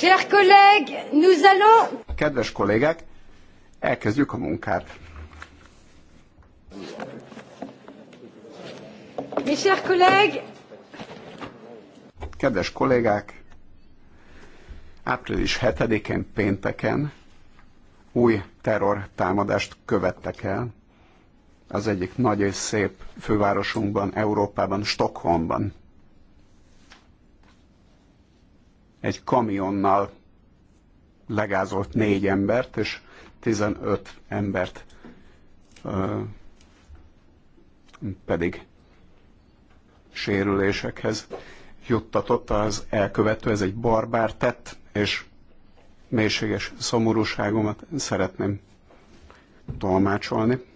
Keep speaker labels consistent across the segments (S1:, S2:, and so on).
S1: Chers collègues, nous allons... Kedves kollégák, elkezdjük a munkát.
S2: Mes chers collègues,
S1: Kedves kollégák, április 7-én pénteken új terrortámadást követtek el az egyik nagy és szép fővárosunkban, Európában, Stockholmban. Egy kamionnal legázolt négy embert, és 15 embert ö, pedig sérülésekhez juttatott az elkövető, ez egy barbár tett, és mélységes szomorúságomat szeretném tolmácsolni.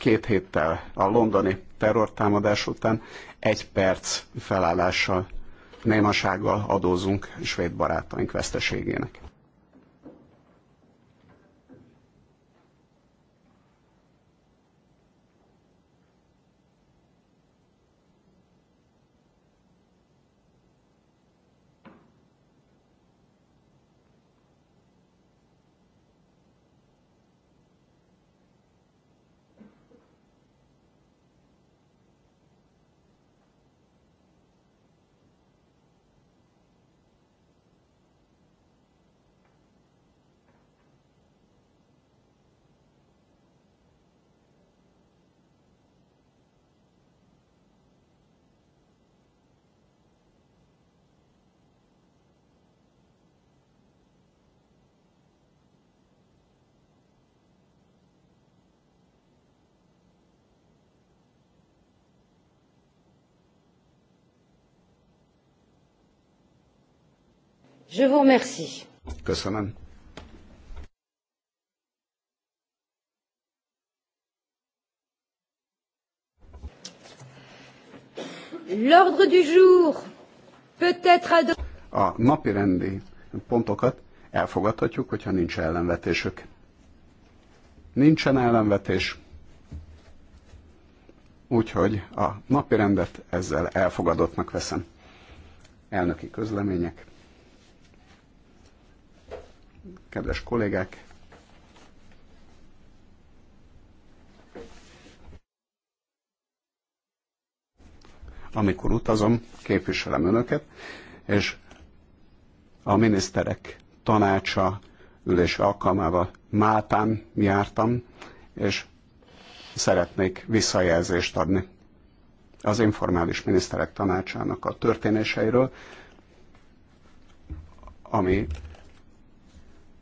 S1: két héttel a londoni terrortámadás után egy perc felállással, némasággal adózunk svéd barátaink veszteségének.
S2: Je vous remercie.
S1: Köszönöm.
S3: L'ordre du jour peut être adopté.
S1: A napi rendi pontokat elfogadhatjuk, hogyha nincs ellenvetésük. Nincsen ellenvetés, úgyhogy a napi rendet ezzel elfogadottnak veszem. Elnöki közlemények. Kedves kollégák! Amikor utazom, képviselem önöket, és a miniszterek tanácsa ülése alkalmával Máltán jártam, és szeretnék visszajelzést adni az informális miniszterek tanácsának a történéseiről, ami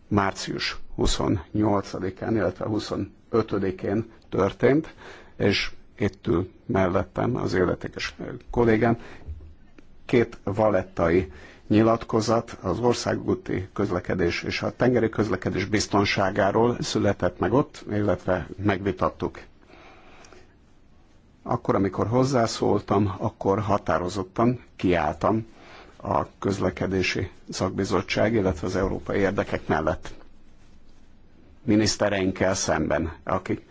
S1: március 28-án, illetve 25-én történt, és itt ül mellettem az életékes kollégám. Két valettai nyilatkozat az országúti közlekedés és a tengeri közlekedés biztonságáról született meg ott, illetve megvitattuk. Akkor, amikor hozzászóltam, akkor határozottan kiálltam a közlekedési szakbizottság, illetve az európai érdekek mellett minisztereinkkel szemben, akik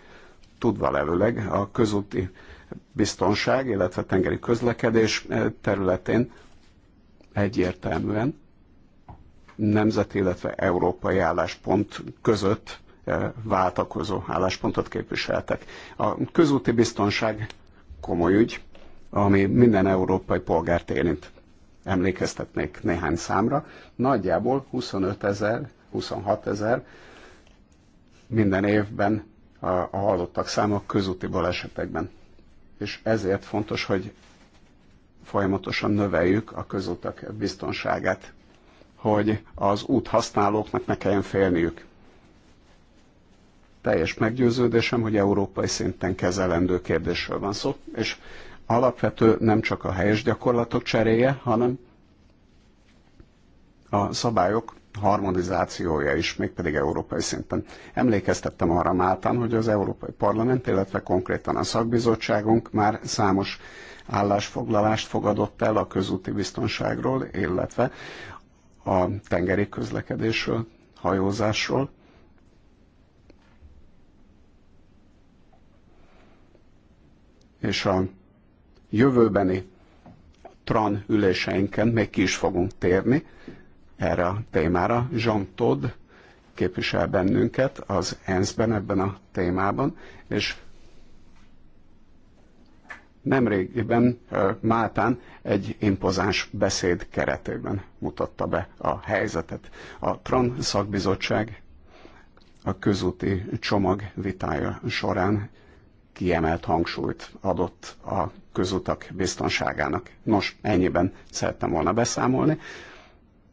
S1: tudva levőleg a közúti biztonság, illetve tengeri közlekedés eh, területén egyértelműen nemzeti, illetve európai álláspont között eh, váltakozó álláspontot képviseltek. A közúti biztonság komoly ügy, ami minden európai polgárt érint emlékeztetnék néhány számra, nagyjából 25 ezer, 26 ezer minden évben a, a halottak száma közúti balesetekben. És ezért fontos, hogy folyamatosan növeljük a közútak biztonságát, hogy az úthasználóknak ne kelljen félniük. Teljes meggyőződésem, hogy európai szinten kezelendő kérdésről van szó, és alapvető nem csak a helyes gyakorlatok cseréje, hanem a szabályok harmonizációja is, mégpedig európai szinten. Emlékeztettem arra Máltán, hogy az Európai Parlament, illetve konkrétan a szakbizottságunk már számos állásfoglalást fogadott el a közúti biztonságról, illetve a tengeri közlekedésről, hajózásról. És a jövőbeni TRAN üléseinken még ki is fogunk térni erre a témára. Jean Todd képvisel bennünket az ENSZ-ben ebben a témában, és nemrégiben Máltán egy impozáns beszéd keretében mutatta be a helyzetet. A TRAN szakbizottság a közúti csomag vitája során kiemelt hangsúlyt adott a közutak biztonságának. Nos, ennyiben szerettem volna beszámolni.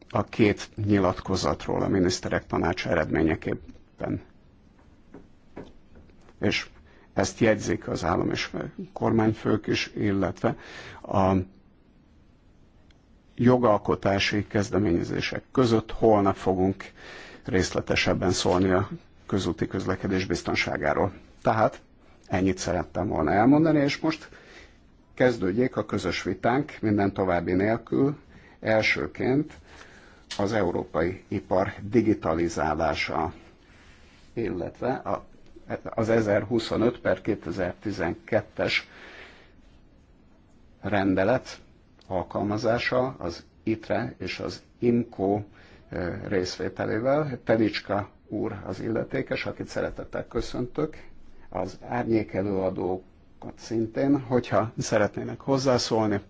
S1: A két nyilatkozatról a miniszterek tanácsa eredményeképpen. És ezt jegyzik az állam és kormányfők is, illetve a jogalkotási kezdeményezések között holnap fogunk részletesebben szólni a közúti közlekedés biztonságáról. Tehát ennyit szerettem volna elmondani, és most kezdődjék a közös vitánk minden további nélkül, elsőként az európai ipar digitalizálása, illetve a, az 1025 per 2012-es rendelet alkalmazása az ITRE és az IMCO részvételével. Tedicska úr az illetékes, akit szeretettel köszöntök, az árnyék előadók szintén, hogyha szeretnének hozzászólni,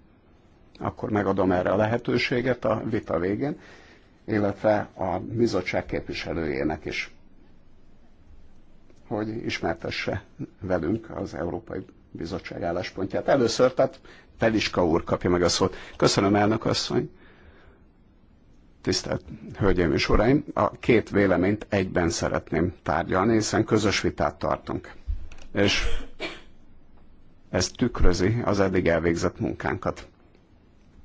S1: akkor megadom erre a lehetőséget a vita végén, illetve a bizottság képviselőjének is, hogy ismertesse velünk az Európai Bizottság álláspontját. Először, tehát Teliska úr kapja meg a szót. Köszönöm, elnök asszony! Tisztelt Hölgyeim és Uraim, a két véleményt egyben szeretném tárgyalni, hiszen közös vitát tartunk. És ez tükrözi az eddig elvégzett munkánkat.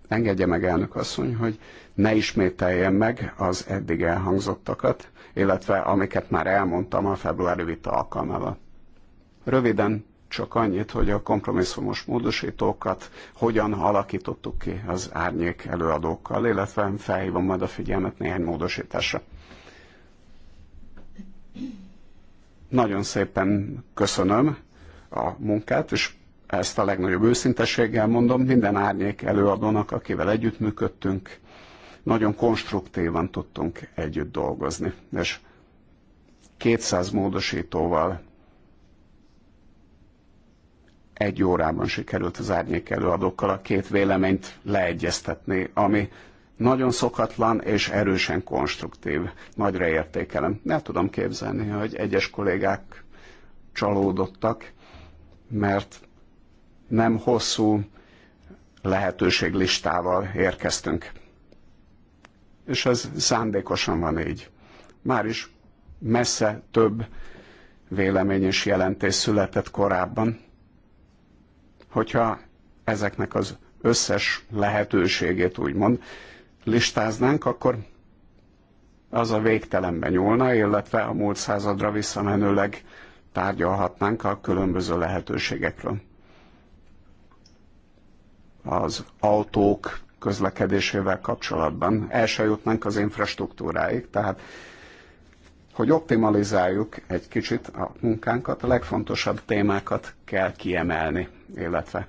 S1: Engedje meg, elnök asszony, hogy ne ismételjem meg az eddig elhangzottakat, illetve amiket már elmondtam a februári vita alkalmával. Röviden csak annyit, hogy a kompromisszumos módosítókat hogyan alakítottuk ki az árnyék előadókkal, illetve felhívom majd a figyelmet néhány módosításra. Nagyon szépen köszönöm a munkát, és ezt a legnagyobb őszintességgel mondom, minden árnyék előadónak, akivel együttműködtünk, nagyon konstruktívan tudtunk együtt dolgozni, és 200 módosítóval egy órában sikerült az árnyék előadókkal a két véleményt leegyeztetni, ami nagyon szokatlan és erősen konstruktív. Nagyra értékelem. Nem tudom képzelni, hogy egyes kollégák csalódottak, mert nem hosszú lehetőséglistával érkeztünk. És ez szándékosan van így. Már is messze több vélemény és jelentés született korábban, hogyha ezeknek az összes lehetőségét úgymond listáznánk, akkor az a végtelenbe nyúlna, illetve a múlt századra visszamenőleg tárgyalhatnánk a különböző lehetőségekről az autók közlekedésével kapcsolatban. El se jutnánk az infrastruktúráig, tehát hogy optimalizáljuk egy kicsit a munkánkat, a legfontosabb témákat kell kiemelni, illetve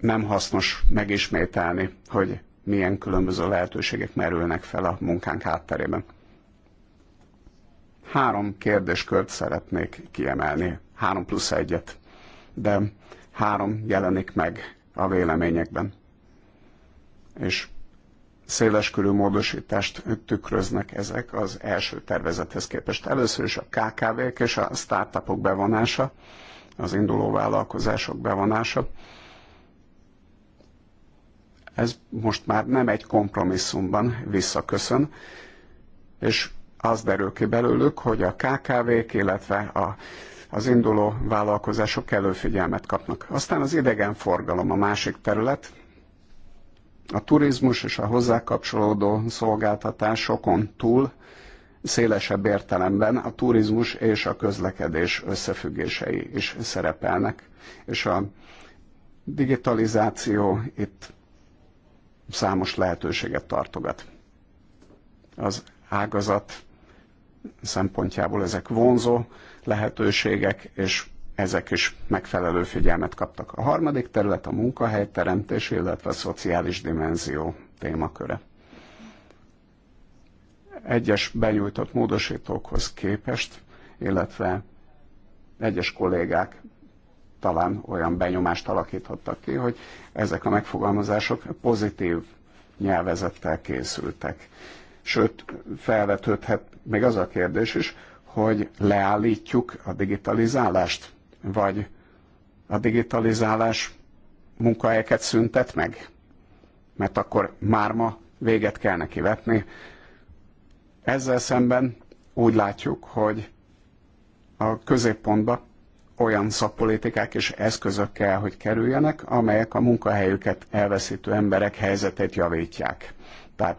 S1: nem hasznos megismételni, hogy milyen különböző lehetőségek merülnek fel a munkánk hátterében. Három kérdéskört szeretnék kiemelni, három plusz egyet, de három jelenik meg a véleményekben. És széleskörű módosítást tükröznek ezek az első tervezethez képest. Először is a KKV-k és a startupok bevonása, az induló vállalkozások bevonása. Ez most már nem egy kompromisszumban visszaköszön, és az derül ki belőlük, hogy a KKV-k, illetve a az induló vállalkozások előfigyelmet kapnak. Aztán az idegenforgalom a másik terület, a turizmus és a hozzá kapcsolódó szolgáltatásokon túl szélesebb értelemben a turizmus és a közlekedés összefüggései is szerepelnek, és a digitalizáció itt számos lehetőséget tartogat. Az ágazat szempontjából ezek vonzó lehetőségek, és ezek is megfelelő figyelmet kaptak. A harmadik terület a munkahelyteremtés, illetve a szociális dimenzió témaköre. Egyes benyújtott módosítókhoz képest, illetve egyes kollégák talán olyan benyomást alakíthattak ki, hogy ezek a megfogalmazások pozitív nyelvezettel készültek. Sőt, felvetődhet még az a kérdés is, hogy leállítjuk a digitalizálást, vagy a digitalizálás munkahelyeket szüntet meg, mert akkor már ma véget kell neki vetni. Ezzel szemben úgy látjuk, hogy a középpontba olyan szakpolitikák és eszközök kell, hogy kerüljenek, amelyek a munkahelyüket elveszítő emberek helyzetét javítják. Tehát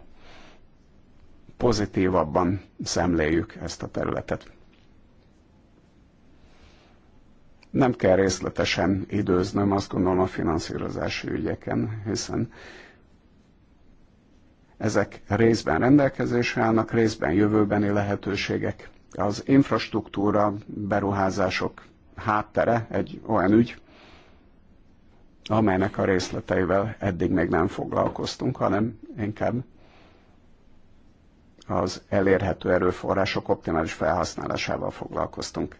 S1: pozitívabban szemléljük ezt a területet. Nem kell részletesen időznöm, azt gondolom a finanszírozási ügyeken, hiszen ezek részben rendelkezésre állnak, részben jövőbeni lehetőségek. Az infrastruktúra, beruházások háttere egy olyan ügy, amelynek a részleteivel eddig még nem foglalkoztunk, hanem inkább az elérhető erőforrások optimális felhasználásával foglalkoztunk.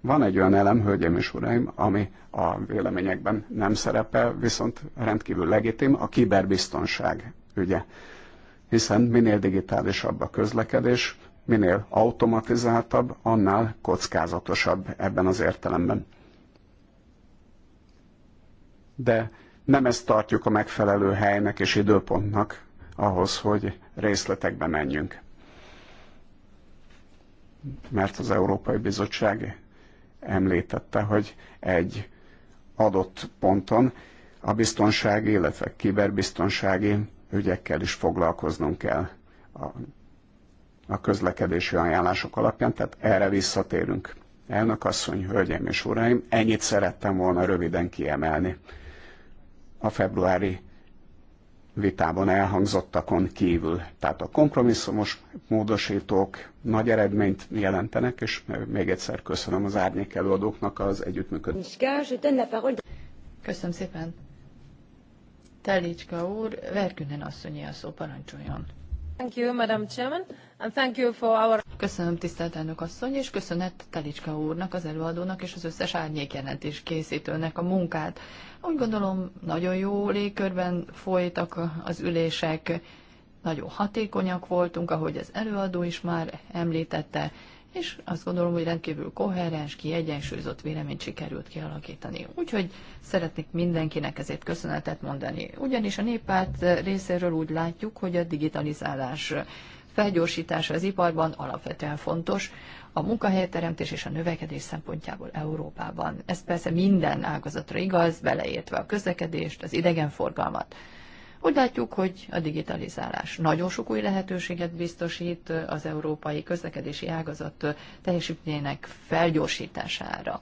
S1: Van egy olyan elem, hölgyeim és uraim, ami a véleményekben nem szerepel, viszont rendkívül legitim, a kiberbiztonság ügye. Hiszen minél digitálisabb a közlekedés, minél automatizáltabb, annál kockázatosabb ebben az értelemben. De nem ezt tartjuk a megfelelő helynek és időpontnak ahhoz, hogy részletekbe menjünk. Mert az Európai Bizottság említette, hogy egy adott ponton a biztonsági, illetve kiberbiztonsági ügyekkel is foglalkoznunk kell a, a közlekedési ajánlások alapján, tehát erre visszatérünk. Elnök asszony, hölgyeim és uraim, ennyit szerettem volna röviden kiemelni a februári vitában elhangzottakon kívül. Tehát a kompromisszumos módosítók nagy eredményt jelentenek, és még egyszer köszönöm az árnyék előadóknak az együttműködést.
S3: Köszönöm szépen. Telicska úr, Verkünen asszonyi a szó, parancsoljon. Thank you, Madam Chairman, and thank you for our... Köszönöm, tisztelt elnök asszony, és köszönet Telicska úrnak, az előadónak és az összes árnyék jelentés készítőnek a munkát. Úgy gondolom, nagyon jó légkörben folytak az ülések, nagyon hatékonyak voltunk, ahogy az előadó is már említette, és azt gondolom, hogy rendkívül koherens, kiegyensúlyozott véleményt sikerült kialakítani. Úgyhogy szeretnék mindenkinek ezért köszönetet mondani. Ugyanis a néppárt részéről úgy látjuk, hogy a digitalizálás felgyorsítása az iparban alapvetően fontos, a munkahelyteremtés és a növekedés szempontjából Európában. Ez persze minden ágazatra igaz, beleértve a közlekedést, az idegenforgalmat. Úgy látjuk, hogy a digitalizálás nagyon sok új lehetőséget biztosít az európai közlekedési ágazat teljesítményének felgyorsítására.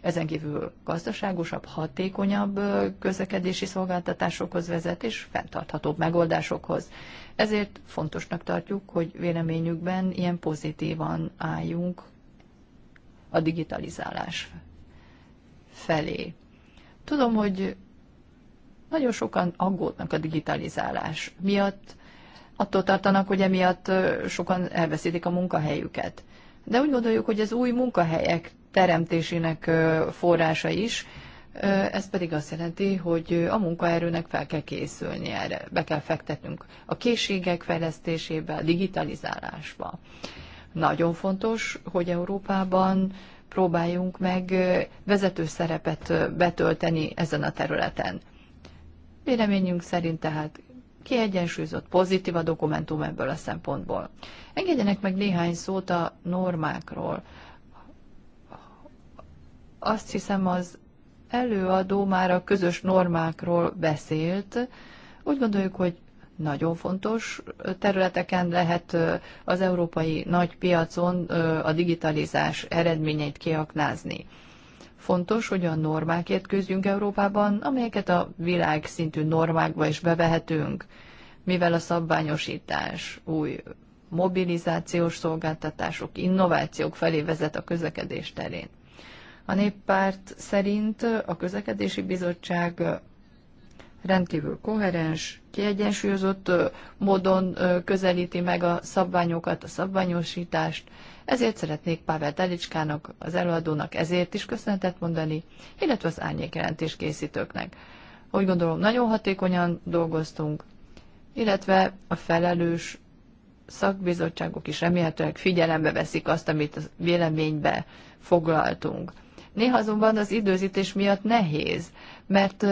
S3: Ezen kívül gazdaságosabb, hatékonyabb közlekedési szolgáltatásokhoz vezet és fenntarthatóbb megoldásokhoz. Ezért fontosnak tartjuk, hogy véleményükben ilyen pozitívan álljunk a digitalizálás felé. Tudom, hogy nagyon sokan aggódnak a digitalizálás miatt, attól tartanak, hogy emiatt sokan elveszítik a munkahelyüket. De úgy gondoljuk, hogy ez új munkahelyek teremtésének forrása is, ez pedig azt jelenti, hogy a munkaerőnek fel kell készülni erre, be kell fektetnünk a készségek fejlesztésébe, a digitalizálásba. Nagyon fontos, hogy Európában próbáljunk meg vezető szerepet betölteni ezen a területen. Véleményünk szerint tehát kiegyensúlyozott, pozitív a dokumentum ebből a szempontból. Engedjenek meg néhány szót a normákról. Azt hiszem az előadó már a közös normákról beszélt. Úgy gondoljuk, hogy nagyon fontos területeken lehet az európai nagy piacon a digitalizás eredményeit kiaknázni. Fontos, hogy a normákért küzdjünk Európában, amelyeket a világ szintű normákba is bevehetünk, mivel a szabványosítás, új mobilizációs szolgáltatások, innovációk felé vezet a közlekedés terén. A néppárt szerint a közlekedési bizottság rendkívül koherens, kiegyensúlyozott módon közelíti meg a szabványokat, a szabványosítást. Ezért szeretnék Pável Telicskának, az előadónak ezért is köszönetet mondani, illetve az jelentés készítőknek. Úgy gondolom, nagyon hatékonyan dolgoztunk, illetve a felelős szakbizottságok is remélhetőleg figyelembe veszik azt, amit a véleménybe foglaltunk. Néha azonban az időzítés miatt nehéz, mert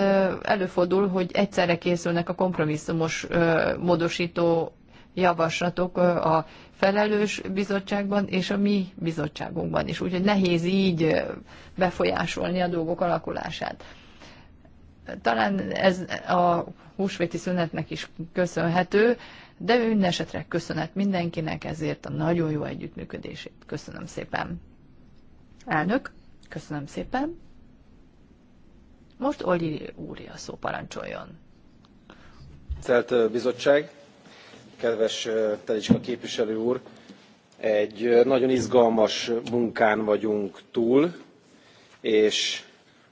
S3: előfordul, hogy egyszerre készülnek a kompromisszumos módosító javaslatok a felelős bizottságban és a mi bizottságunkban is. Úgyhogy nehéz így befolyásolni a dolgok alakulását. Talán ez a húsvéti szünetnek is köszönhető, de minden esetre köszönet mindenkinek ezért a nagyon jó együttműködését. Köszönöm szépen. Elnök. Köszönöm szépen. Most Olyi úri a szó parancsoljon.
S4: Tisztelt bizottság, kedves Telicska képviselő úr, egy nagyon izgalmas munkán vagyunk túl, és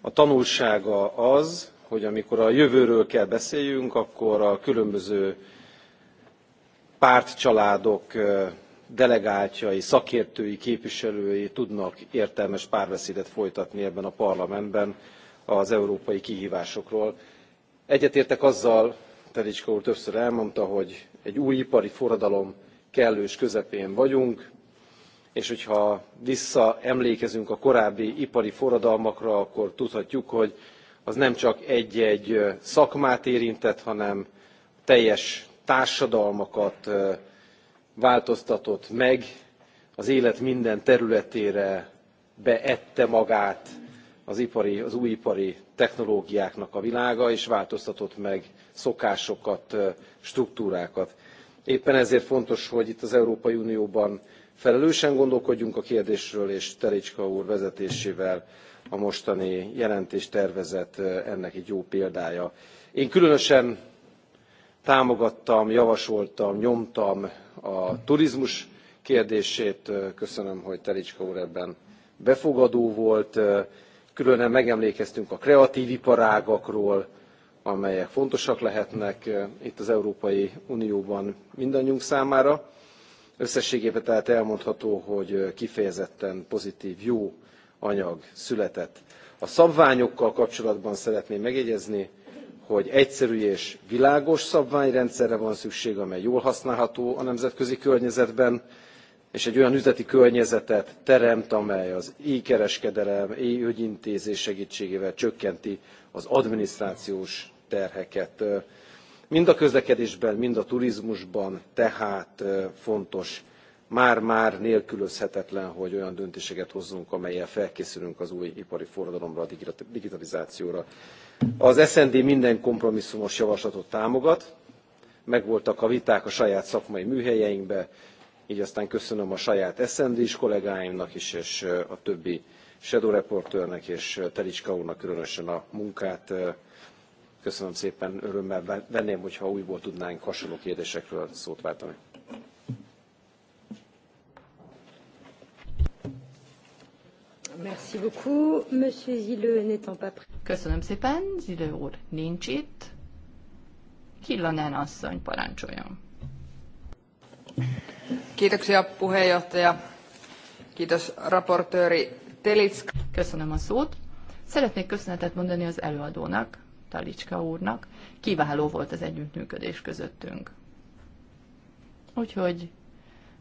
S4: a tanulsága az, hogy amikor a jövőről kell beszéljünk, akkor a különböző pártcsaládok delegáltjai, szakértői, képviselői tudnak értelmes párbeszédet folytatni ebben a parlamentben az európai kihívásokról. Egyetértek azzal, Telicska úr többször elmondta, hogy egy új ipari forradalom kellős közepén vagyunk, és hogyha visszaemlékezünk a korábbi ipari forradalmakra, akkor tudhatjuk, hogy az nem csak egy-egy szakmát érintett, hanem teljes társadalmakat, változtatott meg, az élet minden területére beette magát az, ipari, az újipari technológiáknak a világa, és változtatott meg szokásokat, struktúrákat. Éppen ezért fontos, hogy itt az Európai Unióban felelősen gondolkodjunk a kérdésről, és Tericska úr vezetésével a mostani jelentéstervezet ennek egy jó példája. Én különösen Támogattam, javasoltam, nyomtam a turizmus kérdését. Köszönöm, hogy Telicska úr ebben befogadó volt. Külön megemlékeztünk a kreatív iparágakról, amelyek fontosak lehetnek itt az Európai Unióban mindannyiunk számára. Összességében tehát elmondható, hogy kifejezetten pozitív, jó anyag született. A szabványokkal kapcsolatban szeretném megjegyezni, hogy egyszerű és világos szabványrendszerre van szükség, amely jól használható a nemzetközi környezetben, és egy olyan üzleti környezetet teremt, amely az e-kereskedelem, e-ügyintézés segítségével csökkenti az adminisztrációs terheket. Mind a közlekedésben, mind a turizmusban tehát fontos, már-már nélkülözhetetlen, hogy olyan döntéseket hozzunk, amelyel felkészülünk az új ipari forradalomra, a digitalizációra. Az SND minden kompromisszumos javaslatot támogat, megvoltak a viták a saját szakmai műhelyeinkbe, így aztán köszönöm a saját SND-s kollégáimnak is, és a többi Shadow Reportőrnek és Telicska úrnak különösen a munkát. Köszönöm szépen, örömmel venném, hogyha újból tudnánk hasonló kérdésekről szót váltani.
S3: Merci beaucoup. Monsieur n'étant pas Köszönöm szépen, Zillő úr nincs itt. Killanen asszony parancsoljon. Kiitoksia puheenjohtaja. Kiitos raportőri Telicka. Köszönöm a szót. Szeretnék köszönetet mondani az előadónak, Talicska úrnak. Kiváló volt az együttműködés közöttünk. Úgyhogy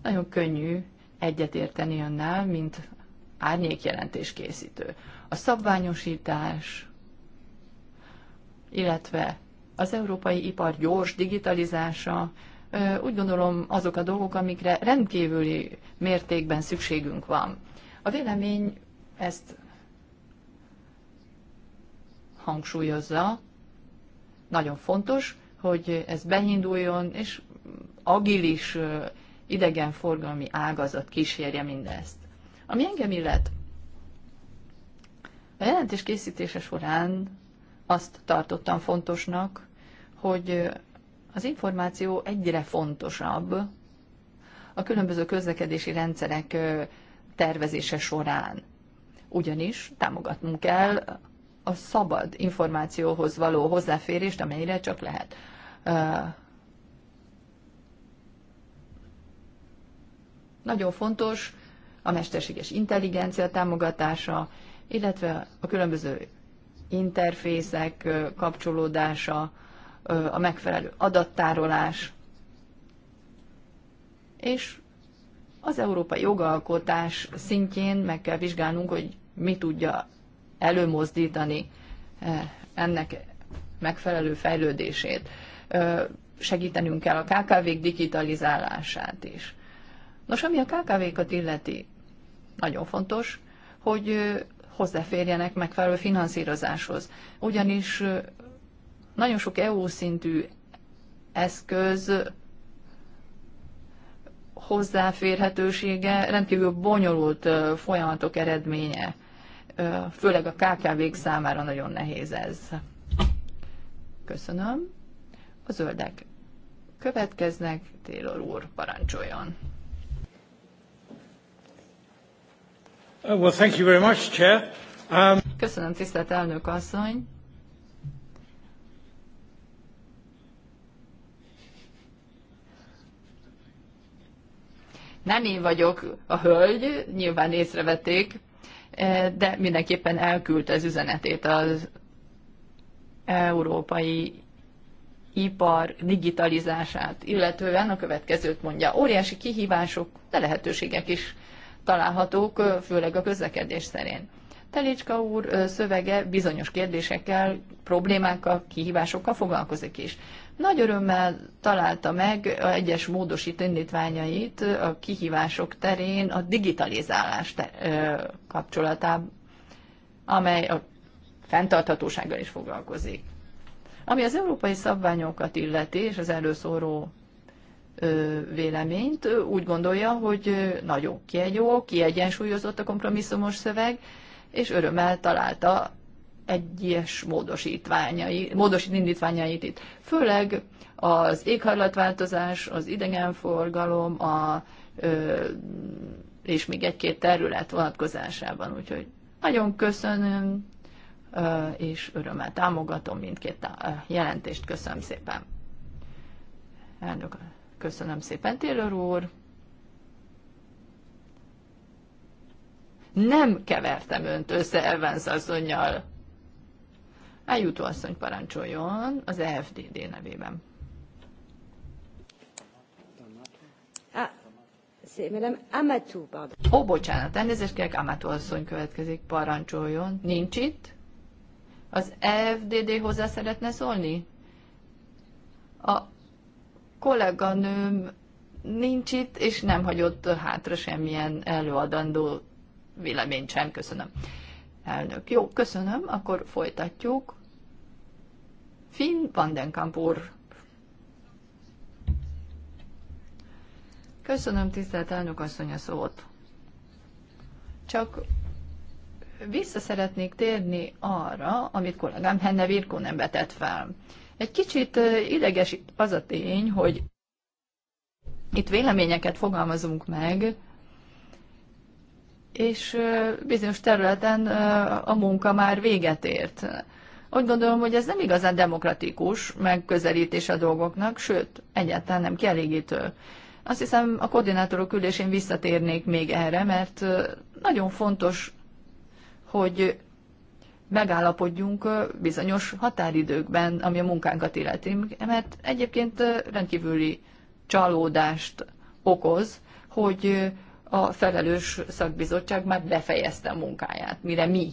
S3: nagyon könnyű egyetérteni önnel, mint árnyékjelentés készítő. A szabványosítás, illetve az európai ipar gyors digitalizása, úgy gondolom azok a dolgok, amikre rendkívüli mértékben szükségünk van. A vélemény ezt hangsúlyozza, nagyon fontos, hogy ez beinduljon, és agilis idegenforgalmi ágazat kísérje mindezt. Ami engem illet, a jelentés készítése során azt tartottam fontosnak, hogy az információ egyre fontosabb a különböző közlekedési rendszerek tervezése során. Ugyanis támogatnunk kell a szabad információhoz való hozzáférést, amennyire csak lehet. Nagyon fontos a mesterséges intelligencia támogatása, illetve a különböző interfészek kapcsolódása, a megfelelő adattárolás, és az európai jogalkotás szintjén meg kell vizsgálnunk, hogy mi tudja előmozdítani ennek megfelelő fejlődését. Segítenünk kell a KKV-k digitalizálását is. Nos, ami a KKV-kat illeti, nagyon fontos, hogy hozzáférjenek megfelelő finanszírozáshoz. Ugyanis nagyon sok EU szintű eszköz hozzáférhetősége rendkívül bonyolult folyamatok eredménye. Főleg a KKV-k számára nagyon nehéz ez. Köszönöm. A zöldek következnek. Taylor úr, parancsoljon. Uh, well, thank you very much, Chair. Um... Köszönöm, tisztelt elnök asszony. Nem én vagyok a hölgy, nyilván észrevették, eh, de mindenképpen elküldte az üzenetét az európai ipar digitalizását, illetően a következőt mondja. Óriási kihívások, de lehetőségek is találhatók, főleg a közlekedés terén. Telicska úr szövege bizonyos kérdésekkel, problémákkal, kihívásokkal foglalkozik is. Nagy örömmel találta meg a egyes módosít indítványait a kihívások terén a digitalizálás ter- kapcsolatában, amely a fenntarthatósággal is foglalkozik. Ami az európai szabványokat illeti, és az előszóró véleményt. Úgy gondolja, hogy nagyon jó, kiegyensúlyozott a kompromisszumos szöveg, és örömmel találta egyes módosítványai, indítványait itt. Főleg az éghajlatváltozás, az idegenforgalom, a, ö, és még egy-két terület vonatkozásában. Úgyhogy nagyon köszönöm, ö, és örömmel támogatom mindkét jelentést. Köszönöm szépen. Elnök Köszönöm szépen, Taylor úr. Nem kevertem önt össze Evans asszonynal. Eljutó asszony parancsoljon az EFDD nevében. Ah, Amatú, Ó, bocsánat, elnézést kérek, Amatú asszony következik, parancsoljon. Nincs itt? Az EFDD hozzá szeretne szólni? A kolléganőm nincs itt, és nem hagyott hátra semmilyen előadandó véleményt sem. Köszönöm. Elnök. Jó, köszönöm, akkor folytatjuk. Finn Vandenkamp úr. Köszönöm, tisztelt elnök asszony a szót. Csak vissza szeretnék térni arra, amit kollégám Henne Virkó nem vetett fel. Egy kicsit idegesít az a tény, hogy itt véleményeket fogalmazunk meg, és bizonyos területen a munka már véget ért. Úgy gondolom, hogy ez nem igazán demokratikus megközelítés a dolgoknak, sőt, egyáltalán nem kielégítő. Azt hiszem, a koordinátorok ülésén visszatérnék még erre, mert nagyon fontos, hogy megállapodjunk bizonyos határidőkben, ami a munkánkat illeti, mert egyébként rendkívüli csalódást okoz, hogy a felelős szakbizottság már befejezte a munkáját, mire mi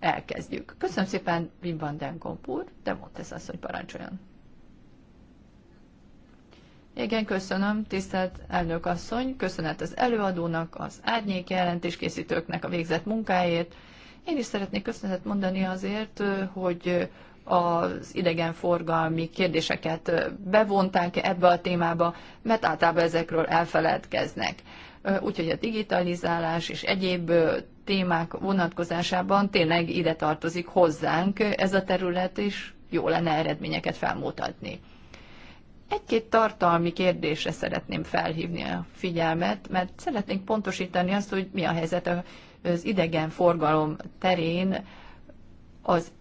S3: elkezdjük. Köszönöm szépen, Wim van den Kompur, de az, hogy parancsoljon. Igen, köszönöm, tisztelt elnök asszony, köszönet az előadónak, az árnyék jelentéskészítőknek a végzett munkáért, én is szeretnék köszönetet mondani azért, hogy az idegenforgalmi kérdéseket bevonták ebbe a témába, mert általában ezekről elfeledkeznek. Úgyhogy a digitalizálás és egyéb témák vonatkozásában tényleg ide tartozik hozzánk ez a terület, és jó lenne eredményeket felmutatni. Egy-két tartalmi kérdésre szeretném felhívni a figyelmet, mert szeretnénk pontosítani azt, hogy mi a helyzet a az forgalom terén az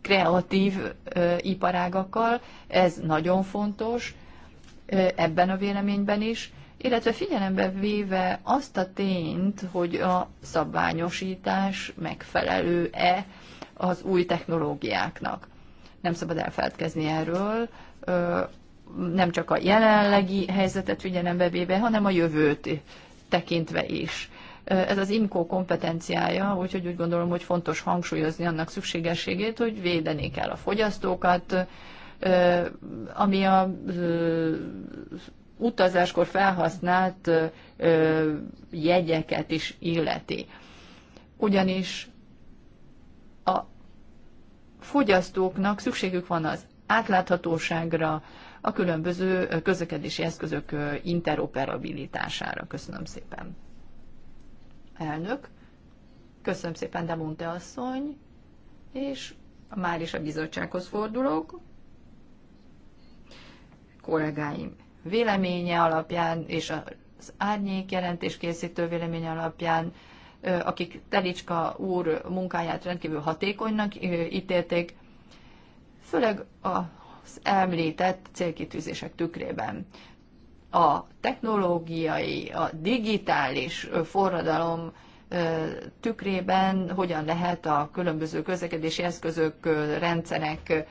S3: kreatív iparágakkal, ez nagyon fontos ebben a véleményben is, illetve figyelembe véve azt a tényt, hogy a szabványosítás megfelelő-e az új technológiáknak. Nem szabad elfeledkezni erről, nem csak a jelenlegi helyzetet figyelembe véve, hanem a jövőt tekintve is. Ez az IMCO kompetenciája, úgyhogy úgy gondolom, hogy fontos hangsúlyozni annak szükségességét, hogy védeni kell a fogyasztókat, ami a utazáskor felhasznált jegyeket is illeti. Ugyanis a fogyasztóknak szükségük van az átláthatóságra, a különböző közlekedési eszközök interoperabilitására. Köszönöm szépen. Elnök, köszönöm szépen, Demonte asszony, és már is a bizottsághoz fordulok. Kollégáim véleménye alapján és az árnyék jelentés készítő véleménye alapján, akik Telicska úr munkáját rendkívül hatékonynak ítélték, főleg az említett célkitűzések tükrében a technológiai, a digitális forradalom tükrében hogyan lehet a különböző közlekedési eszközök, rendszerek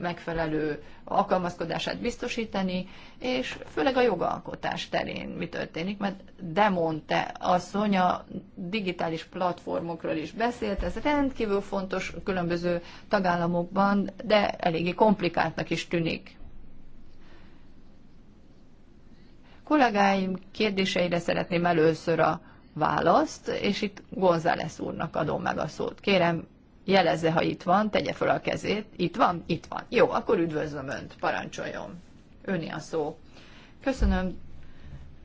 S3: megfelelő alkalmazkodását biztosítani, és főleg a jogalkotás terén mi történik, mert Demonte asszony a digitális platformokról is beszélt, ez rendkívül fontos különböző tagállamokban, de eléggé komplikáltnak is tűnik. Kollégáim kérdéseire szeretném először a választ, és itt González úrnak adom meg a szót. Kérem, jelezze, ha itt van, tegye fel a kezét. Itt van? Itt van. Jó, akkor üdvözlöm Önt, parancsoljon. Öni a szó. Köszönöm,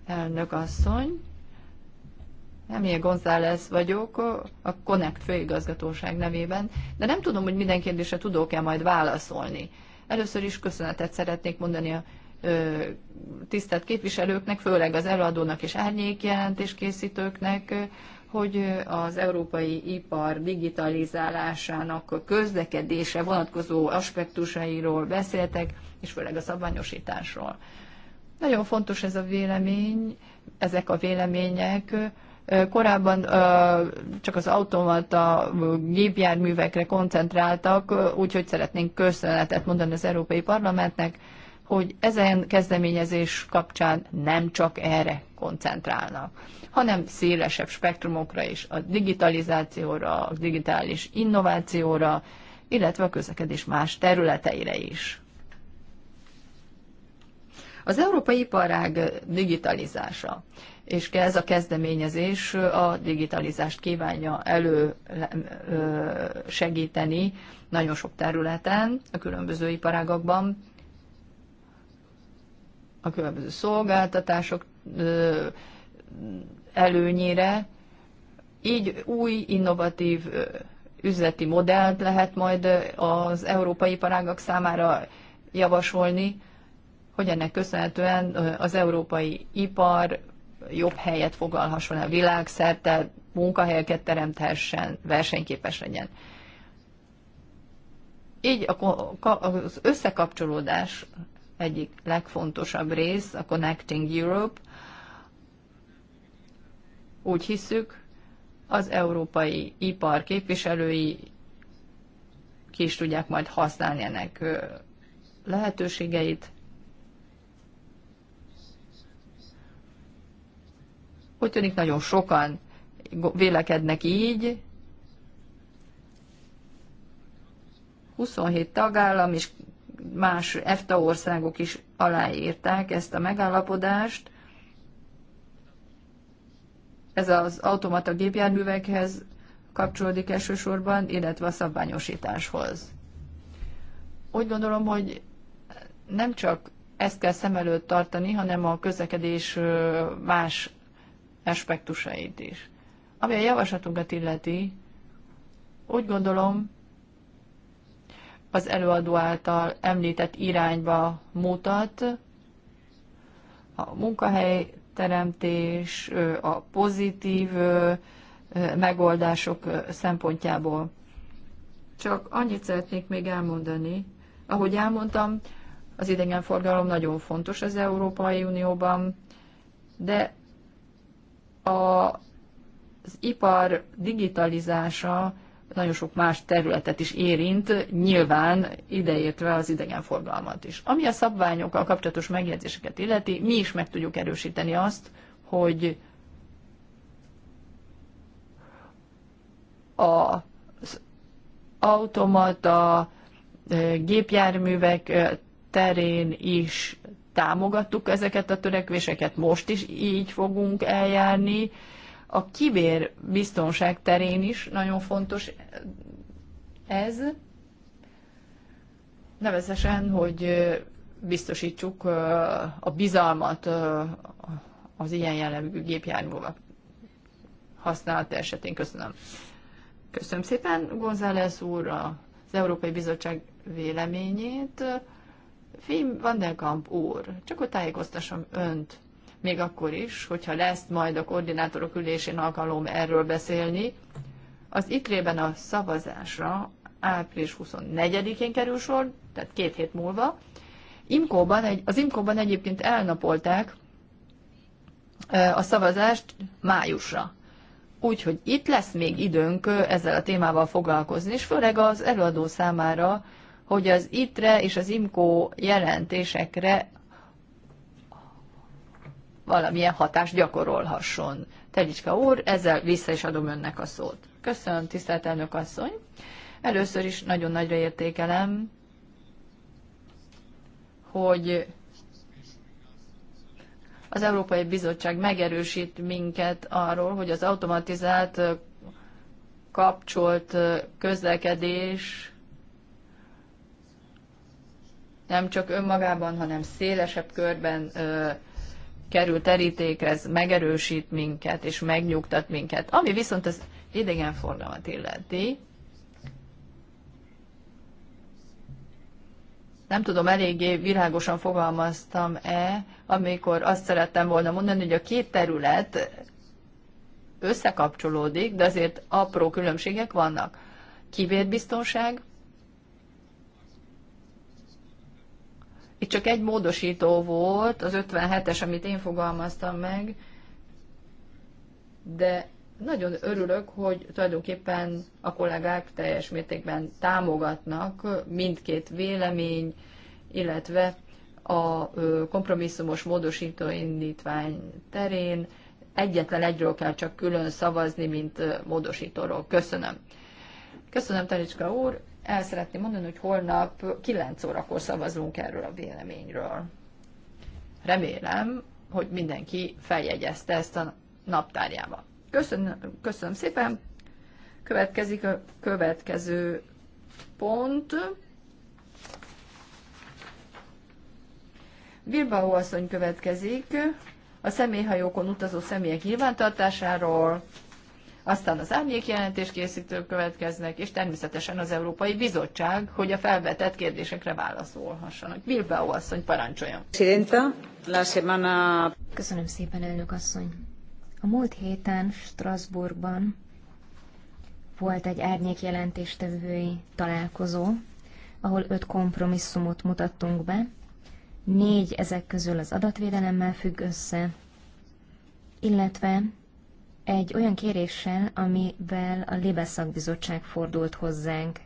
S3: elnök asszony. ilyen González vagyok, a Connect főigazgatóság nevében, de nem tudom, hogy minden kérdésre tudok-e majd válaszolni. Először is köszönetet szeretnék mondani a tisztelt képviselőknek, főleg az előadónak és árnyékjelentés jelentéskészítőknek, hogy az európai ipar digitalizálásának a közlekedése vonatkozó aspektusairól beszéltek, és főleg a szabványosításról. Nagyon fontos ez a vélemény, ezek a vélemények. Korábban csak az automata gépjárművekre koncentráltak, úgyhogy szeretnénk köszönetet mondani az Európai Parlamentnek, hogy ezen kezdeményezés kapcsán nem csak erre koncentrálnak, hanem szélesebb spektrumokra is, a digitalizációra, a digitális innovációra, illetve a közlekedés más területeire is. Az európai iparág digitalizása, és ez a kezdeményezés a digitalizást kívánja elő segíteni nagyon sok területen, a különböző iparágakban, a különböző szolgáltatások előnyére. Így új, innovatív üzleti modellt lehet majd az európai iparágak számára javasolni, hogy ennek köszönhetően az európai ipar jobb helyet fogalhasson a világszerte, munkahelyeket teremthessen, versenyképes legyen. Így az összekapcsolódás egyik legfontosabb rész, a Connecting Europe. Úgy hiszük, az európai ipar képviselői ki is tudják majd használni ennek lehetőségeit. Úgy tűnik nagyon sokan vélekednek így, 27 tagállam és más EFTA országok is aláírták ezt a megállapodást. Ez az automata gépjárművekhez kapcsolódik elsősorban, illetve a szabványosításhoz. Úgy gondolom, hogy nem csak ezt kell szem előtt tartani, hanem a közlekedés más aspektusait is. Ami a javaslatunkat illeti, úgy gondolom, az előadó által említett irányba mutat. A teremtés, a pozitív megoldások szempontjából. Csak annyit szeretnék még elmondani. Ahogy elmondtam, az idegenforgalom nagyon fontos az Európai Unióban, de a, az ipar digitalizása nagyon sok más területet is érint, nyilván ideértve az idegenforgalmat is. Ami a szabványokkal kapcsolatos megjegyzéseket illeti, mi is meg tudjuk erősíteni azt, hogy az automata e, gépjárművek e, terén is támogattuk ezeket a törekvéseket, most is így fogunk eljárni, a kibér biztonság terén is nagyon fontos ez, nevezesen, hogy biztosítsuk a bizalmat az ilyen jellegű gépjárművek használata esetén. Köszönöm. Köszönöm szépen González úr az Európai Bizottság véleményét. Fény Van der Kamp úr, csak hogy tájékoztassam önt még akkor is, hogyha lesz majd a koordinátorok ülésén alkalom erről beszélni. Az ikrében a szavazásra április 24-én kerül sor, tehát két hét múlva. Imkóban, egy, az Imkóban egyébként elnapolták a szavazást májusra. Úgyhogy itt lesz még időnk ezzel a témával foglalkozni, és főleg az előadó számára, hogy az ITRE és az IMKO jelentésekre valamilyen hatást gyakorolhasson. Telicska úr, ezzel vissza is adom önnek a szót. Köszönöm, tisztelt elnök asszony. Először is nagyon nagyra értékelem, hogy az Európai Bizottság megerősít minket arról, hogy az automatizált kapcsolt közlekedés nem csak önmagában, hanem szélesebb körben kerül terítékre, ez megerősít minket és megnyugtat minket. Ami viszont az idegenforgalmat illeti, nem tudom, eléggé világosan fogalmaztam-e, amikor azt szerettem volna mondani, hogy a két terület összekapcsolódik, de azért apró különbségek vannak. Kibérbiztonság, Itt csak egy módosító volt, az 57-es, amit én fogalmaztam meg, de nagyon örülök, hogy tulajdonképpen a kollégák teljes mértékben támogatnak mindkét vélemény, illetve a kompromisszumos módosító indítvány terén. Egyetlen egyről kell csak külön szavazni, mint módosítóról. Köszönöm. Köszönöm, Tanicska úr el szeretném mondani, hogy holnap 9 órakor szavazunk erről a véleményről. Remélem, hogy mindenki feljegyezte ezt a naptárjába. Köszönöm, köszönöm szépen. Következik a következő pont. Bilbao asszony következik a személyhajókon utazó személyek nyilvántartásáról aztán az árnyékjelentés készítők következnek, és természetesen az Európai Bizottság, hogy a felvetett kérdésekre válaszolhassanak. Bilbao asszony, parancsoljon!
S2: Köszönöm szépen, elnök asszony! A múlt héten Strasbourgban volt egy árnyék találkozó, ahol öt kompromisszumot mutattunk be. Négy ezek közül az adatvédelemmel függ össze, illetve egy olyan kéréssel, amivel a Libe fordult hozzánk,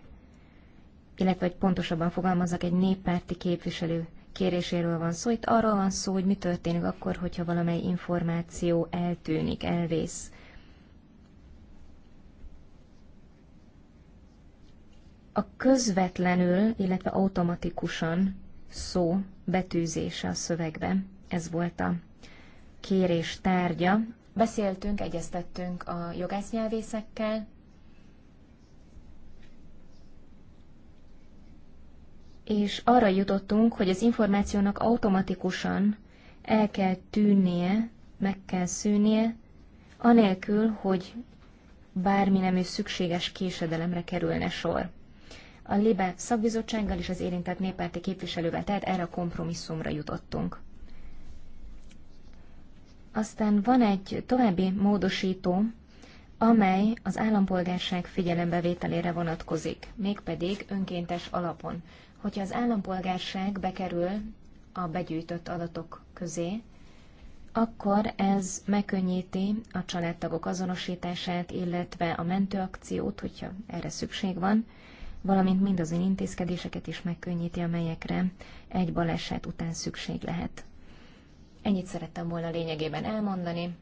S2: illetve hogy pontosabban fogalmazok, egy néppárti képviselő kéréséről van szó. Itt arról van szó, hogy mi történik akkor, hogyha valamely információ eltűnik, elvész. A közvetlenül, illetve automatikusan szó betűzése a szövegbe. Ez volt a kérés tárgya, Beszéltünk, egyeztettünk a jogásznyelvészekkel, és arra jutottunk, hogy az információnak automatikusan el kell tűnnie, meg kell szűnnie, anélkül, hogy bármi nemű szükséges késedelemre kerülne sor. A Libe szakbizottsággal és az érintett néppárti képviselővel tehát erre a kompromisszumra jutottunk. Aztán van egy további módosító, amely az állampolgárság figyelembevételére vonatkozik, mégpedig önkéntes alapon. Hogyha az állampolgárság bekerül a begyűjtött adatok közé, akkor ez megkönnyíti a családtagok azonosítását, illetve a mentőakciót, hogyha erre szükség van, valamint mindazon intézkedéseket is megkönnyíti, amelyekre egy baleset után szükség lehet. Ennyit szerettem volna lényegében elmondani.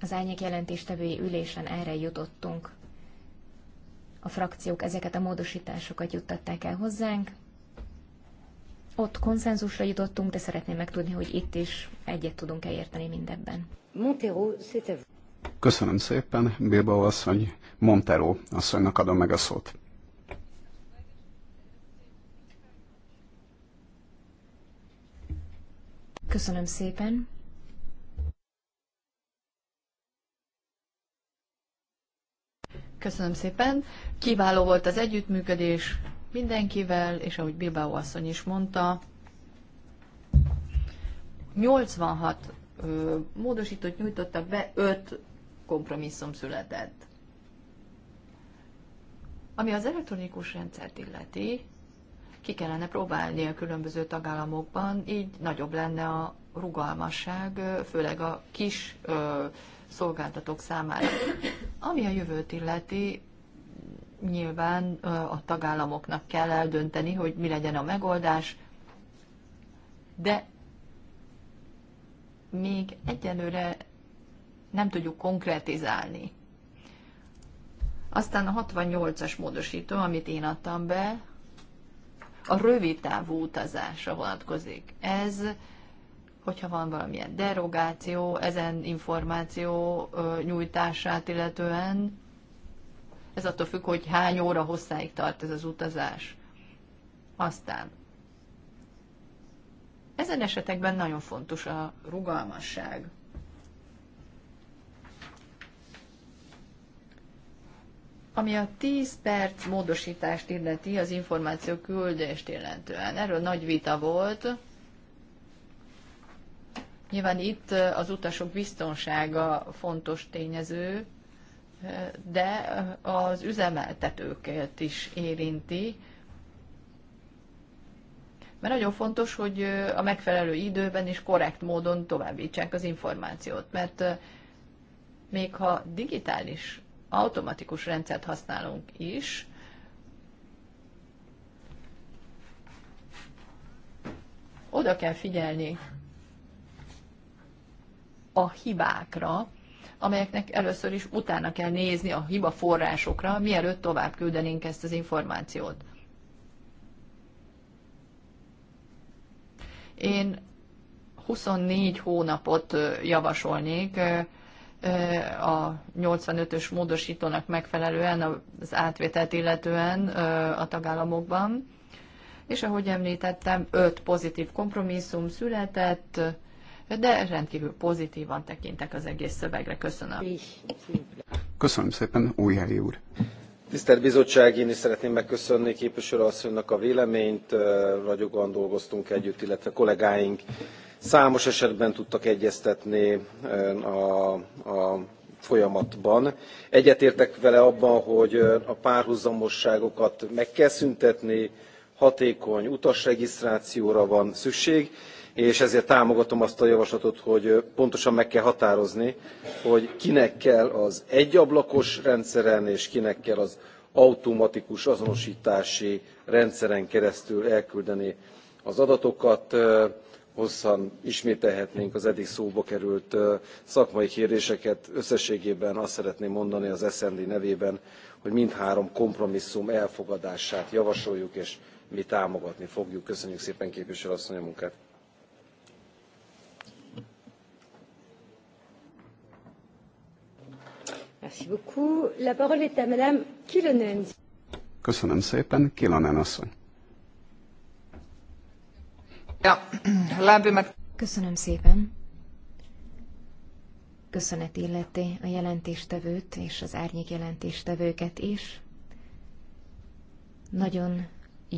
S2: Az ányék jelentéstevői ülésen erre jutottunk. A frakciók ezeket a módosításokat juttatták el hozzánk. Ott konszenzusra jutottunk, de szeretném megtudni, hogy itt is egyet tudunk-e érteni mindebben.
S1: Köszönöm szépen, Bilbao asszony. Montero asszonynak adom meg a szót.
S3: Köszönöm szépen. Köszönöm szépen. Kiváló volt az együttműködés mindenkivel, és ahogy Bilbao asszony is mondta, 86 ö, módosítót nyújtottak be, 5 kompromisszum született. Ami az elektronikus rendszert illeti, ki kellene próbálni a különböző tagállamokban, így nagyobb lenne a rugalmasság, főleg a kis ö, szolgáltatók számára. Ami a jövőt illeti, nyilván ö, a tagállamoknak kell eldönteni, hogy mi legyen a megoldás, de még egyelőre nem tudjuk konkrétizálni. Aztán a 68-as módosító, amit én adtam be, a rövid távú utazásra vonatkozik. Ez, hogyha van valamilyen derogáció, ezen információ nyújtását illetően, ez attól függ, hogy hány óra hosszáig tart ez az utazás. Aztán ezen esetekben nagyon fontos a rugalmasság. Ami a 10 perc módosítást illeti, az információ küldést illetően. Erről nagy vita volt. Nyilván itt eh, az utasok biztonsága fontos tényező, eh, de eh, az üzemeltetőket is érinti, mert nagyon fontos, hogy a megfelelő időben és korrekt módon továbbítsák az információt, mert még ha digitális automatikus rendszert használunk is, oda kell figyelni a hibákra, amelyeknek először is utána kell nézni a hiba forrásokra, mielőtt tovább küldenénk ezt az információt. Én 24 hónapot javasolnék a 85-ös módosítónak megfelelően az átvételt illetően a tagállamokban. És ahogy említettem, öt pozitív kompromisszum született, de rendkívül pozitívan tekintek az egész szövegre. Köszönöm.
S1: Köszönöm szépen, Újhelyi úr.
S4: Tisztelt Bizottság, én is szeretném megköszönni képviselő asszonynak a véleményt, Ragyogóan dolgoztunk együtt, illetve kollégáink Számos esetben tudtak egyeztetni a, a folyamatban. Egyetértek vele abban, hogy a párhuzamosságokat meg kell szüntetni, hatékony utasregisztrációra van szükség, és ezért támogatom azt a javaslatot, hogy pontosan meg kell határozni, hogy kinek kell az egyablakos rendszeren, és kinek kell az automatikus azonosítási rendszeren keresztül elküldeni az adatokat hosszan ismételhetnénk az eddig szóba került szakmai kérdéseket. Összességében azt szeretném mondani az SZND nevében, hogy mindhárom kompromisszum elfogadását javasoljuk, és mi támogatni fogjuk. Köszönjük szépen képviselő asszony a munkát. Merci
S2: beaucoup. Kilonen.
S1: Köszönöm szépen, Kilonen asszony.
S2: Ja, Köszönöm szépen. Köszönet illeti a jelentéstevőt és az árnyék jelentéstevőket is. Nagyon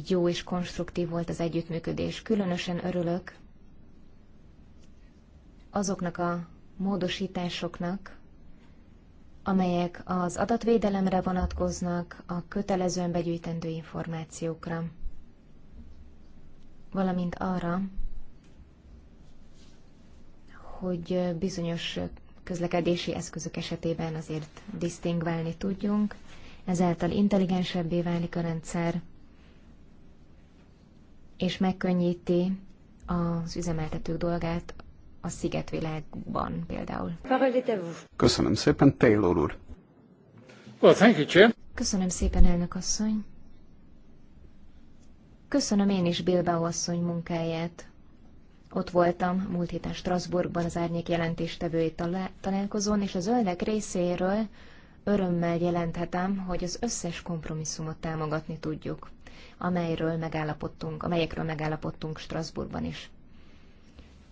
S2: jó és konstruktív volt az együttműködés. Különösen örülök azoknak a módosításoknak, amelyek az adatvédelemre vonatkoznak, a kötelezően begyűjtendő információkra valamint arra, hogy bizonyos közlekedési eszközök esetében azért disztingválni tudjunk, ezáltal intelligensebbé válik a rendszer, és megkönnyíti az üzemeltetők dolgát a szigetvilágban például.
S1: Köszönöm szépen, Taylor úr.
S2: Well, thank you, Köszönöm szépen, elnök asszony. Köszönöm én is Bilbao asszony munkáját. Ott voltam múlt héten Strasbourgban az árnyék jelentéstevői találkozón, és a zöldek részéről örömmel jelenthetem, hogy az összes kompromisszumot támogatni tudjuk, amelyről megállapodtunk, amelyekről megállapodtunk Strasbourgban is.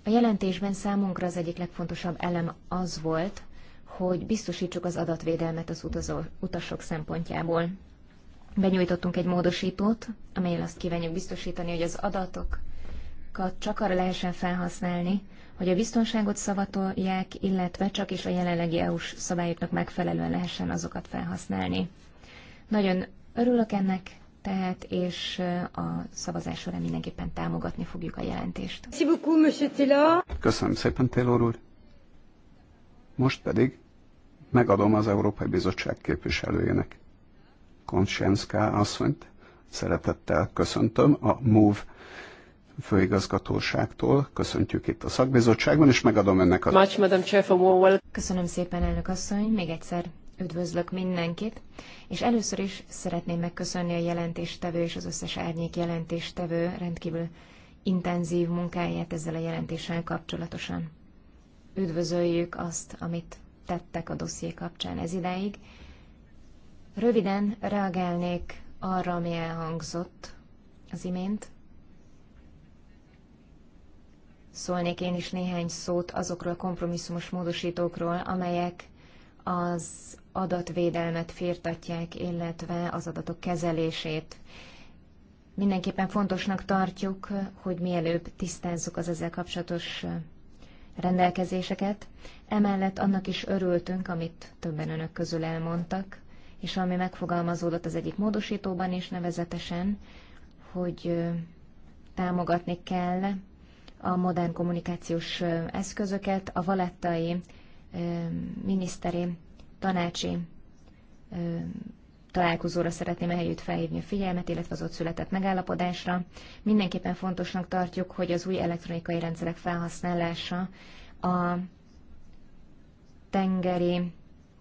S2: A jelentésben számunkra az egyik legfontosabb elem az volt, hogy biztosítsuk az adatvédelmet az utazó, utasok szempontjából. Benyújtottunk egy módosítót, amelyel azt kívánjuk biztosítani, hogy az adatokat csak arra lehessen felhasználni, hogy a biztonságot szavatolják, illetve csak is a jelenlegi EU-s szabályoknak megfelelően lehessen azokat felhasználni. Nagyon örülök ennek, tehát, és a szavazás során mindenképpen támogatni fogjuk a jelentést.
S1: Köszönöm szépen, Taylor úr. Most pedig megadom az Európai Bizottság képviselőjének Konsenszká asszonyt szeretettel köszöntöm a MOVE főigazgatóságtól. Köszöntjük itt a szakbizottságban, és megadom ennek a...
S3: Much, Madam Chair, for Köszönöm
S2: szépen, elnök asszony. Még egyszer üdvözlök mindenkit, és először is szeretném megköszönni a jelentéstevő és az összes árnyék jelentéstevő rendkívül intenzív munkáját ezzel a jelentéssel kapcsolatosan. Üdvözöljük azt, amit tettek a dosszié kapcsán ez ideig, Röviden reagálnék arra, ami elhangzott az imént. Szólnék én is néhány szót azokról a kompromisszumos módosítókról, amelyek az adatvédelmet firtatják, illetve az adatok kezelését. Mindenképpen fontosnak tartjuk, hogy mielőbb tisztázzuk az ezzel kapcsolatos rendelkezéseket. Emellett annak is örültünk, amit többen önök közül elmondtak, és ami megfogalmazódott az egyik módosítóban is nevezetesen, hogy támogatni kell a modern kommunikációs eszközöket, a valettai miniszteri tanácsi találkozóra szeretném ehelyütt felhívni a figyelmet, illetve az ott született megállapodásra. Mindenképpen fontosnak tartjuk, hogy az új elektronikai rendszerek felhasználása a tengeri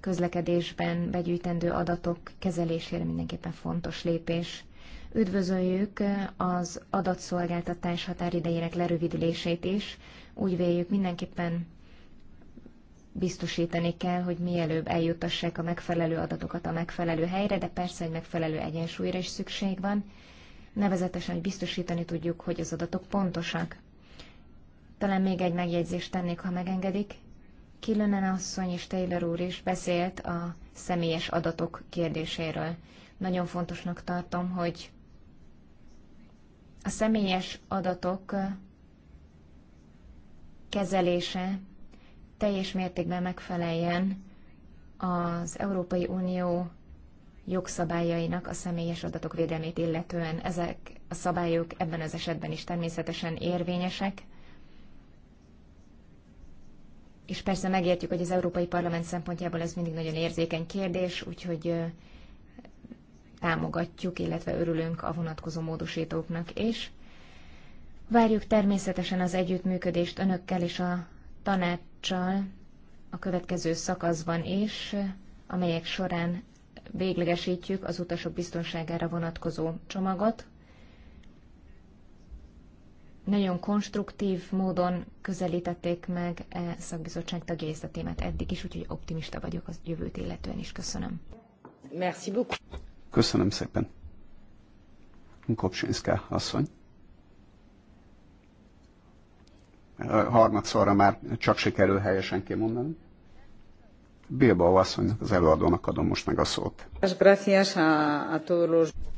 S2: közlekedésben begyűjtendő adatok kezelésére mindenképpen fontos lépés. Üdvözöljük az adatszolgáltatás határidejének lerövidülését is. Úgy véljük mindenképpen biztosítani kell, hogy mielőbb eljutassák a megfelelő adatokat a megfelelő helyre, de persze egy megfelelő egyensúlyra is szükség van. Nevezetesen, hogy biztosítani tudjuk, hogy az adatok pontosak. Talán még egy megjegyzést tennék, ha megengedik. Kilönen asszony és Taylor úr is beszélt a személyes adatok kérdéséről. Nagyon fontosnak tartom, hogy a személyes adatok kezelése teljes mértékben megfeleljen az Európai Unió jogszabályainak a személyes adatok védelmét illetően. Ezek a szabályok ebben az esetben is természetesen érvényesek, és persze megértjük, hogy az Európai Parlament szempontjából ez mindig nagyon érzékeny kérdés, úgyhogy támogatjuk, illetve örülünk a vonatkozó módosítóknak és Várjuk természetesen az együttműködést önökkel és a tanácssal a következő szakaszban is, amelyek során véglegesítjük az utasok biztonságára vonatkozó csomagot, nagyon konstruktív módon közelítették meg e szakbizottság tagjai ezt a témát eddig is, úgyhogy optimista vagyok az jövőt illetően is. Köszönöm. Merci beaucoup.
S1: Köszönöm szépen. Kopsinszka asszony. Harmadszorra már csak sikerül helyesen kimondani. Bilbao asszonynak, az előadónak adom most meg a szót.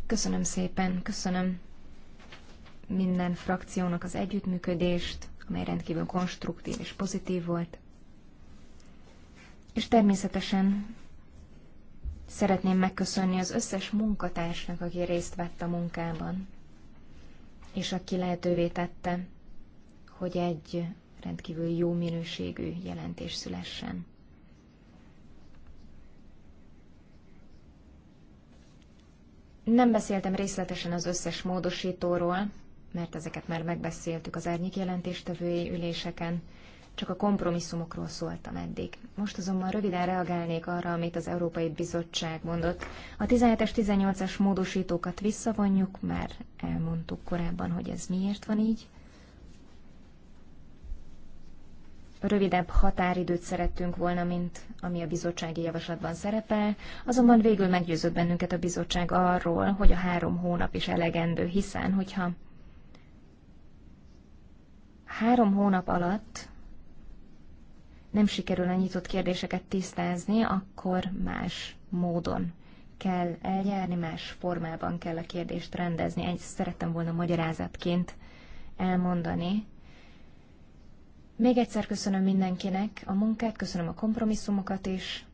S2: Köszönöm szépen, köszönöm minden frakciónak az együttműködést, amely rendkívül konstruktív és pozitív volt. És természetesen szeretném megköszönni az összes munkatársnak, aki részt vett a munkában, és aki lehetővé tette, hogy egy rendkívül jó minőségű jelentés szülessen. Nem beszéltem részletesen az összes módosítóról, mert ezeket már megbeszéltük az árnyék jelentéstevői üléseken, csak a kompromisszumokról szóltam eddig. Most azonban röviden reagálnék arra, amit az Európai Bizottság mondott. A 17-es, 18-as módosítókat visszavonjuk, már elmondtuk korábban, hogy ez miért van így. Rövidebb határidőt szerettünk volna, mint ami a bizottsági javaslatban szerepel, azonban végül meggyőzött bennünket a bizottság arról, hogy a három hónap is elegendő, hiszen hogyha három hónap alatt nem sikerül a nyitott kérdéseket tisztázni, akkor más módon kell eljárni, más formában kell a kérdést rendezni. Egy szerettem volna magyarázatként elmondani. Még egyszer köszönöm mindenkinek a munkát, köszönöm a kompromisszumokat is.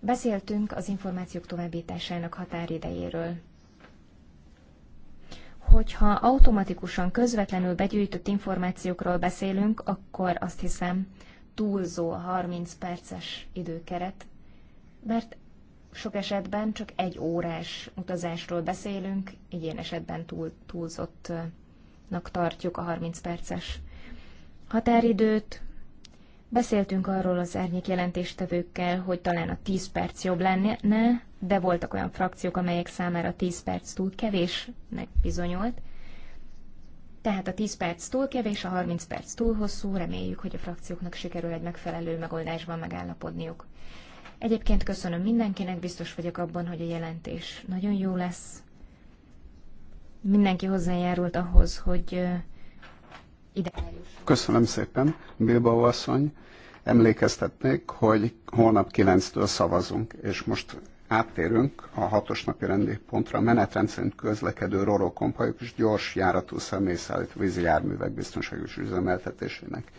S2: Beszéltünk az információk továbbításának határidejéről. Hogyha automatikusan, közvetlenül begyűjtött információkról beszélünk, akkor azt hiszem túlzó 30 perces időkeret, mert sok esetben csak egy órás utazásról beszélünk, így ilyen esetben túl, túlzottnak tartjuk a 30 perces határidőt, Beszéltünk arról az árnyék jelentéstevőkkel, hogy talán a 10 perc jobb lenne, de voltak olyan frakciók, amelyek számára 10 perc túl kevésnek bizonyult. Tehát a 10 perc túl kevés, a 30 perc túl hosszú, reméljük, hogy a frakcióknak sikerül egy megfelelő megoldásban megállapodniuk. Egyébként köszönöm mindenkinek, biztos vagyok abban, hogy a jelentés nagyon jó lesz. Mindenki hozzájárult ahhoz, hogy ide.
S1: Köszönöm szépen, Bilbao asszony. Emlékeztetnék, hogy holnap 9-től szavazunk, és most áttérünk a hatos napi rendi pontra a közlekedő roró kompajok és gyors járatú személyszállító vízi járművek biztonságos üzemeltetésének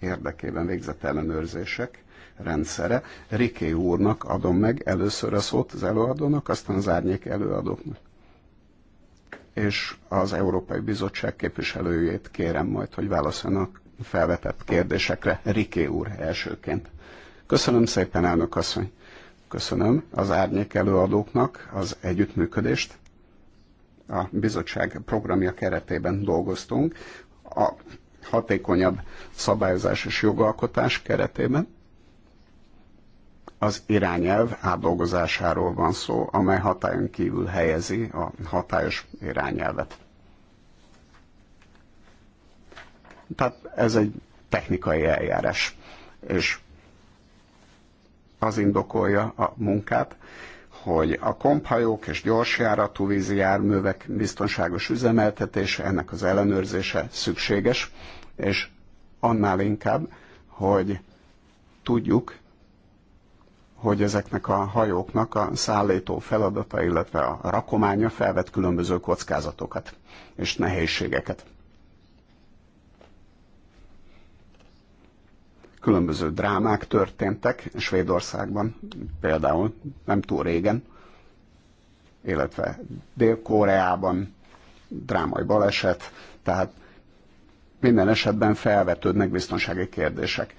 S1: érdekében végzett ellenőrzések rendszere. Riké úrnak adom meg először a szót az előadónak, aztán az árnyék előadóknak és az Európai Bizottság képviselőjét kérem majd, hogy válaszoljanak felvetett kérdésekre. Riké úr elsőként. Köszönöm szépen, elnök asszony. Köszönöm az árnyék előadóknak az együttműködést. A bizottság programja keretében dolgoztunk. A hatékonyabb szabályozás és jogalkotás keretében az irányelv átdolgozásáról van szó, amely hatályon kívül helyezi a hatályos irányelvet. Tehát ez egy technikai eljárás, és az indokolja a munkát, hogy a komphajók és gyorsjáratú vízi járművek biztonságos üzemeltetése, ennek az ellenőrzése szükséges, és annál inkább, hogy tudjuk, hogy ezeknek a hajóknak a szállító feladata, illetve a rakománya felvet különböző kockázatokat és nehézségeket. Különböző drámák történtek Svédországban, például nem túl régen, illetve Dél-Koreában drámai baleset, tehát minden esetben felvetődnek biztonsági kérdések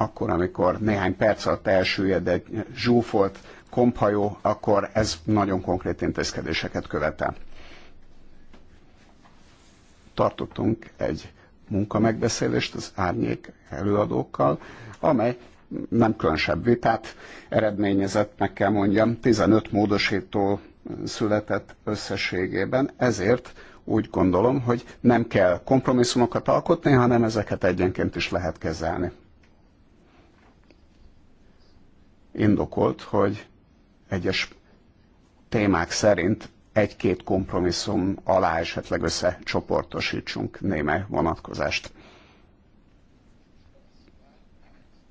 S1: akkor, amikor néhány perc alatt elsüllyed egy zsúfolt komphajó, akkor ez nagyon konkrét intézkedéseket követel. Tartottunk egy munkamegbeszélést az árnyék előadókkal, amely nem különösebb vitát eredményezett, meg kell mondjam, 15 módosító született összességében, ezért úgy gondolom, hogy nem kell kompromisszumokat alkotni, hanem ezeket egyenként is lehet kezelni. indokolt, hogy egyes témák szerint egy-két kompromisszum alá esetleg összecsoportosítsunk néme vonatkozást.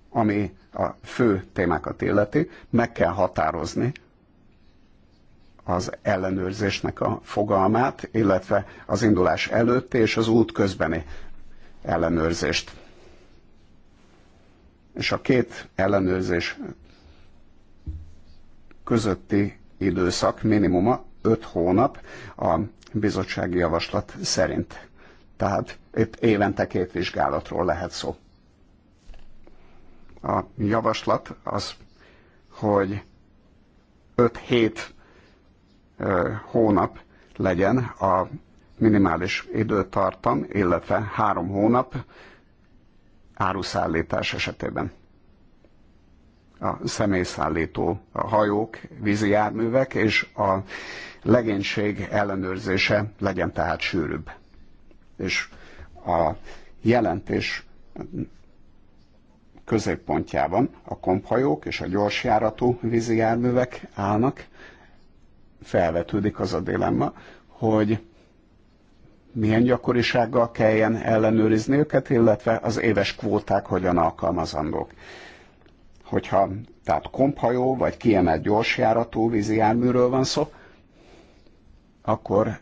S1: Ami a fő témákat illeti, meg kell határozni az ellenőrzésnek a fogalmát, illetve az indulás előtti és az út közbeni ellenőrzést. És a két ellenőrzés közötti időszak minimuma 5 hónap a bizottsági javaslat szerint. Tehát itt évente két vizsgálatról lehet szó. A javaslat az, hogy 5-7 hónap legyen a minimális időtartam, illetve 3 hónap áruszállítás esetében a személyszállító a hajók, vízi járművek, és a legénység ellenőrzése legyen tehát sűrűbb. És a jelentés középpontjában a komphajók és a gyorsjáratú vízi járművek állnak, felvetődik az a dilemma, hogy milyen gyakorisággal kelljen ellenőrizni őket, illetve az éves kvóták hogyan alkalmazandók hogyha tehát komphajó vagy kiemelt gyorsjáratú vízi járműről van szó, akkor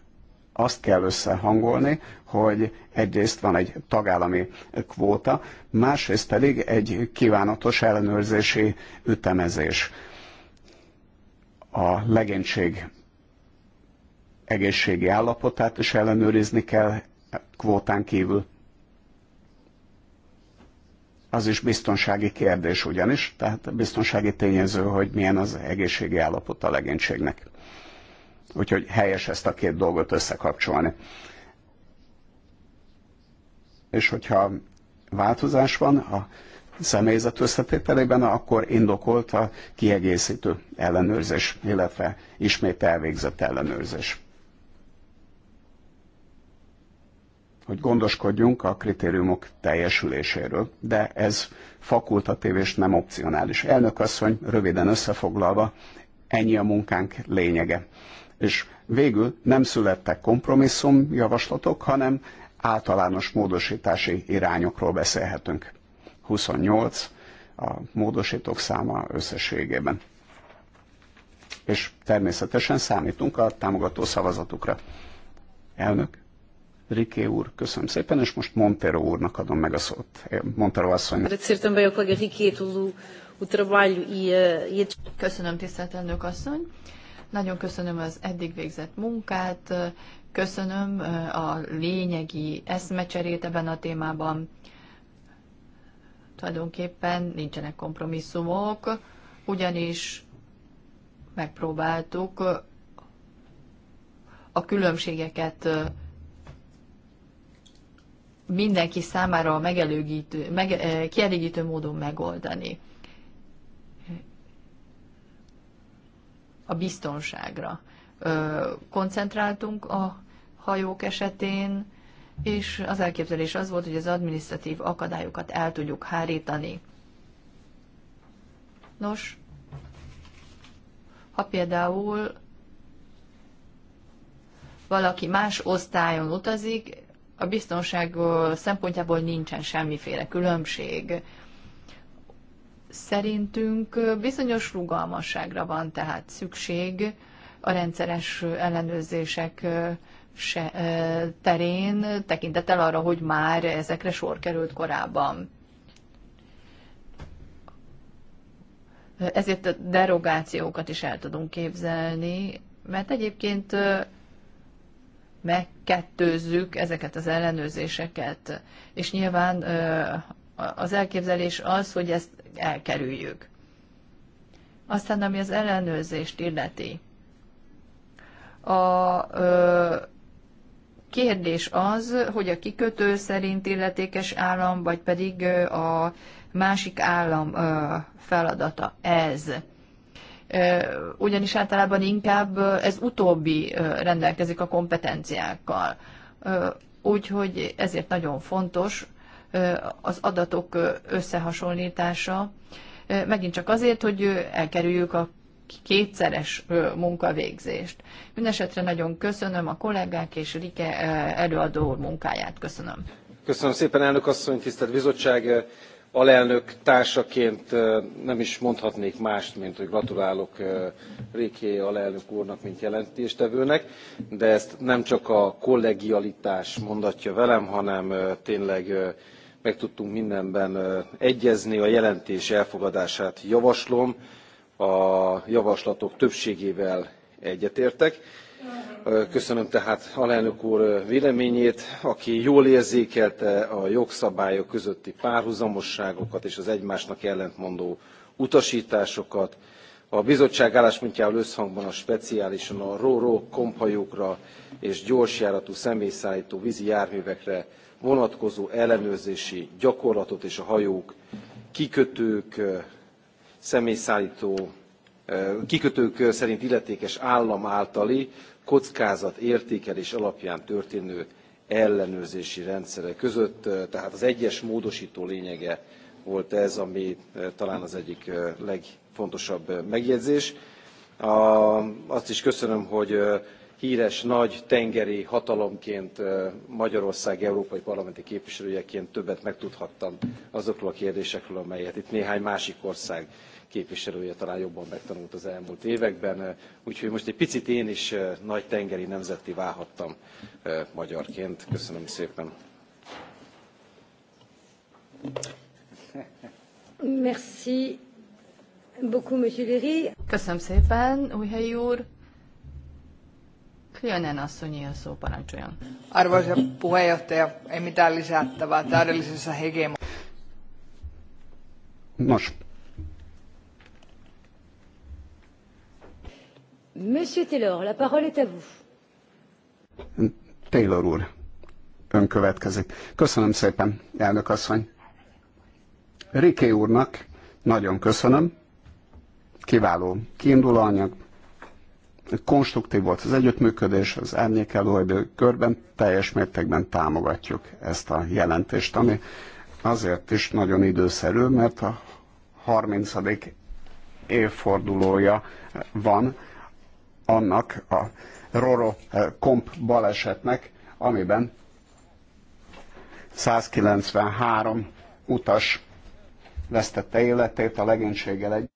S1: azt kell összehangolni, hogy egyrészt van egy tagállami kvóta, másrészt pedig egy kívánatos ellenőrzési ütemezés. A legénység egészségi állapotát is ellenőrizni kell kvótán kívül az is biztonsági kérdés ugyanis, tehát biztonsági tényező, hogy milyen az egészségi állapot a legénységnek. Úgyhogy helyes ezt a két dolgot összekapcsolni. És hogyha változás van a személyzet összetételében, akkor indokolt a kiegészítő ellenőrzés, illetve ismét elvégzett ellenőrzés. hogy gondoskodjunk a kritériumok teljesüléséről, de ez fakultatív és nem opcionális. Elnök asszony, röviden összefoglalva, ennyi a munkánk lényege. És végül nem születtek kompromisszumjavaslatok, hanem általános módosítási irányokról beszélhetünk. 28 a módosítók száma összességében. És természetesen számítunk a támogató szavazatukra. Elnök? Riké úr, köszönöm szépen, és most Montero úrnak adom meg a szót. Montero asszony. E,
S3: eh, e köszönöm, tisztelt elnök asszony. Nagyon köszönöm az eddig végzett munkát, köszönöm eh, a lényegi eszmecserét ebben a témában. Tulajdonképpen nincsenek kompromisszumok, ugyanis megpróbáltuk eh, a különbségeket mindenki számára megelőgítő, meg, eh, kielégítő módon megoldani. A biztonságra. Koncentráltunk a hajók esetén, és az elképzelés az volt, hogy az administratív akadályokat el tudjuk hárítani. Nos, ha például valaki más osztályon utazik, a biztonság szempontjából nincsen semmiféle különbség. Szerintünk bizonyos rugalmasságra van tehát szükség a rendszeres ellenőrzések terén, tekintettel arra, hogy már ezekre sor került korábban. Ezért derogációkat is el tudunk képzelni, mert egyébként megkettőzzük ezeket az ellenőrzéseket. És nyilván az elképzelés az, hogy ezt elkerüljük. Aztán, ami az ellenőrzést illeti. A kérdés az, hogy a kikötő szerint illetékes állam, vagy pedig a másik állam feladata ez ugyanis általában inkább ez utóbbi rendelkezik a kompetenciákkal. Úgyhogy ezért nagyon fontos az adatok összehasonlítása, megint csak azért, hogy elkerüljük a kétszeres munkavégzést. Mindenesetre nagyon köszönöm a kollégák és Rike előadó munkáját. Köszönöm.
S4: Köszönöm szépen, elnök asszony, tisztelt bizottság! alelnök társaként nem is mondhatnék mást, mint hogy gratulálok Réké alelnök úrnak, mint jelentéstevőnek, de ezt nem csak a kollegialitás mondatja velem, hanem tényleg meg tudtunk mindenben egyezni, a jelentés elfogadását javaslom, a javaslatok többségével egyetértek Köszönöm tehát alelnök úr véleményét, aki jól érzékelte a jogszabályok közötti párhuzamosságokat és az egymásnak ellentmondó utasításokat. A bizottság álláspontjával összhangban a speciálisan a róró kompajókra és gyorsjáratú személyszállító vízi járművekre vonatkozó ellenőrzési gyakorlatot és a hajók, kikötők, személyszállító kikötők szerint illetékes állam általi kockázatértékelés értékelés alapján történő ellenőrzési rendszere között. Tehát az egyes módosító lényege volt ez, ami talán az egyik legfontosabb megjegyzés. Azt is köszönöm, hogy híres nagy tengeri hatalomként Magyarország európai parlamenti képviselőjeként többet megtudhattam azokról a kérdésekről, amelyet itt néhány másik ország képviselője talán jobban megtanult az elmúlt években, úgyhogy most egy picit én is eh, nagy tengeri nemzeti válhattam eh, magyarként. Köszönöm szépen.
S3: Merci beaucoup, Monsieur Léry. Köszönöm szépen, Újhelyi úr. Klionen asszonyi a szó, parancsoljon. Arvoisa puheenjohtaja, ei mitään lisättävää täydellisessä hegemo. Nos, Monsieur Taylor, la
S2: parole est à vous.
S1: Taylor úr, ön következik. Köszönöm szépen, elnök asszony. Riké úrnak nagyon köszönöm. Kiváló kiinduló anyag. Konstruktív volt az együttműködés, az árnyék idő körben teljes mértékben támogatjuk ezt a jelentést, ami azért is nagyon időszerű, mert a 30. évfordulója van annak a Roro eh, komp balesetnek, amiben 193 utas vesztette életét a legénységgel egy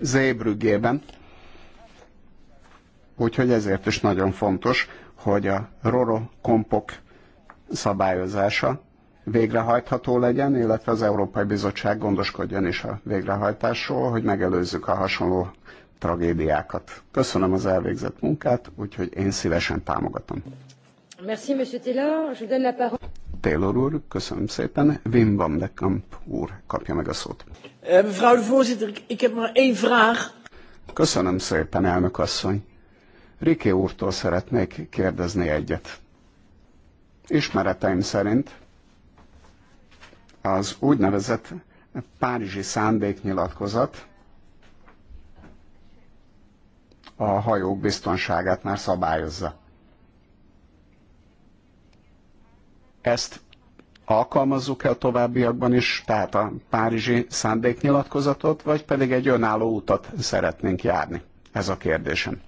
S1: zébrügében. Úgyhogy ezért is nagyon fontos, hogy a Roro kompok szabályozása végrehajtható legyen, illetve az Európai Bizottság gondoskodjon is a végrehajtásról, hogy megelőzzük a hasonló tragédiákat. Köszönöm az elvégzett munkát, úgyhogy én szívesen támogatom.
S4: Merci, monsieur Taylor. Je donne la parole.
S1: Taylor úr, köszönöm szépen. Wim van de Kamp úr kapja meg a szót. Eh, mevrouw de voorzitter, ik heb maar één vraag. Köszönöm szépen, elnök asszony. Riki úrtól szeretnék kérdezni egyet. Ismereteim szerint az úgynevezett Párizsi szándéknyilatkozat a hajók biztonságát már szabályozza. Ezt alkalmazzuk-e a továbbiakban is, tehát a párizsi szándéknyilatkozatot, vagy pedig egy önálló utat szeretnénk járni? Ez a kérdésem.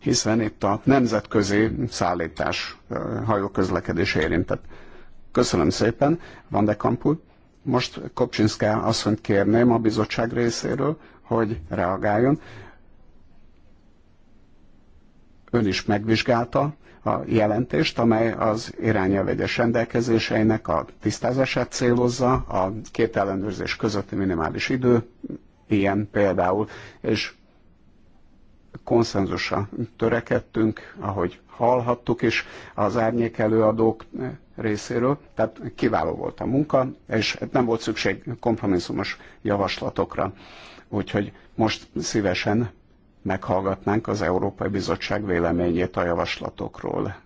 S1: Hiszen itt a nemzetközi szállítás hajóközlekedés érintett. Köszönöm szépen, Van de Kampul. Most Kopcsinszká asszonyt kérném a bizottság részéről, hogy reagáljon. Ön is megvizsgálta a jelentést, amely az irányelvegyes rendelkezéseinek a tisztázását célozza, a két ellenőrzés közötti minimális idő, ilyen például, és konszenzusra törekedtünk, ahogy hallhattuk is, az árnyék előadók részéről, tehát kiváló volt a munka, és nem volt szükség kompromisszumos javaslatokra. Úgyhogy most szívesen meghallgatnánk az Európai Bizottság véleményét a javaslatokról.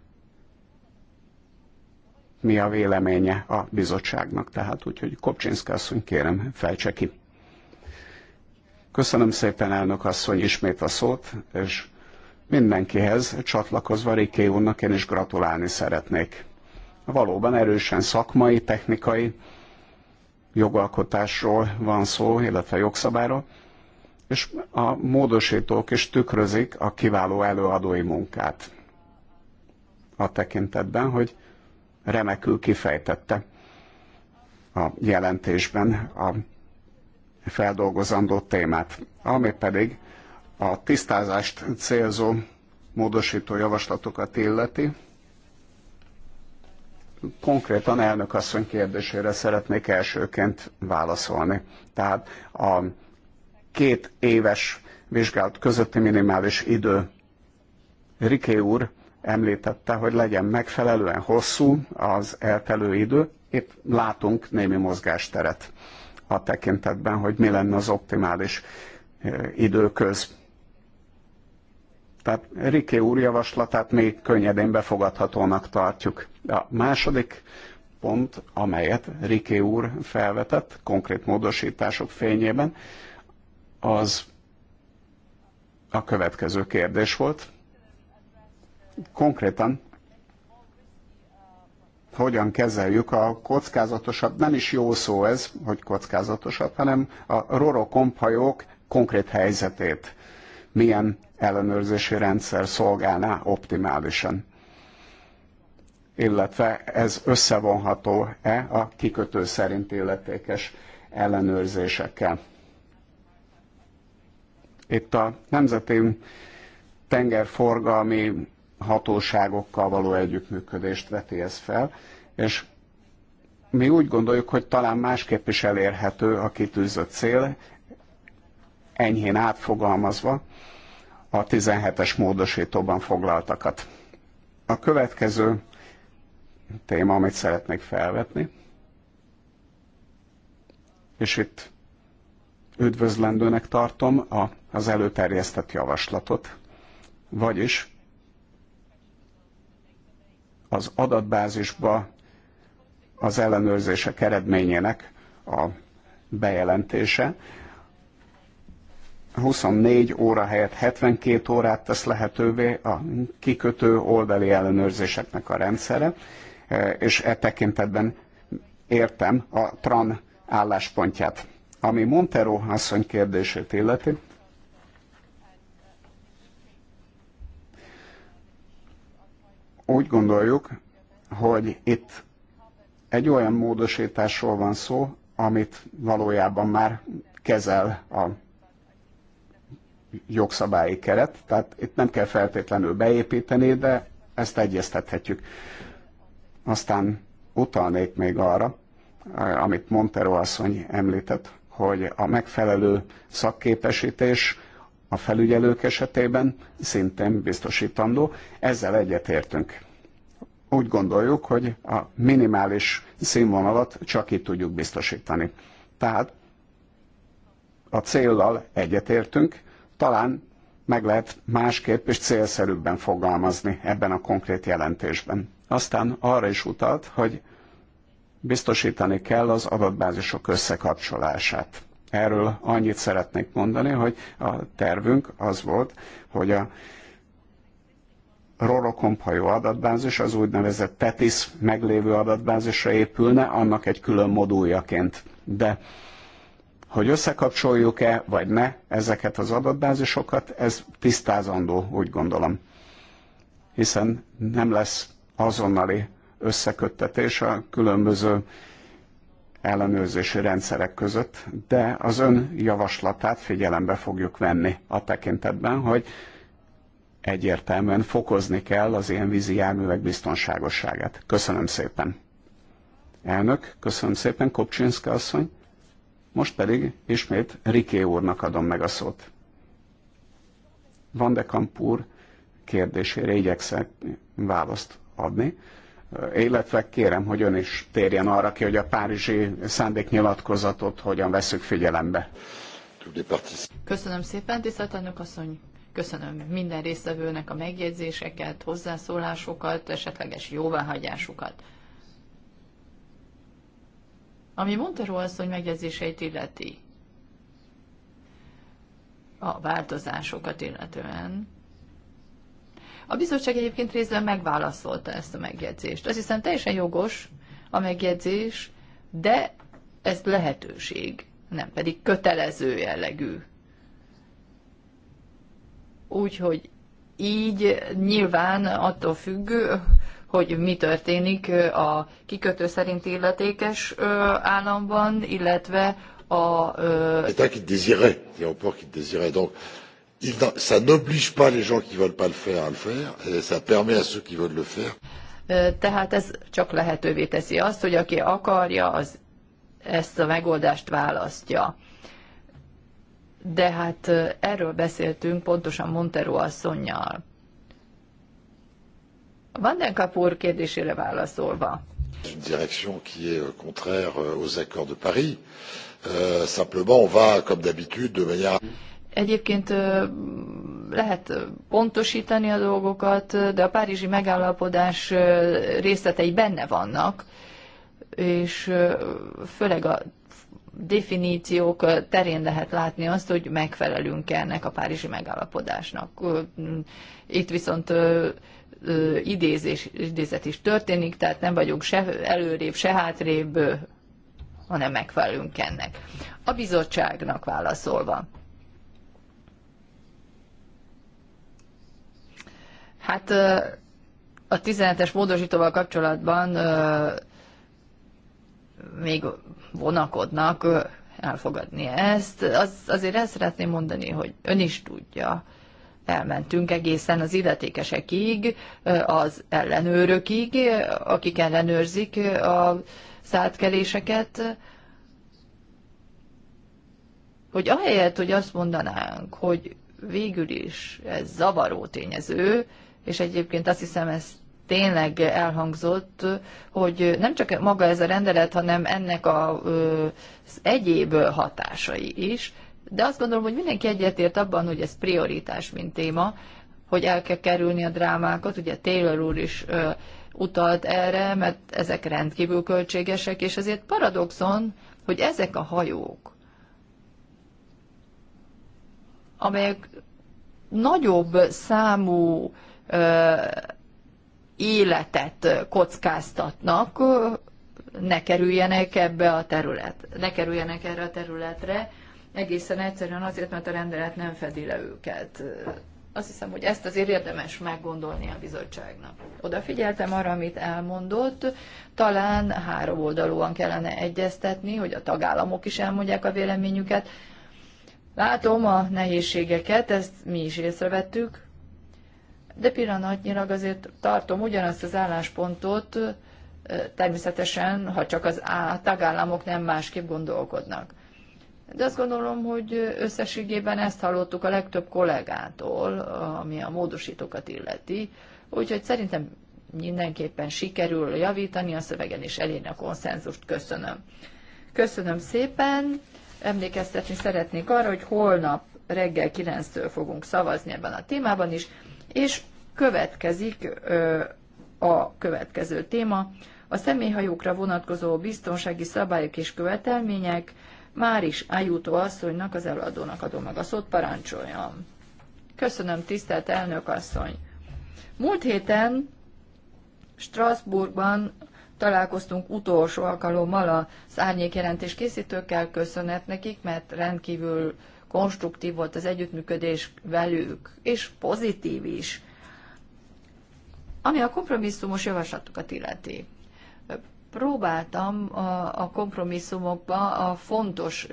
S1: Mi a véleménye a bizottságnak, tehát úgyhogy Kopcsinszka asszony kérem, fejtse ki. Köszönöm szépen, elnök asszony, ismét a szót, és mindenkihez csatlakozva Riké úrnak én is gratulálni szeretnék valóban erősen szakmai, technikai jogalkotásról van szó, illetve jogszabályról, és a módosítók is tükrözik a kiváló előadói munkát a tekintetben, hogy remekül kifejtette a jelentésben a feldolgozandó témát, ami pedig a tisztázást célzó módosító javaslatokat illeti, konkrétan elnök asszony kérdésére szeretnék elsőként válaszolni. Tehát a két éves vizsgált közötti minimális idő. Riké úr említette, hogy legyen megfelelően hosszú az eltelő idő. Itt látunk némi mozgásteret a tekintetben, hogy mi lenne az optimális eh, időköz tehát Riké úr javaslatát mi könnyedén befogadhatónak tartjuk. A második pont, amelyet Riké úr felvetett konkrét módosítások fényében, az a következő kérdés volt. Konkrétan hogyan kezeljük a kockázatosabb, nem is jó szó ez, hogy kockázatosabb, hanem a roro konkrét helyzetét milyen ellenőrzési rendszer szolgálná optimálisan. Illetve ez összevonható-e a kikötő szerint illetékes ellenőrzésekkel. Itt a nemzeti tengerforgalmi hatóságokkal való együttműködést veti ez fel, és mi úgy gondoljuk, hogy talán másképp is elérhető a kitűzött cél, enyhén átfogalmazva, a 17-es módosítóban foglaltakat. A következő téma, amit szeretnék felvetni, és itt üdvözlendőnek tartom a, az előterjesztett javaslatot, vagyis az adatbázisba az ellenőrzések eredményének a bejelentése 24 óra helyett 72 órát tesz lehetővé a kikötő oldali ellenőrzéseknek a rendszere, e, és e tekintetben értem a TRAN álláspontját. Ami Montero asszony kérdését illeti, úgy gondoljuk, hogy itt egy olyan módosításról van szó, amit valójában már kezel a jogszabályi keret, tehát itt nem kell feltétlenül beépíteni, de ezt egyeztethetjük. Aztán utalnék még arra, eh, amit Montero asszony említett, hogy a megfelelő szakképesítés a felügyelők esetében szintén biztosítandó. Ezzel egyetértünk. Úgy gondoljuk, hogy a minimális színvonalat csak itt tudjuk biztosítani. Tehát a céllal egyetértünk, talán meg lehet másképp és célszerűbben fogalmazni ebben a konkrét jelentésben. Aztán arra is utalt, hogy biztosítani kell az adatbázisok összekapcsolását. Erről annyit szeretnék mondani, hogy a tervünk az volt, hogy a rorokomphajó adatbázis az úgynevezett TETIS meglévő adatbázisra épülne, annak egy külön moduljaként. De hogy összekapcsoljuk-e, vagy ne ezeket az adatbázisokat, ez tisztázandó, úgy gondolom. Hiszen nem lesz azonnali összeköttetés a különböző ellenőrzési rendszerek között, de az ön javaslatát figyelembe fogjuk venni a tekintetben, hogy egyértelműen fokozni kell az ilyen vízi járművek biztonságosságát. Köszönöm szépen. Elnök, köszönöm szépen, Kopcsinszka asszony. Most pedig ismét Riké úrnak adom meg a szót. Van de Kampúr kérdésére igyekszek választ adni, illetve kérem, hogy ön is térjen arra ki, hogy a párizsi szándéknyilatkozatot hogyan veszük figyelembe.
S3: Köszönöm szépen, tisztelt elnök asszony. Köszönöm minden résztvevőnek a megjegyzéseket, hozzászólásokat, esetleges jóváhagyásukat. Ami Montero asszony megjegyzéseit illeti, a változásokat illetően, a bizottság egyébként részben megválaszolta ezt a megjegyzést. Azt hiszem teljesen jogos a megjegyzés, de ez lehetőség, nem pedig kötelező jellegű. Úgyhogy így nyilván attól függ, hogy mi történik a kikötő szerint illetékes államban, illetve a... L'État
S1: qui désirait,
S4: et un port qui désirait. Donc, il, ça n'oblige pas les gens qui veulent pas le faire à le faire, et ça permet à ceux qui veulent le faire.
S3: Tehát ez csak lehetővé teszi azt, hogy aki akarja, az ezt a megoldást választja. De hát erről beszéltünk pontosan Montero asszonynal. Van den Kapur kérdésére válaszolva.
S4: Une direction qui est euh, contraire euh, aux accords de Paris. Euh, simplement, on va, comme d'habitude, de manière...
S3: Egyébként euh, lehet pontosítani a dolgokat, de a párizsi megállapodás részletei benne vannak, és főleg a definíciók terén lehet látni azt, hogy megfelelünk -e ennek a párizsi megállapodásnak. Itt viszont idézés, idézet is történik, tehát nem vagyunk se előrébb, se hátrébb, hanem megfelelünk ennek. A bizottságnak válaszolva. Hát a 17-es módosítóval kapcsolatban még vonakodnak elfogadni ezt. Az, azért ezt szeretném mondani, hogy ön is tudja, elmentünk egészen az illetékesekig, az ellenőrökig, akik ellenőrzik a szátkeléseket, hogy ahelyett, hogy azt mondanánk, hogy végül is ez zavaró tényező, és egyébként azt hiszem ez tényleg elhangzott, hogy nem csak maga ez a rendelet, hanem ennek a, az egyéb hatásai is, de azt gondolom, hogy mindenki egyetért abban, hogy ez prioritás, mint téma, hogy el kell kerülni a drámákat, ugye Taylor úr is ö, utalt erre, mert ezek rendkívül költségesek, és ezért paradoxon, hogy ezek a hajók, amelyek nagyobb számú ö, életet kockáztatnak, ö, ne kerüljenek ebbe a terület, ne kerüljenek erre a területre, egészen egyszerűen azért, mert a rendelet nem fedi le őket. Azt hiszem, hogy ezt azért érdemes meggondolni a bizottságnak. Odafigyeltem arra, amit elmondott, talán három oldalúan kellene egyeztetni, hogy a tagállamok is elmondják a véleményüket. Látom a nehézségeket, ezt mi is észrevettük, de pillanatnyilag azért tartom ugyanazt az álláspontot, természetesen, ha csak az a tagállamok nem másképp gondolkodnak. De azt gondolom, hogy összességében ezt hallottuk a legtöbb kollégától, ami a módosítókat illeti, úgyhogy szerintem mindenképpen sikerül javítani a szövegen és elérni a konszenzust. Köszönöm. Köszönöm szépen. Emlékeztetni szeretnék arra, hogy holnap reggel 9-től fogunk szavazni ebben a témában is, és következik a következő téma, a személyhajókra vonatkozó biztonsági szabályok és követelmények, már is Ajutó asszonynak, az eladónak adom meg a szót, parancsoljam. Köszönöm, tisztelt elnök asszony. Múlt héten Strasbourgban találkoztunk utolsó alkalommal a szárnyékjelentés készítőkkel, köszönet nekik, mert rendkívül konstruktív volt az együttműködés velük, és pozitív is, ami a kompromisszumos javaslatokat illeti próbáltam a kompromisszumokba a fontos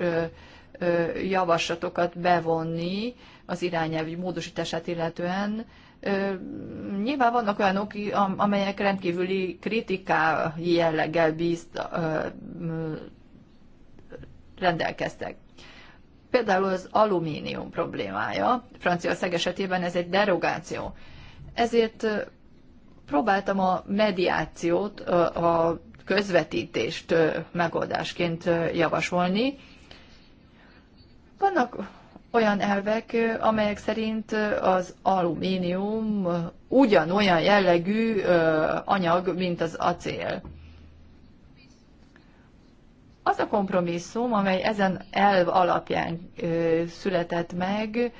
S3: javaslatokat bevonni az irányelv módosítását illetően. Nyilván vannak olyanok, amelyek rendkívüli kritiká jelleggel bízt, rendelkeztek. Például az alumínium problémája, Franciaország esetében ez egy derogáció. Ezért próbáltam a mediációt, a közvetítést megoldásként javasolni. Vannak olyan elvek, amelyek szerint az alumínium ugyanolyan jellegű anyag, mint az acél. Az a kompromisszum, amely ezen elv alapján született meg,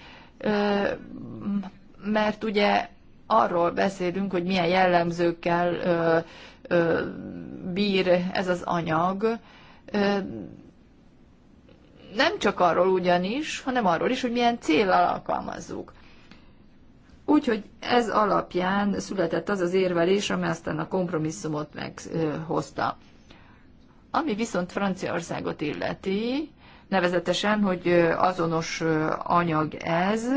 S3: mert ugye arról beszélünk, hogy milyen jellemzőkkel bír ez az anyag, nem csak arról ugyanis, hanem arról is, hogy milyen célral alkalmazzuk. Úgyhogy ez alapján született az az érvelés, ami aztán a kompromisszumot meghozta. Ami viszont Franciaországot illeti, nevezetesen, hogy azonos anyag ez,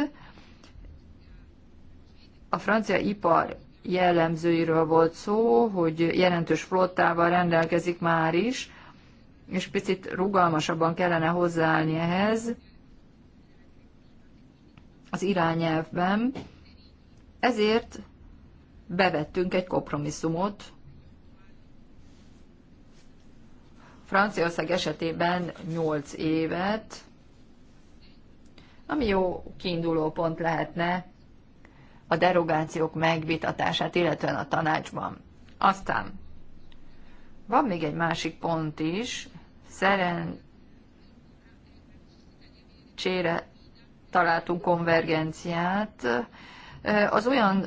S3: a francia ipar jellemzőiről volt szó, hogy jelentős flottával rendelkezik már is, és picit rugalmasabban kellene hozzáállni ehhez az irányelvben. Ezért bevettünk egy kompromisszumot. Franciaország esetében 8 évet, ami jó kiinduló pont lehetne a derogációk megvitatását, illetően a tanácsban. Aztán van még egy másik pont is, szerencsére találtunk konvergenciát, az olyan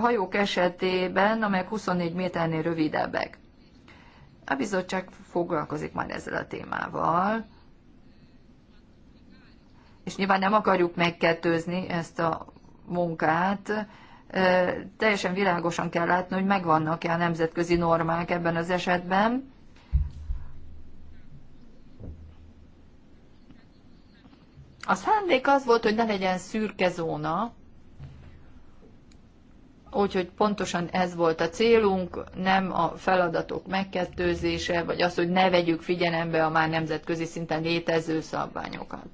S3: hajók esetében, amelyek 24 méternél rövidebbek. A bizottság foglalkozik már ezzel a témával, és nyilván nem akarjuk megkettőzni ezt a munkát, teljesen világosan kell látni, hogy megvannak-e a nemzetközi normák ebben az esetben. A szándék az volt, hogy ne legyen szürke zóna, úgyhogy pontosan ez volt a célunk, nem a feladatok megkettőzése, vagy az, hogy ne vegyük figyelembe a már nemzetközi szinten létező szabványokat.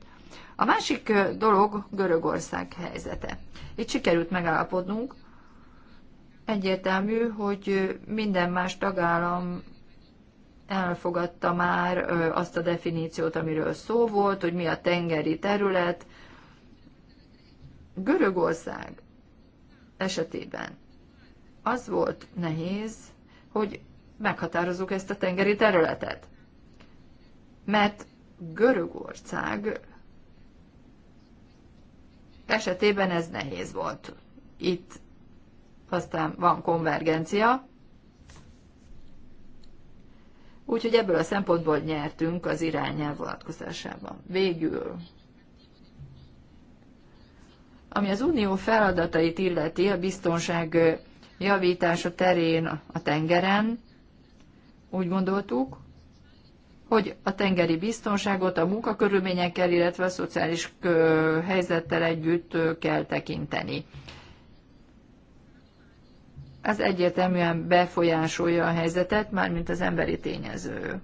S3: A másik dolog Görögország helyzete. Itt sikerült megállapodnunk. Egyértelmű, hogy minden más tagállam elfogadta már azt a definíciót, amiről szó volt, hogy mi a tengeri terület. Görögország esetében az volt nehéz, hogy meghatározzuk ezt a tengeri területet. Mert Görögország esetében ez nehéz volt. Itt aztán van konvergencia, úgyhogy ebből a szempontból nyertünk az irányel vonatkozásában. Végül, ami az unió feladatait illeti a biztonság javítása terén a tengeren, úgy gondoltuk, hogy a tengeri biztonságot a munkakörülményekkel, illetve a szociális helyzettel együtt kell tekinteni. Ez egyértelműen befolyásolja a helyzetet, mármint az emberi tényező.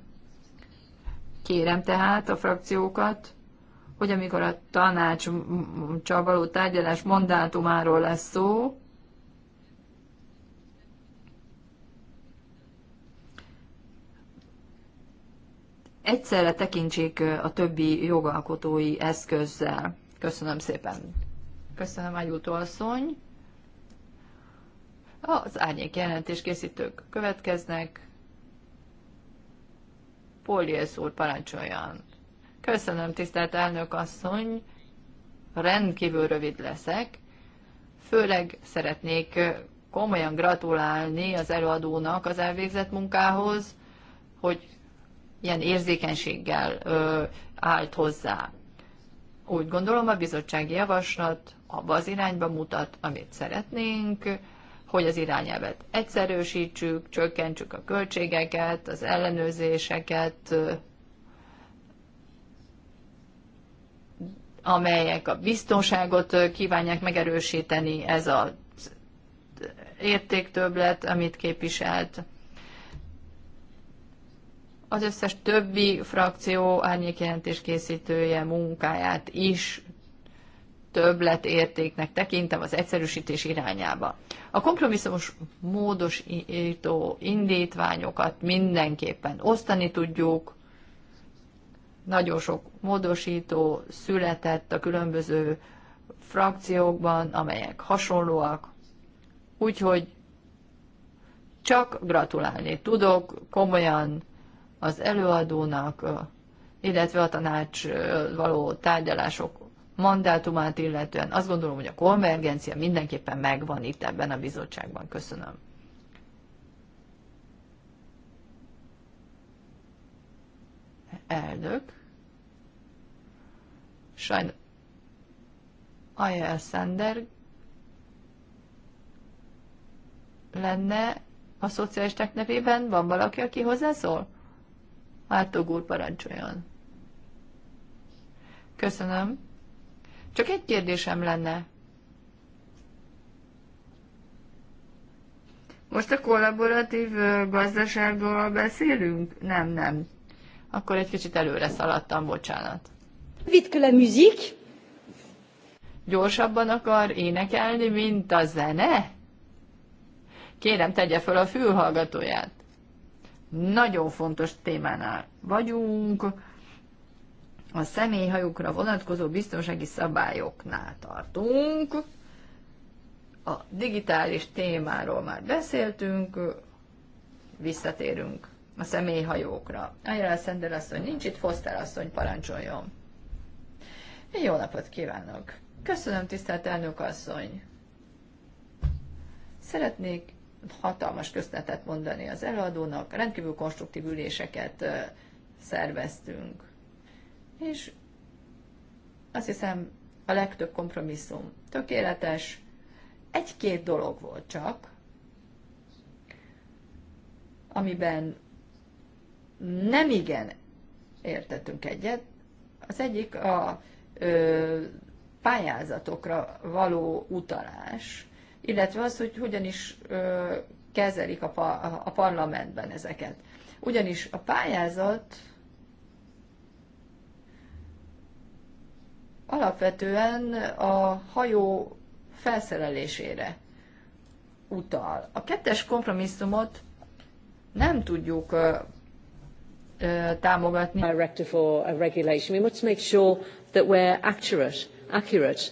S3: Kérem tehát a frakciókat, hogy amikor a tanács csavaló tárgyalás mandátumáról lesz szó, egyszerre tekintsék a többi jogalkotói eszközzel. Köszönöm szépen. Köszönöm, Ágyútó asszony. Az árnyék jelentés készítők következnek. Póliész úr, parancsoljon. Köszönöm, tisztelt elnök asszony. Rendkívül rövid leszek. Főleg szeretnék komolyan gratulálni az előadónak az elvégzett munkához, hogy ilyen érzékenységgel ö, állt hozzá. Úgy gondolom, a bizottsági javaslat abba az irányba mutat, amit szeretnénk, hogy az irányelvet egyszerűsítsük, csökkentsük a költségeket, az ellenőrzéseket, amelyek a biztonságot kívánják megerősíteni, ez az értéktöblet, amit képviselt az összes többi frakció árnyékjelentés készítője munkáját is többletértéknek tekintem az egyszerűsítés irányába. A kompromisszumos módosító indítványokat mindenképpen osztani tudjuk. Nagyon sok módosító született a különböző frakciókban, amelyek hasonlóak. Úgyhogy csak gratulálni tudok, komolyan az előadónak, illetve a tanács való tárgyalások mandátumát illetően. Azt gondolom, hogy a konvergencia mindenképpen megvan itt ebben a bizottságban. Köszönöm. Elnök. Sajnos. Aja Sander lenne a szocialisták nevében? Van valaki, aki hozzászól? Ártóg úr parancsoljon. Köszönöm. Csak egy kérdésem lenne. Most a kollaboratív gazdaságról beszélünk? Nem, nem. Akkor egy kicsit előre szaladtam, bocsánat. Vite a la Gyorsabban akar énekelni, mint a zene? Kérem, tegye föl a fülhallgatóját nagyon fontos témánál vagyunk, a személyhajókra vonatkozó biztonsági szabályoknál tartunk. A digitális témáról már beszéltünk, visszatérünk a személyhajókra. Ajánl Szendel asszony nincs itt, Foster asszony parancsoljon. Jó napot kívánok! Köszönöm, tisztelt elnök asszony! Szeretnék hatalmas köztetet mondani az előadónak, rendkívül konstruktív üléseket szerveztünk. És azt hiszem, a legtöbb kompromisszum tökéletes. Egy-két dolog volt csak, amiben nem igen értettünk egyet. Az egyik a ö, pályázatokra való utalás illetve az, hogy hogyan is kezelik a, pa, a parlamentben ezeket. Ugyanis a pályázat alapvetően a hajó felszerelésére utal. A kettes kompromisszumot nem tudjuk ö, ö, támogatni. a regulation. We must make sure that we're accurate, accurate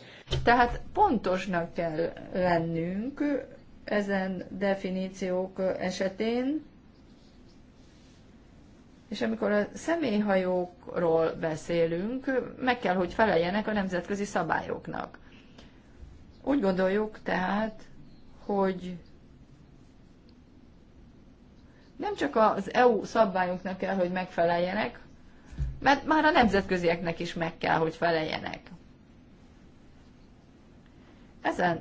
S3: tehát pontosnak kell lennünk ezen definíciók esetén, és amikor a személyhajókról beszélünk, meg kell, hogy feleljenek a nemzetközi szabályoknak. Úgy gondoljuk tehát, hogy nem csak az EU szabályoknak kell, hogy megfeleljenek, mert már a nemzetközieknek is meg kell, hogy feleljenek. Ezen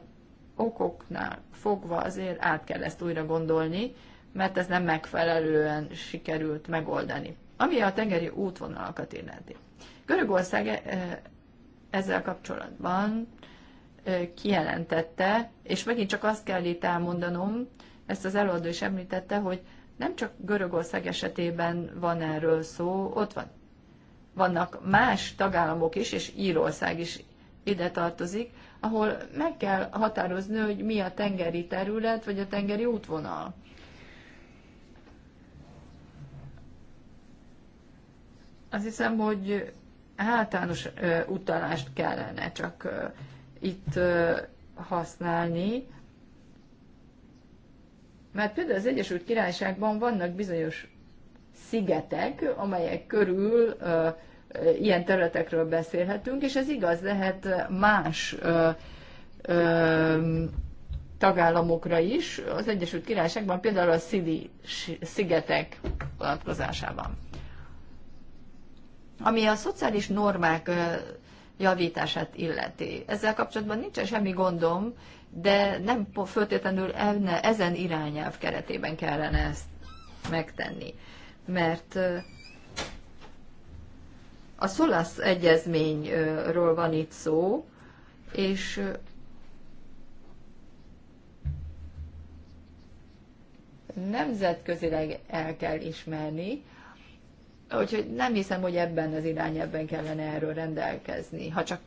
S3: okoknál fogva azért át kell ezt újra gondolni, mert ez nem megfelelően sikerült megoldani. Ami a tengeri útvonalakat illeti. Görögország eh, ezzel kapcsolatban eh, kijelentette, és megint csak azt kell itt elmondanom, ezt az előadó is említette, hogy nem csak Görögország esetében van erről szó, ott van. Vannak más tagállamok is, és Írország is ide tartozik, ahol meg kell határozni, hogy mi a tengeri terület, vagy a tengeri útvonal. Azt hiszem, hogy általános utalást kellene csak itt használni, mert például az Egyesült Királyságban vannak bizonyos szigetek, amelyek körül uh, ilyen területekről beszélhetünk, és ez igaz lehet más ö, ö, tagállamokra is, az Egyesült Királyságban, például a Szili szigetek vonatkozásában. Ami a szociális normák javítását illeti. Ezzel kapcsolatban nincsen semmi gondom, de nem föltétlenül ezen irányelv keretében kellene ezt megtenni. Mert a SZOLASZ egyezményről van itt szó, és nemzetközileg el kell ismerni, úgyhogy nem hiszem, hogy ebben az irányában kellene erről rendelkezni, ha csak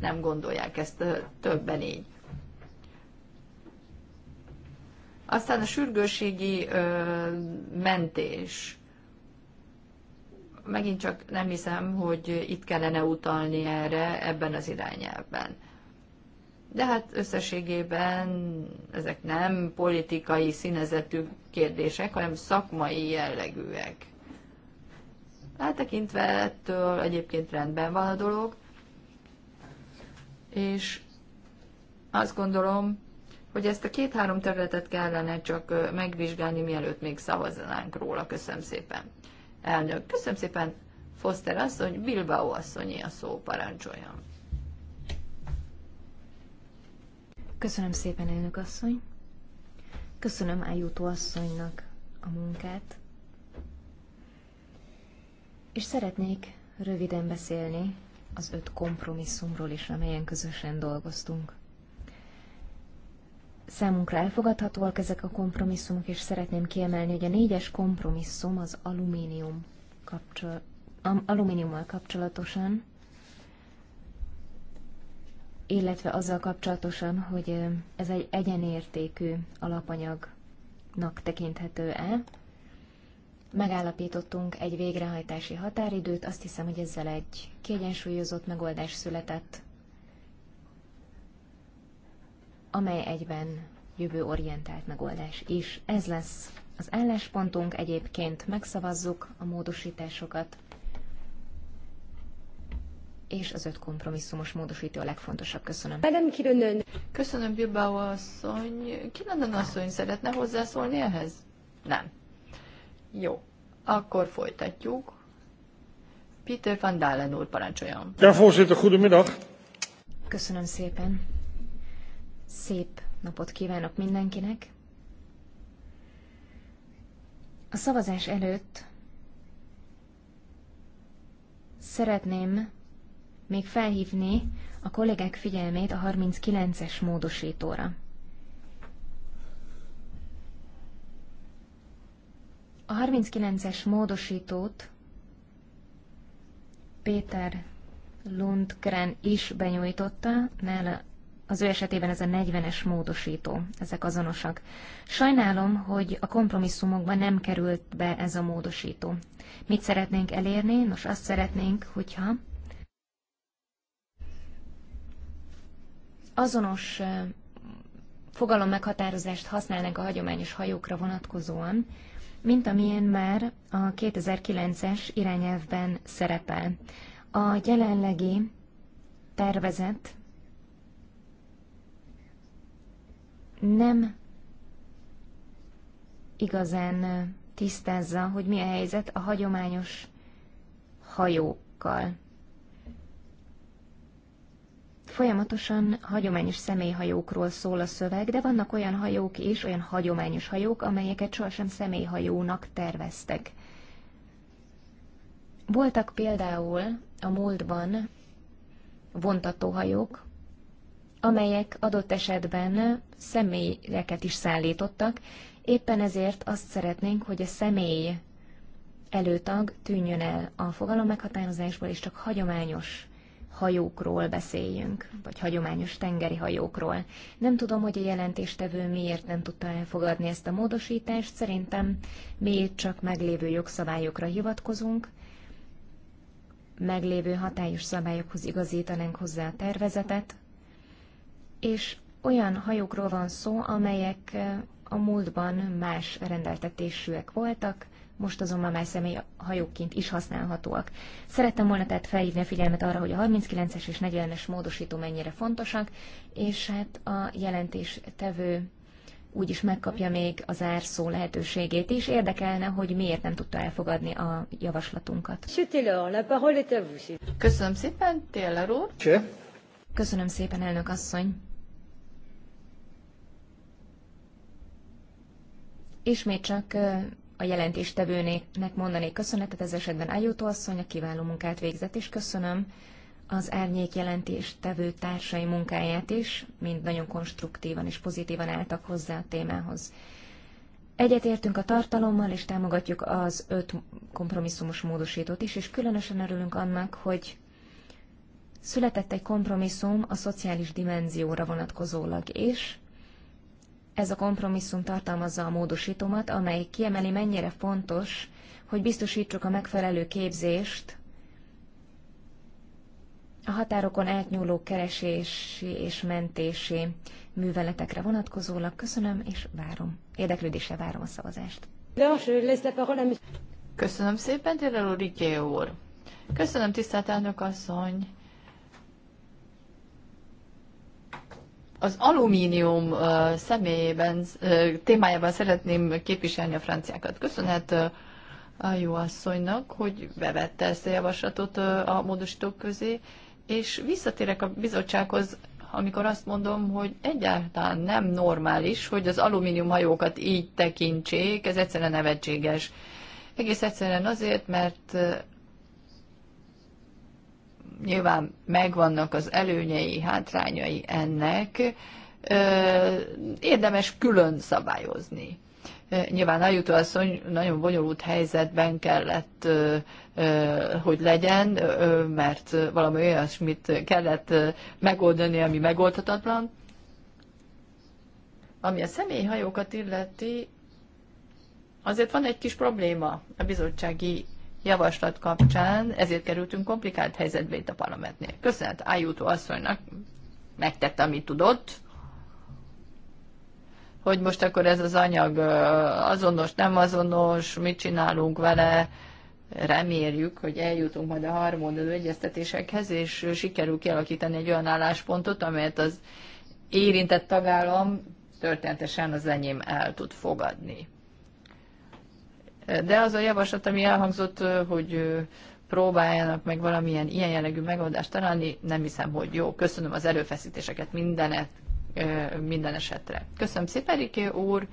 S3: nem gondolják ezt többen így. Aztán a sürgőségi mentés megint csak nem hiszem, hogy itt kellene utalni erre ebben az irányelben. De hát összességében ezek nem politikai színezetű kérdések, hanem szakmai jellegűek. Eltekintve ettől egyébként rendben van a dolog, és azt gondolom, hogy ezt a két-három területet kellene csak megvizsgálni, mielőtt még szavaznánk róla. Köszönöm szépen. Elnök, köszönöm szépen, Foster asszony, Bilbao asszonyi a szó, parancsoljon.
S2: Köszönöm szépen, elnök asszony. Köszönöm Ájútó asszonynak a munkát. És szeretnék röviden beszélni az öt kompromisszumról is, amelyen közösen dolgoztunk. Számunkra elfogadhatóak ezek a kompromisszumok, és szeretném kiemelni, hogy a négyes kompromisszum az alumínium kapcsol, alumíniummal kapcsolatosan, illetve azzal kapcsolatosan, hogy ez egy egyenértékű alapanyagnak tekinthető-e. Megállapítottunk egy végrehajtási határidőt, azt hiszem, hogy ezzel egy kiegyensúlyozott megoldás született amely egyben jövőorientált megoldás is. Ez lesz az álláspontunk, egyébként megszavazzuk a módosításokat, és az öt kompromisszumos módosító
S3: a legfontosabb. Köszönöm. Kilönen. Köszönöm, Bilbao asszony. Kilönen asszony szeretne hozzászólni ehhez? Nem. Jó. Akkor folytatjuk. Peter van Dalen úr, parancsoljon.
S2: Ja, voorzitter, goedemiddag. Köszönöm szépen. Szép napot kívánok mindenkinek. A szavazás előtt szeretném még felhívni a kollégák figyelmét a 39-es módosítóra. A 39-es módosítót Péter Lundgren is benyújtotta, nála az ő esetében ez a 40-es módosító, ezek azonosak. Sajnálom, hogy a kompromisszumokban nem került be ez a módosító. Mit szeretnénk elérni? Nos, azt szeretnénk, hogyha azonos fogalom meghatározást használnánk a hagyományos hajókra vonatkozóan, mint amilyen már a 2009-es irányelvben szerepel. A jelenlegi tervezett nem igazán tisztázza, hogy mi a helyzet a hagyományos hajókkal. Folyamatosan hagyományos személyhajókról szól a szöveg, de vannak olyan hajók és olyan hagyományos hajók, amelyeket sohasem személyhajónak terveztek. Voltak például a múltban vontatóhajók, amelyek adott esetben személyeket is szállítottak, éppen ezért azt szeretnénk, hogy a személy előtag tűnjön el a fogalom meghatározásból, és csak hagyományos hajókról beszéljünk, vagy hagyományos tengeri hajókról. Nem tudom, hogy a jelentéstevő miért nem tudta elfogadni ezt a módosítást, szerintem mi csak meglévő jogszabályokra hivatkozunk, meglévő hatályos szabályokhoz igazítanánk hozzá a tervezetet, és olyan hajókról van szó, amelyek eh, a múltban más rendeltetésűek voltak, most azonban már hajóként is használhatóak. Szerettem volna tehát felhívni a figyelmet arra, hogy a 39-es és 40-es módosító mennyire fontosak, és hát a jelentéstevő úgyis megkapja még az árszó lehetőségét is. Érdekelne, hogy miért nem tudta elfogadni a javaslatunkat.
S3: Köszönöm szépen, Taylor úr. Köszönöm szépen, elnök asszony.
S2: Ismét csak a jelentéstevőnek mondanék köszönetet, ez esetben Ájótó asszony a kiváló munkát végzett, és köszönöm az árnyék jelentéstevő társai munkáját is, mind nagyon konstruktívan és pozitívan álltak hozzá a témához. Egyetértünk a tartalommal, és támogatjuk az öt kompromisszumos módosítót is, és különösen örülünk annak, hogy született egy kompromisszum a szociális dimenzióra vonatkozólag is, ez a kompromisszum tartalmazza a módosítomat, amely kiemeli mennyire fontos, hogy biztosítsuk a megfelelő képzést a határokon átnyúló keresési és mentési műveletekre vonatkozólag. Köszönöm, és várom.
S3: Érdeklődésre várom a szavazást. Köszönöm szépen, Tireló Riké úr. Köszönöm, tisztelt elnök asszony. az alumínium személyében, témájában szeretném képviselni a franciákat. Köszönet a jó asszonynak, hogy bevette ezt a javaslatot a módosítók közé, és visszatérek a bizottsághoz, amikor azt mondom, hogy egyáltalán nem normális, hogy az alumínium hajókat így tekintsék, ez egyszerűen nevetséges. Egész egyszerűen azért, mert nyilván megvannak az előnyei, hátrányai ennek, érdemes külön szabályozni. Nyilván a asszony nagyon bonyolult helyzetben kellett, hogy legyen, mert valami olyasmit kellett megoldani, ami megoldhatatlan. Ami a személyhajókat illeti, azért van egy kis probléma a bizottsági javaslat kapcsán, ezért kerültünk komplikált helyzetbe itt a parlamentnél. Köszönet Ájútó asszonynak, megtette, amit tudott, hogy most akkor ez az anyag azonos, nem azonos, mit csinálunk vele, reméljük, hogy eljutunk majd a harmadó egyeztetésekhez, és sikerül kialakítani egy olyan álláspontot, amelyet az érintett tagállam történetesen az enyém el tud fogadni. De az a javaslat, ami elhangzott, hogy próbáljanak meg valamilyen ilyen jellegű megoldást találni, nem hiszem, hogy jó. Köszönöm az erőfeszítéseket mindenet, minden esetre. Köszönöm szépen, Riké úr!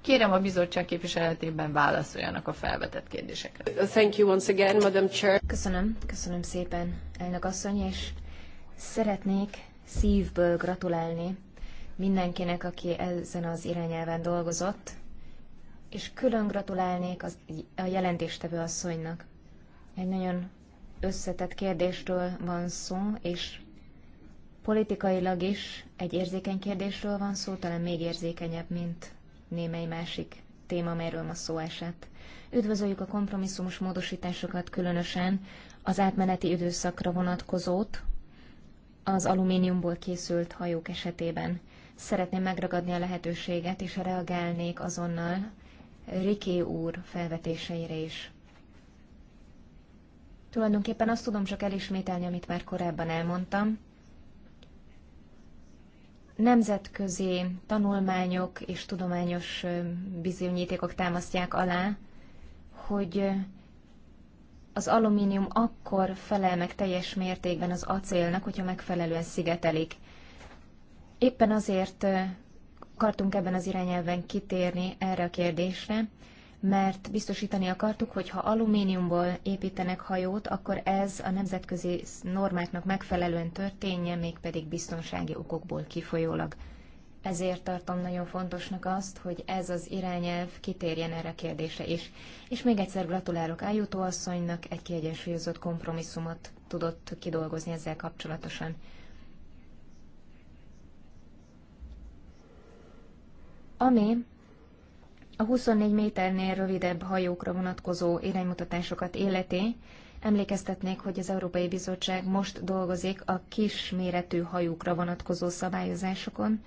S3: Kérem a bizottság képviseletében válaszoljanak a felvetett kérdésekre.
S2: Thank you once again, Madam Chair. Köszönöm, köszönöm szépen, elnök asszony, és szeretnék szívből gratulálni mindenkinek, aki ezen az irányelven dolgozott, és külön gratulálnék az, a jelentéstevő asszonynak. Egy nagyon összetett kérdésről van szó, és politikailag is egy érzékeny kérdésről van szó, talán még érzékenyebb, mint némely másik téma, amelyről ma szó esett. Üdvözöljük a kompromisszumos módosításokat, különösen az átmeneti időszakra vonatkozót az alumíniumból készült hajók esetében. Szeretném megragadni a lehetőséget, és reagálnék azonnal Riké úr felvetéseire is. Tulajdonképpen azt tudom csak elismételni, amit már korábban elmondtam. Nemzetközi tanulmányok és tudományos bizonyítékok támasztják alá, hogy az alumínium akkor felel meg teljes mértékben az acélnak, hogyha megfelelően szigetelik. Éppen azért akartunk ebben az irányelven kitérni erre a kérdésre, mert biztosítani akartuk, hogy ha alumíniumból építenek hajót, akkor ez a nemzetközi normáknak megfelelően történjen, mégpedig biztonsági okokból kifolyólag. Ezért tartom nagyon fontosnak azt, hogy ez az irányelv kitérjen erre a kérdésre is. És még egyszer gratulálok Ájutó asszonynak, egy kiegyensúlyozott kompromisszumot tudott kidolgozni ezzel kapcsolatosan. ami a 24 méternél rövidebb hajókra vonatkozó iránymutatásokat illeti, emlékeztetnék, hogy az Európai Bizottság most dolgozik a kisméretű hajókra vonatkozó szabályozásokon.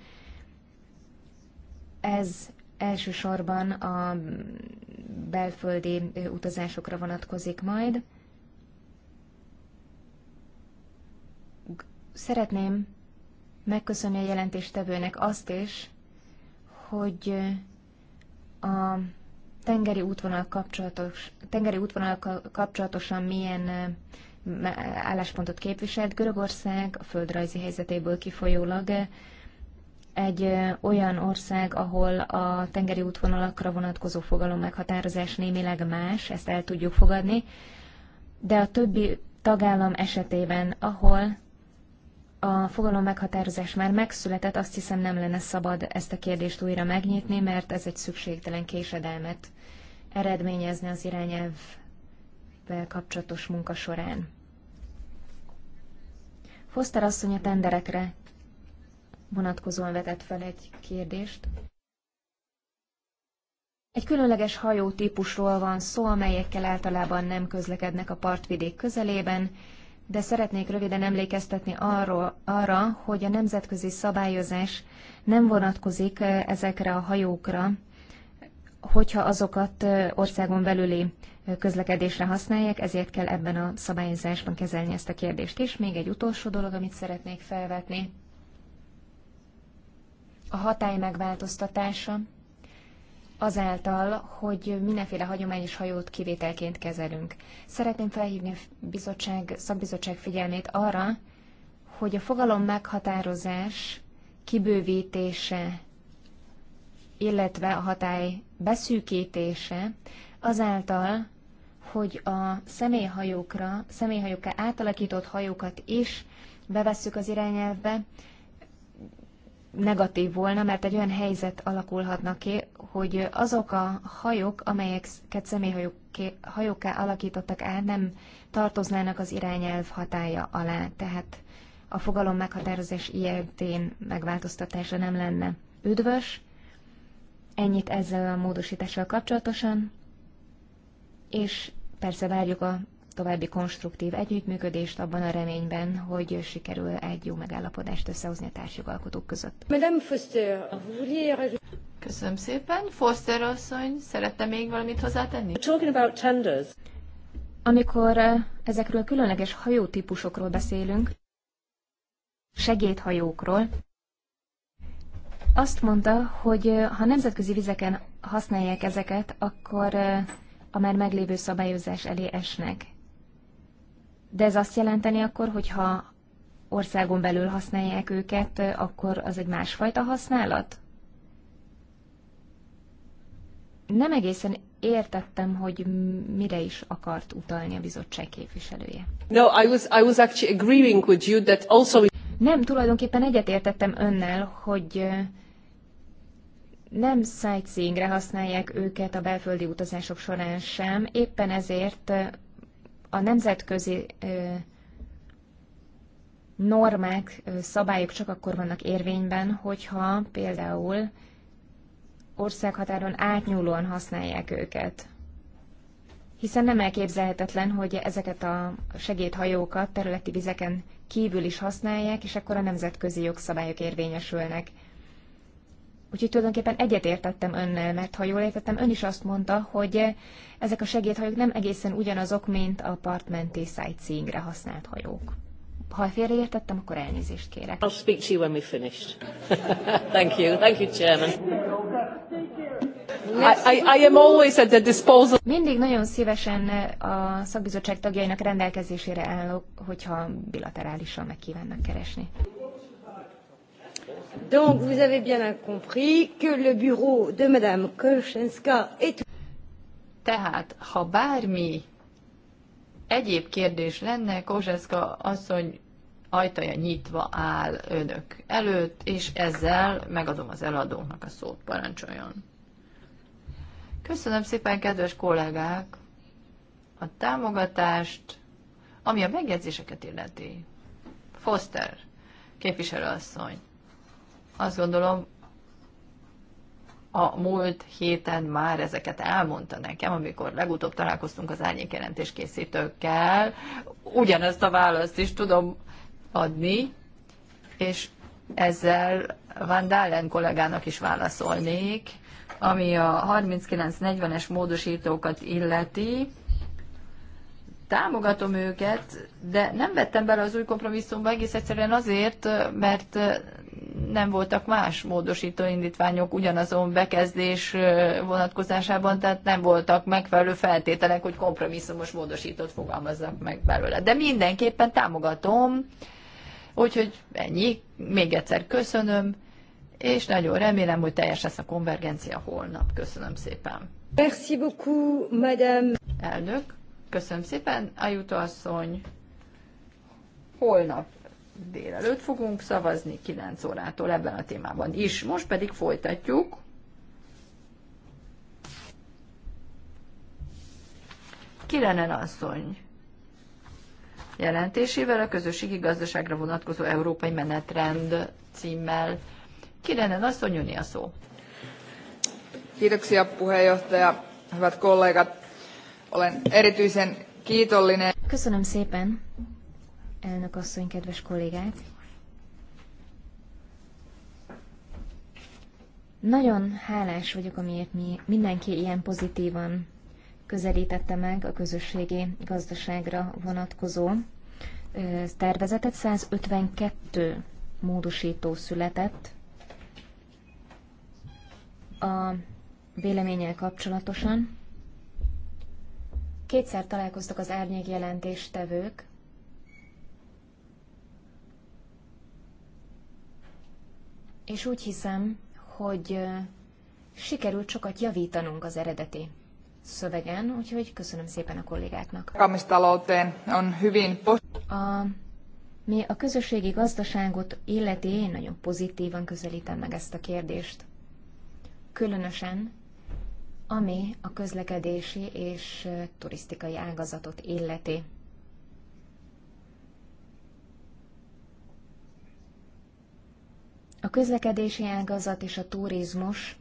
S2: Ez elsősorban a belföldi utazásokra vonatkozik majd. Szeretném megköszönni a jelentéstevőnek azt is, hogy a tengeri útvonal kapcsolatos, tengeri útvonal kapcsolatosan milyen álláspontot képviselt Görögország a földrajzi helyzetéből kifolyólag egy olyan ország, ahol a tengeri útvonalakra vonatkozó fogalom meghatározás némileg más, ezt el tudjuk fogadni, de a többi tagállam esetében, ahol a fogalom meghatározás már megszületett, azt hiszem nem lenne szabad ezt a kérdést újra megnyitni, mert ez egy szükségtelen késedelmet eredményezne az irányelvvel kapcsolatos munka során. Foster asszony a tenderekre vonatkozóan vetett fel egy kérdést. Egy különleges hajó típusról van szó, amelyekkel általában nem közlekednek a partvidék közelében, de szeretnék röviden emlékeztetni arról, arra, hogy a nemzetközi szabályozás nem vonatkozik eh, ezekre a hajókra, hogyha azokat eh, országon belüli eh, közlekedésre használják, ezért kell ebben a szabályozásban kezelni ezt a kérdést is. Még egy utolsó dolog, amit szeretnék felvetni. A hatály megváltoztatása azáltal, hogy mindenféle hagyományos hajót kivételként kezelünk. Szeretném felhívni a bizottság, szakbizottság figyelmét arra, hogy a fogalom meghatározás kibővítése, illetve a hatály beszűkítése azáltal, hogy a személyhajókra, személyhajókkal átalakított hajókat is bevesszük az irányelvbe, negatív volna, mert egy olyan helyzet alakulhatna ki, hogy azok a hajók, amelyeket személyhajókká alakítottak el, nem tartoznának az irányelv hatája alá, tehát a fogalom meghatározás ilyetén megváltoztatása nem lenne üdvös. Ennyit ezzel a módosítással kapcsolatosan, és persze várjuk a további konstruktív együttműködést abban a reményben, hogy sikerül egy jó megállapodást összehozni a társjogalkotók között.
S3: Madame Foster, Köszönöm szépen. Foster asszony, szerette még valamit hozzátenni? Talking
S4: about tenders.
S2: Amikor eh, ezekről a különleges hajótípusokról beszélünk, segédhajókról, azt mondta, hogy eh, ha nemzetközi vizeken használják ezeket, akkor eh, a már meglévő szabályozás elé esnek de ez azt jelenteni akkor, hogyha országon belül használják őket, akkor az egy másfajta használat? Nem egészen értettem, hogy mire is akart utalni a bizottság képviselője.
S3: No, I was, I was actually agreeing
S2: with you that also... Nem, tulajdonképpen egyetértettem önnel, hogy nem sightseeingre használják őket a belföldi utazások során sem, éppen ezért a nemzetközi normák, szabályok csak akkor vannak érvényben, hogyha például országhatáron átnyúlóan használják őket. Hiszen nem elképzelhetetlen, hogy ezeket a segédhajókat területi vizeken kívül is használják, és akkor a nemzetközi jogszabályok érvényesülnek. Úgyhogy tulajdonképpen egyetértettem önnel, mert ha jól értettem, ön is azt mondta, hogy ezek a segédhajók nem egészen ugyanazok, mint a partmenti sightseeingre használt hajók. Ha félreértettem, akkor elnézést kérek. I'll speak to you when we finished. Thank you. Thank you, Chairman. I, I, I am always at the disposal. Mindig nagyon szívesen a szakbizottság tagjainak rendelkezésére állok, hogyha bilaterálisan meg kívánnak keresni.
S3: Donc, vous avez bien compris que le bureau de Madame Kolchenska est... Tehát, ha bármi egyéb kérdés lenne, Kozseszka asszony ajtaja nyitva áll önök előtt, és ezzel megadom az eladónak a szót, parancsoljon. Köszönöm szépen, kedves kollégák, a támogatást, ami a megjegyzéseket illeti. Foster, képviselőasszony. Azt gondolom, a múlt héten már ezeket elmondta nekem, amikor legutóbb találkoztunk az árnyékjelentés készítőkkel. Ugyanezt a választ is tudom adni, és ezzel Van Dalen kollégának is válaszolnék, ami a 39-40-es módosítókat illeti. Támogatom őket, de nem vettem bele az új kompromisszumba egész egyszerűen azért, mert nem voltak más módosító indítványok ugyanazon bekezdés vonatkozásában, tehát nem voltak megfelelő feltételek, hogy kompromisszumos módosítót fogalmazzak meg belőle. De mindenképpen támogatom, úgyhogy ennyi, még egyszer köszönöm, és nagyon remélem, hogy teljes lesz a konvergencia holnap. Köszönöm szépen. Merci beaucoup, madame. Elnök, köszönöm szépen, Ajuto asszony. Holnap délelőtt fogunk szavazni 9 órától ebben a témában is. Most pedig folytatjuk. Kirenen asszony jelentésével a közösségi gazdaságra vonatkozó európai menetrend címmel. Kirenen asszony, jönni a szó. Kiitoksia puheenjohtaja, hyvät kollégat. Olen erityisen kiitollinen. Köszönöm szépen elnök asszony,
S2: kedves kollégák! Nagyon hálás vagyok, amiért mi, mindenki ilyen pozitívan közelítette meg a közösségi gazdaságra vonatkozó tervezetet. 152 módosító született a véleménnyel kapcsolatosan. Kétszer találkoztak az árnyék jelentéstevők, és úgy hiszem, hogy sikerült sokat javítanunk az eredeti szövegen, úgyhogy köszönöm szépen a kollégáknak. A, mi a közösségi gazdaságot illeti, én nagyon pozitívan közelítem meg ezt a kérdést. Különösen, ami a közlekedési és turisztikai ágazatot illeti. A közlekedési ágazat és a turizmus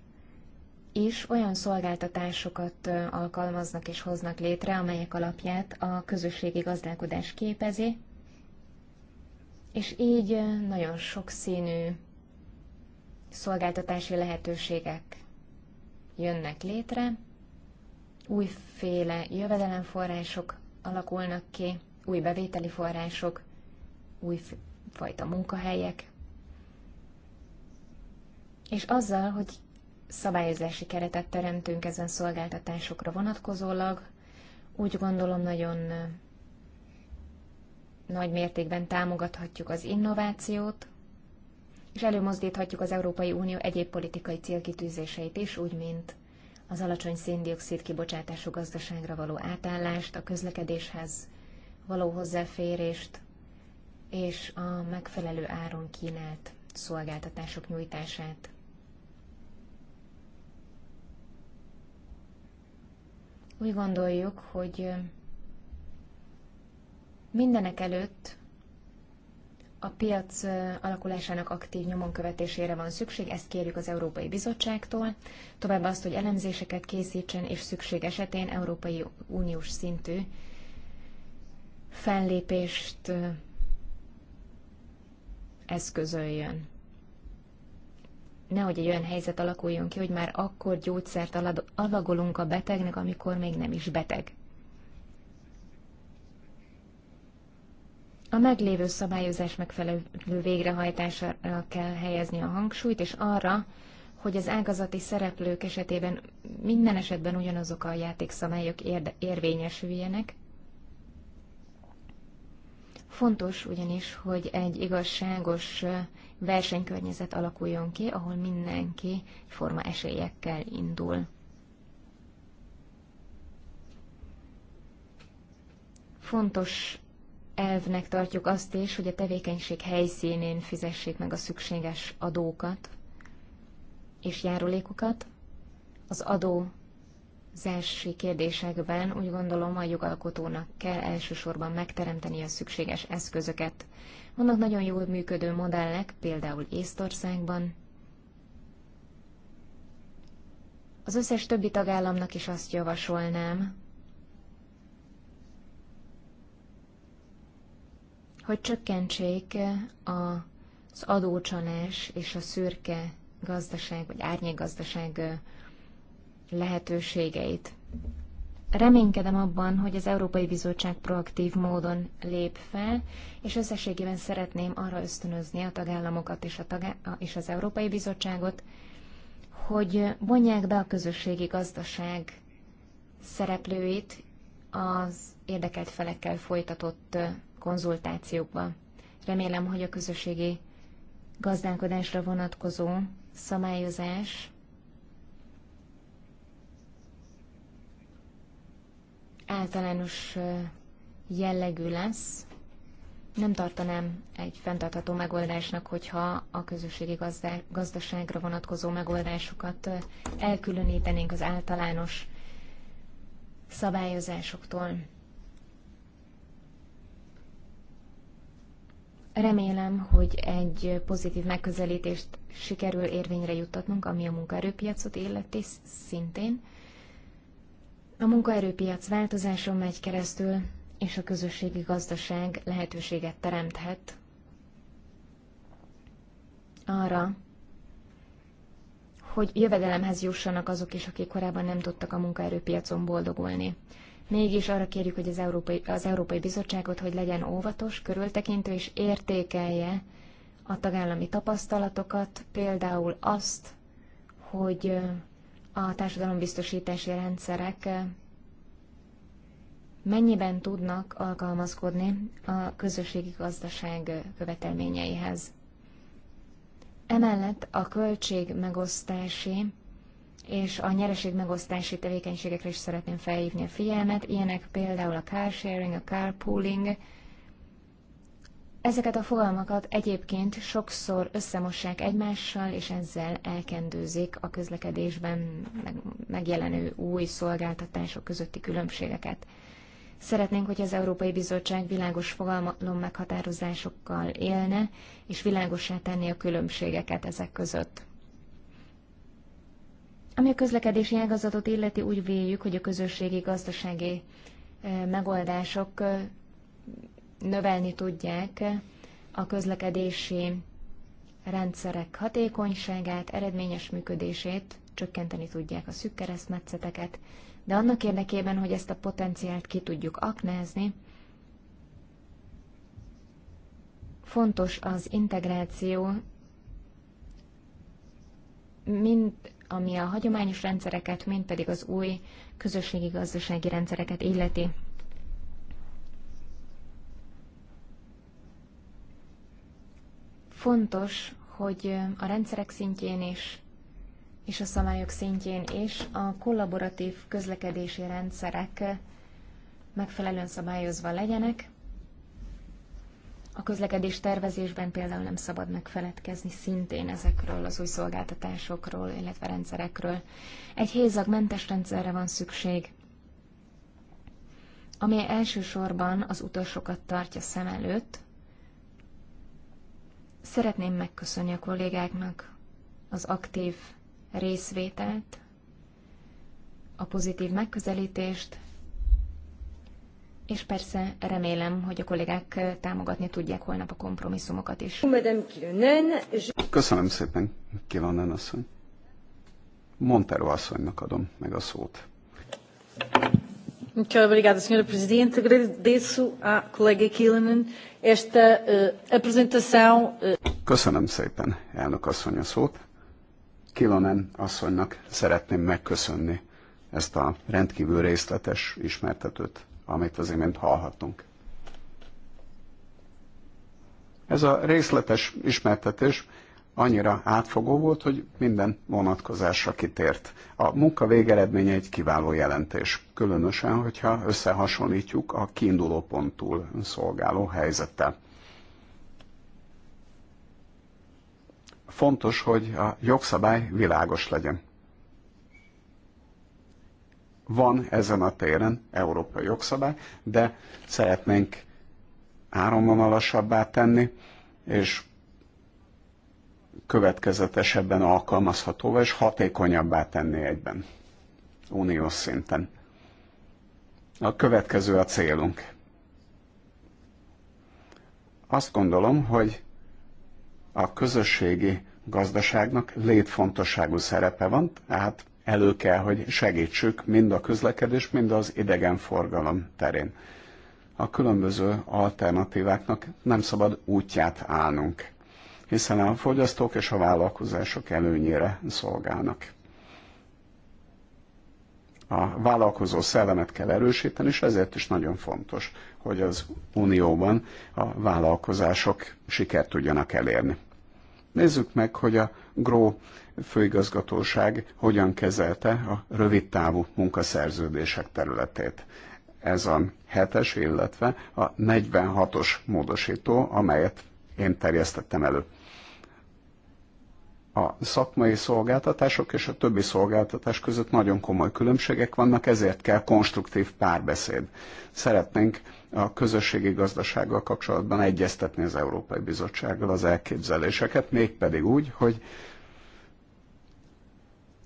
S2: is olyan szolgáltatásokat alkalmaznak és hoznak létre, amelyek alapját a közösségi gazdálkodás képezi, és így nagyon sokszínű szolgáltatási lehetőségek jönnek létre, újféle jövedelemforrások alakulnak ki, új bevételi források, újfajta munkahelyek és azzal, hogy szabályozási keretet teremtünk ezen szolgáltatásokra vonatkozólag, úgy gondolom nagyon nagy mértékben támogathatjuk az innovációt, és előmozdíthatjuk az Európai Unió egyéb politikai célkitűzéseit is, úgy mint az alacsony széndiokszid kibocsátású gazdaságra való átállást, a közlekedéshez való hozzáférést és a megfelelő áron kínált szolgáltatások nyújtását. Úgy gondoljuk, hogy mindenek előtt a piac alakulásának aktív nyomon követésére van szükség, ezt kérjük az Európai Bizottságtól, továbbá azt, hogy elemzéseket készítsen, és szükség esetén Európai Uniós szintű fellépést eszközöljön nehogy egy olyan helyzet alakuljon ki, hogy már akkor gyógyszert alagolunk a betegnek, amikor még nem is beteg. A meglévő szabályozás megfelelő végrehajtására kell helyezni a hangsúlyt, és arra, hogy az ágazati szereplők esetében minden esetben ugyanazok a játékszabályok érvényesüljenek. Fontos ugyanis, hogy egy igazságos versenykörnyezet alakuljon ki, ahol mindenki forma esélyekkel indul. Fontos elvnek tartjuk azt is, hogy a tevékenység helyszínén fizessék meg a szükséges adókat és járulékokat. Az adó szabályozási kérdésekben úgy gondolom a jogalkotónak kell elsősorban megteremteni a szükséges eszközöket. Vannak nagyon jól működő modellek, például Észtországban. Az összes többi tagállamnak is azt javasolnám, hogy csökkentsék az adócsalás és a szürke gazdaság vagy árnyék gazdaság lehetőségeit. Reménykedem abban, hogy az Európai Bizottság proaktív módon lép fel, és összességében szeretném arra ösztönözni a tagállamokat és, a tagá- és az Európai Bizottságot, hogy vonják be a közösségi gazdaság szereplőit az érdekelt felekkel folytatott konzultációkba. Remélem, hogy a közösségi gazdálkodásra vonatkozó szabályozás általános jellegű lesz. Nem tartanám egy fenntartható megoldásnak, hogyha a közösségi gazdaságra vonatkozó megoldásokat elkülönítenénk az általános szabályozásoktól. Remélem, hogy egy pozitív megközelítést sikerül érvényre juttatnunk, ami a munkaerőpiacot illeti szintén. A munkaerőpiac változáson megy keresztül, és a közösségi gazdaság lehetőséget teremthet arra, hogy jövedelemhez jussanak azok is, akik korábban nem tudtak a munkaerőpiacon boldogulni. Mégis arra kérjük, hogy az Európai, az Európai Bizottságot, hogy legyen óvatos, körültekintő és értékelje a tagállami tapasztalatokat, például azt, hogy a társadalombiztosítási rendszerek eh, mennyiben tudnak alkalmazkodni a közösségi gazdaság eh, követelményeihez. Emellett a költség megosztási és a nyereség megosztási tevékenységekre is szeretném felhívni a figyelmet, ilyenek például a carsharing, a carpooling, Ezeket a fogalmakat egyébként sokszor összemossák egymással, és ezzel elkendőzik a közlekedésben megjelenő új szolgáltatások közötti különbségeket. Szeretnénk, hogy az Európai Bizottság világos fogalom meghatározásokkal élne, és világosá tenni a különbségeket ezek között. Ami a közlekedési ágazatot illeti, úgy véljük, hogy a közösségi gazdasági eh, megoldások eh, növelni tudják a közlekedési rendszerek hatékonyságát, eredményes működését, csökkenteni tudják a szűk de annak érdekében, hogy ezt a potenciált ki tudjuk aknázni, fontos az integráció, mind ami a hagyományos rendszereket, mind pedig az új közösségi gazdasági rendszereket illeti. Fontos, hogy a rendszerek szintjén is, és a szabályok szintjén is a kollaboratív közlekedési rendszerek megfelelően szabályozva legyenek. A közlekedés tervezésben például nem szabad megfeledkezni szintén ezekről az új szolgáltatásokról, illetve rendszerekről. Egy mentes rendszerre van szükség, ami elsősorban az utasokat tartja szem előtt, Szeretném megköszönni a kollégáknak az aktív részvételt, a pozitív megközelítést, és persze remélem, hogy a kollégák támogatni tudják holnap a
S1: kompromisszumokat is. Köszönöm szépen, Kilonen asszony. Montero asszonynak adom meg a szót.
S3: Muito obrigada, Sra. Presidente. Agradeço à colega Killanen esta uh, apresentação. Uh...
S1: Köszönöm szépen, elnök asszony a szót. Kilonen asszonynak szeretném megköszönni ezt a rendkívül részletes ismertetőt, amit az imént hallhattunk. Ez a részletes ismertetés annyira átfogó volt, hogy minden vonatkozásra kitért. A munka végeredménye egy kiváló jelentés, különösen, hogyha összehasonlítjuk a kiinduló ponttól szolgáló helyzettel. Fontos, hogy a jogszabály világos legyen. Van ezen a téren európai jogszabály, de szeretnénk áramvonalasabbá tenni, és következetesebben alkalmazhatóvá és hatékonyabbá tenni egyben, uniós szinten. A következő a célunk. Azt gondolom, hogy a közösségi gazdaságnak létfontosságú szerepe van, tehát elő kell, hogy segítsük mind a közlekedés, mind az idegenforgalom terén. A különböző alternatíváknak nem szabad útját állnunk hiszen a fogyasztók és a vállalkozások előnyére szolgálnak. A vállalkozó szellemet kell erősíteni, és ezért is nagyon fontos, hogy az Unióban a vállalkozások sikert tudjanak elérni. Nézzük meg, hogy a GRO főigazgatóság hogyan kezelte a rövidtávú munkaszerződések területét. Ez a 7-es, illetve a 46-os módosító, amelyet én terjesztettem elő a szakmai szolgáltatások és a többi szolgáltatás között nagyon komoly különbségek vannak, ezért kell konstruktív párbeszéd. Szeretnénk a közösségi gazdasággal kapcsolatban egyeztetni az Európai Bizottsággal az elképzeléseket, mégpedig úgy, hogy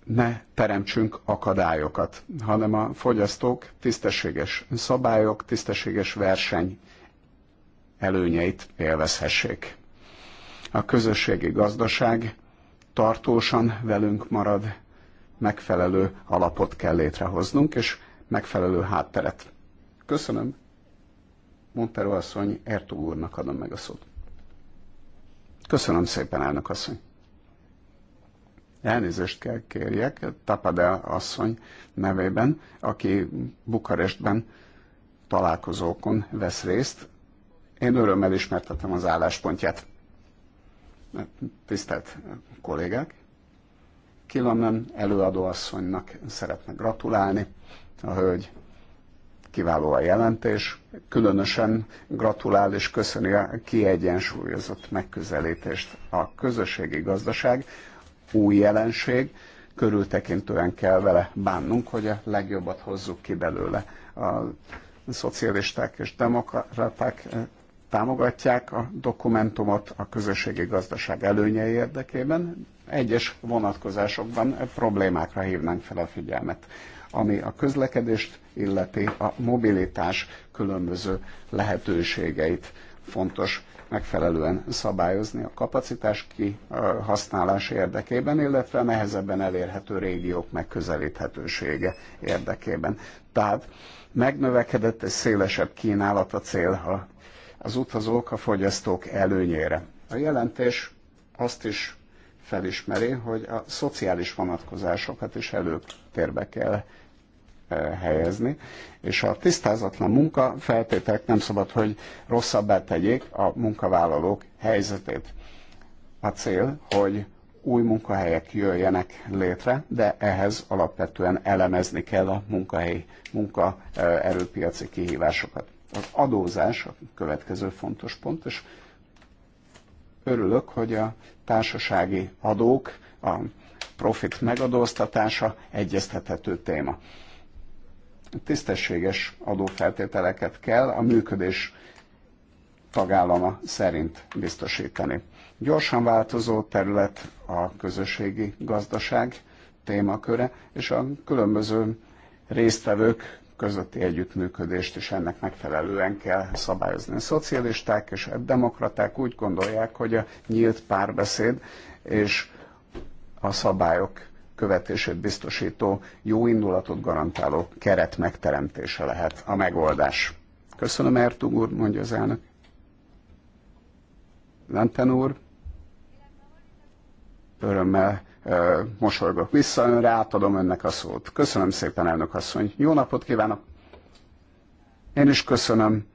S1: ne teremtsünk akadályokat, hanem a fogyasztók tisztességes szabályok, tisztességes verseny előnyeit élvezhessék. A közösségi gazdaság tartósan velünk marad, megfelelő alapot kell létrehoznunk, és megfelelő hátteret. Köszönöm. Montero asszony, Ertó úrnak adom meg a szót. Köszönöm szépen, elnök asszony. Elnézést kell kérjek Tapade asszony nevében, aki Bukarestben találkozókon vesz részt. Én örömmel ismertetem az álláspontját. Tisztelt kollégák! Kilonen előadóasszonynak szeretne gratulálni a hölgy. Kiváló a jelentés. Különösen gratulál és köszöni a kiegyensúlyozott megközelítést. A közösségi gazdaság új jelenség, körültekintően kell vele bánnunk, hogy a legjobbat hozzuk ki belőle. A szocialisták és demokraták támogatják a dokumentumot a közösségi gazdaság előnyei érdekében, egyes vonatkozásokban e problémákra hívnánk fel a figyelmet, ami a közlekedést illeti a mobilitás különböző lehetőségeit fontos megfelelően szabályozni a kapacitás kihasználás érdekében, illetve a nehezebben elérhető régiók megközelíthetősége érdekében. Tehát megnövekedett egy szélesebb kínálat a cél az utazók a fogyasztók előnyére. A jelentés azt is felismeri, hogy a szociális vonatkozásokat is előtérbe kell eh, helyezni, és a tisztázatlan munka feltételek nem szabad, hogy rosszabbá tegyék a munkavállalók helyzetét. A cél, hogy új munkahelyek jöjjenek létre, de ehhez alapvetően elemezni kell a munkahelyi munkaerőpiaci kihívásokat. Az adózás a következő fontos pont, és örülök, hogy a társasági adók, a profit megadóztatása egyeztethető téma. Tisztességes adófeltételeket kell a működés tagállama szerint biztosítani. Gyorsan változó terület a közösségi gazdaság témaköre, és a különböző résztvevők közötti együttműködést és ennek megfelelően kell szabályozni. A szocialisták és a demokraták úgy gondolják, hogy a nyílt párbeszéd és a szabályok követését biztosító, jó indulatot garantáló keret megteremtése lehet a megoldás. Köszönöm, Ertug úr, mondja az elnök. Lenten úr, örömmel mosolygok vissza önre, átadom önnek a szót. Köszönöm szépen, elnök asszony. Jó napot kívánok! Én is köszönöm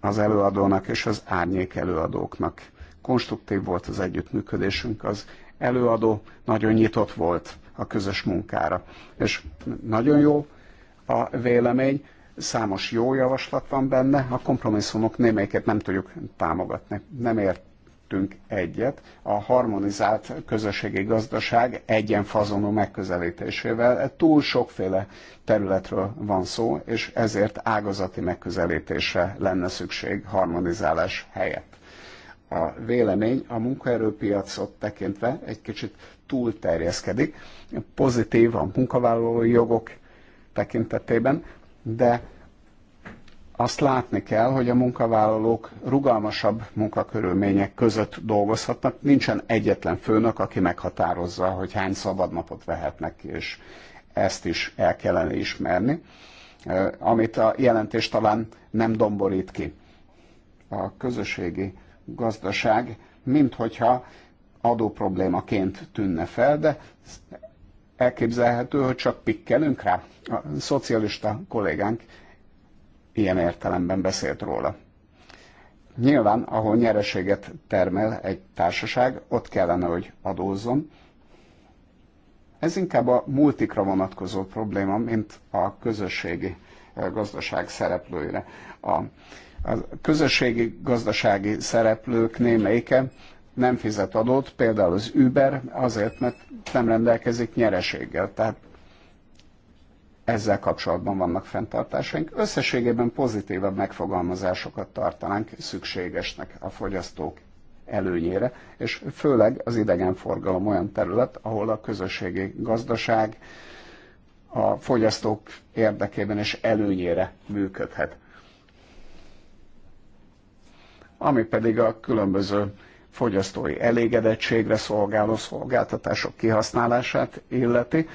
S1: az előadónak és az árnyék előadóknak. Konstruktív volt az együttműködésünk, az előadó nagyon nyitott volt a közös munkára. És nagyon jó a vélemény, számos jó javaslat van benne, a kompromisszumok némelyiket nem tudjuk támogatni. Nem ért értettünk egyet a harmonizált közösségi gazdaság egyenfazonú megközelítésével. Túl sokféle területről van szó, és ezért ágazati megközelítésre lenne szükség harmonizálás helyett. A vélemény a munkaerőpiacot tekintve egy kicsit túl terjeszkedik, pozitív a munkavállalói jogok tekintetében, de azt látni kell, hogy a munkavállalók rugalmasabb munkakörülmények között dolgozhatnak. Nincsen egyetlen főnök, aki meghatározza, hogy hány szabadnapot vehetnek, és ezt is el kellene ismerni, amit a jelentés talán nem domborít ki. A közösségi gazdaság, mint hogyha adó problémaként tűnne fel, de elképzelhető, hogy csak pikkelünk rá. A szocialista kollégánk ilyen értelemben beszélt róla. Nyilván, ahol nyereséget termel egy társaság, ott kellene, hogy adózzon. Ez inkább a multikra vonatkozó probléma, mint a közösségi gazdaság szereplőire. A, a közösségi gazdasági szereplők némelyike nem fizet adót, például az Uber azért, mert nem rendelkezik nyereséggel. Tehát ezzel kapcsolatban vannak fenntartásaink. Összességében pozitívebb megfogalmazásokat tartanánk szükségesnek a fogyasztók előnyére, és főleg az idegenforgalom olyan terület, ahol a közösségi gazdaság a fogyasztók érdekében és előnyére működhet. Ami pedig a különböző fogyasztói elégedettségre szolgáló szolgáltatások kihasználását illeti,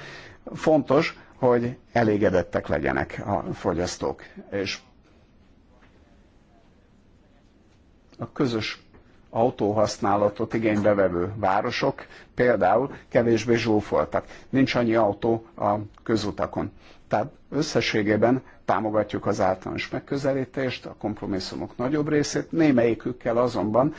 S1: fontos, hogy elégedettek legyenek a fogyasztók. És a közös autóhasználatot igénybe vevő városok például kevésbé zsúfoltak. Nincs annyi autó a közutakon. Tehát összességében támogatjuk az általános megközelítést, a kompromisszumok nagyobb részét, némelyikükkel azonban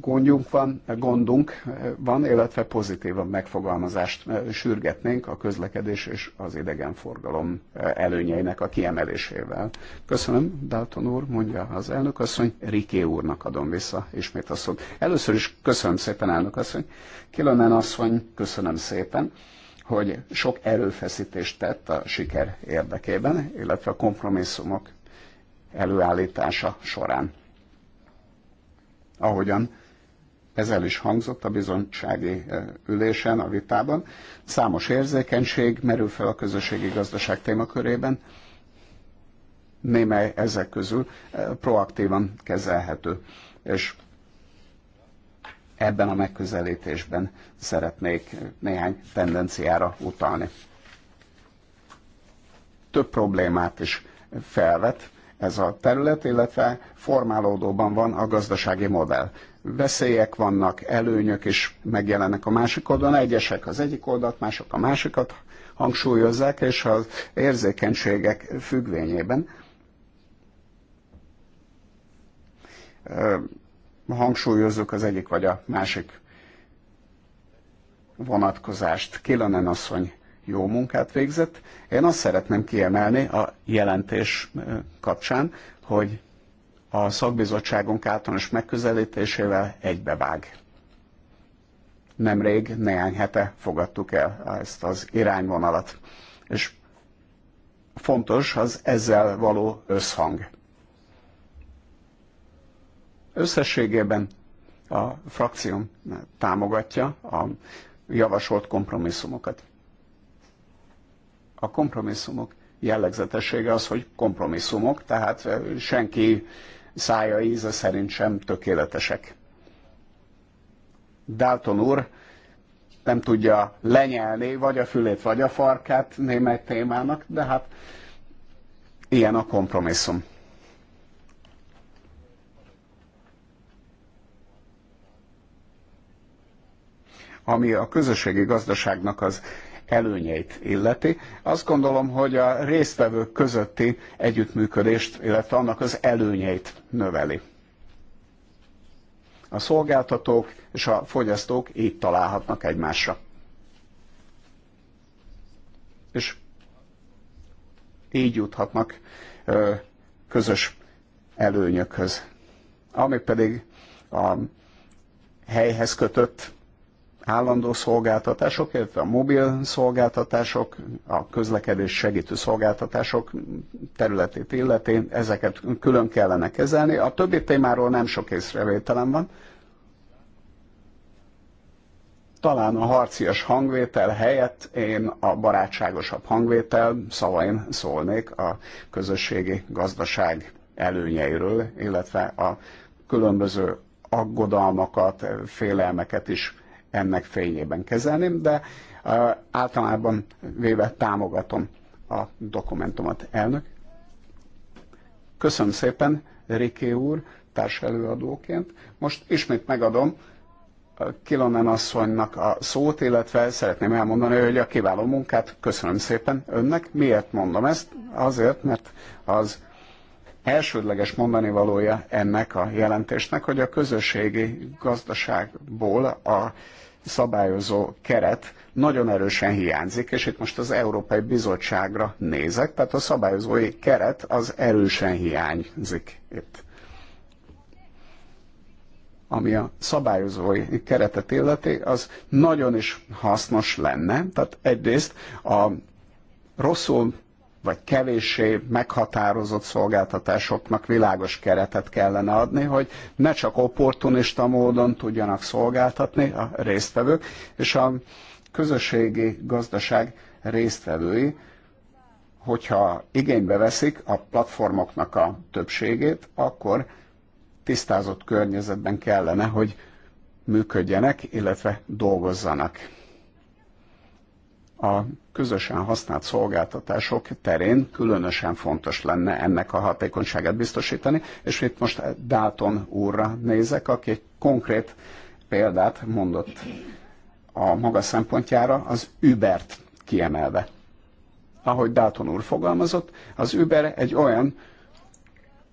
S1: gondjunk van, gondunk van, illetve pozitívan megfogalmazást eh, sürgetnénk a közlekedés és az idegenforgalom eh, előnyeinek a kiemelésével. Köszönöm, Dalton úr, mondja az elnök asszony, Riké úrnak adom vissza ismét a szót. Először is köszönöm szépen, elnök asszony. Kilonen asszony, köszönöm szépen hogy sok erőfeszítést tett a siker érdekében, illetve a kompromisszumok előállítása során ahogyan ez el is hangzott a bizonysági eh, ülésen, a vitában. Számos érzékenység merül fel a közösségi gazdaság témakörében, némely ezek közül eh, proaktívan kezelhető. És ebben a megközelítésben szeretnék eh, néhány tendenciára utalni. Több problémát is felvet ez a terület, illetve formálódóban van a gazdasági modell. Veszélyek vannak, előnyök is megjelennek a másik oldalon, egyesek az egyik oldalt, mások a másikat hangsúlyozzák, és az érzékenységek függvényében hangsúlyozzuk az egyik vagy a másik vonatkozást. Kilanen asszony jó munkát végzett. Én azt szeretném kiemelni a jelentés kapcsán, hogy a szakbizottságunk általános megközelítésével egybevág. Nemrég, néhány hete fogadtuk el ezt az irányvonalat. És fontos az ezzel való összhang. Összességében a frakcióm támogatja a javasolt kompromisszumokat. A kompromisszumok jellegzetessége az, hogy kompromisszumok, tehát senki szája íze szerint sem tökéletesek. Dalton úr nem tudja lenyelni vagy a fülét, vagy a farkát német témának, de hát ilyen a kompromisszum. Ami a közösségi gazdaságnak az előnyeit illeti. Azt gondolom, hogy a résztvevők közötti együttműködést, illetve annak az előnyeit növeli. A szolgáltatók és a fogyasztók így találhatnak egymásra. És így juthatnak ö, közös előnyökhöz. Ami pedig a helyhez kötött állandó szolgáltatások, illetve a mobil szolgáltatások, a közlekedés segítő szolgáltatások területét illeti, ezeket külön kellene kezelni. A többi témáról nem sok észrevételem van. Talán a harcias hangvétel helyett én a barátságosabb hangvétel szavain szólnék a közösségi gazdaság előnyeiről, illetve a különböző aggodalmakat, félelmeket is ennek fényében kezelném, de általában véve támogatom a dokumentumot. Elnök, köszönöm szépen, Riké úr, társelőadóként. Most ismét megadom Kilonen asszonynak a szót, illetve szeretném elmondani, hogy a kiváló munkát köszönöm szépen önnek. Miért mondom ezt? Azért, mert az elsődleges mondani valója ennek a jelentésnek, hogy a közösségi gazdaságból a szabályozó keret nagyon erősen hiányzik, és itt most az Európai Bizottságra nézek, tehát a szabályozói keret az erősen hiányzik itt. Ami a szabályozói keretet illeti, az nagyon is hasznos lenne, tehát egyrészt a rosszul vagy kevéssé meghatározott szolgáltatásoknak világos keretet kellene adni, hogy ne csak opportunista módon tudjanak szolgáltatni a résztvevők, és a közösségi gazdaság résztvevői, hogyha igénybe veszik a platformoknak a többségét, akkor tisztázott környezetben kellene, hogy működjenek, illetve dolgozzanak a közösen használt szolgáltatások terén különösen fontos lenne ennek a hatékonyságát biztosítani, és itt most Dáton úrra nézek, aki egy konkrét példát mondott a maga szempontjára, az Ubert kiemelve. Ahogy Dáton úr fogalmazott, az Uber egy olyan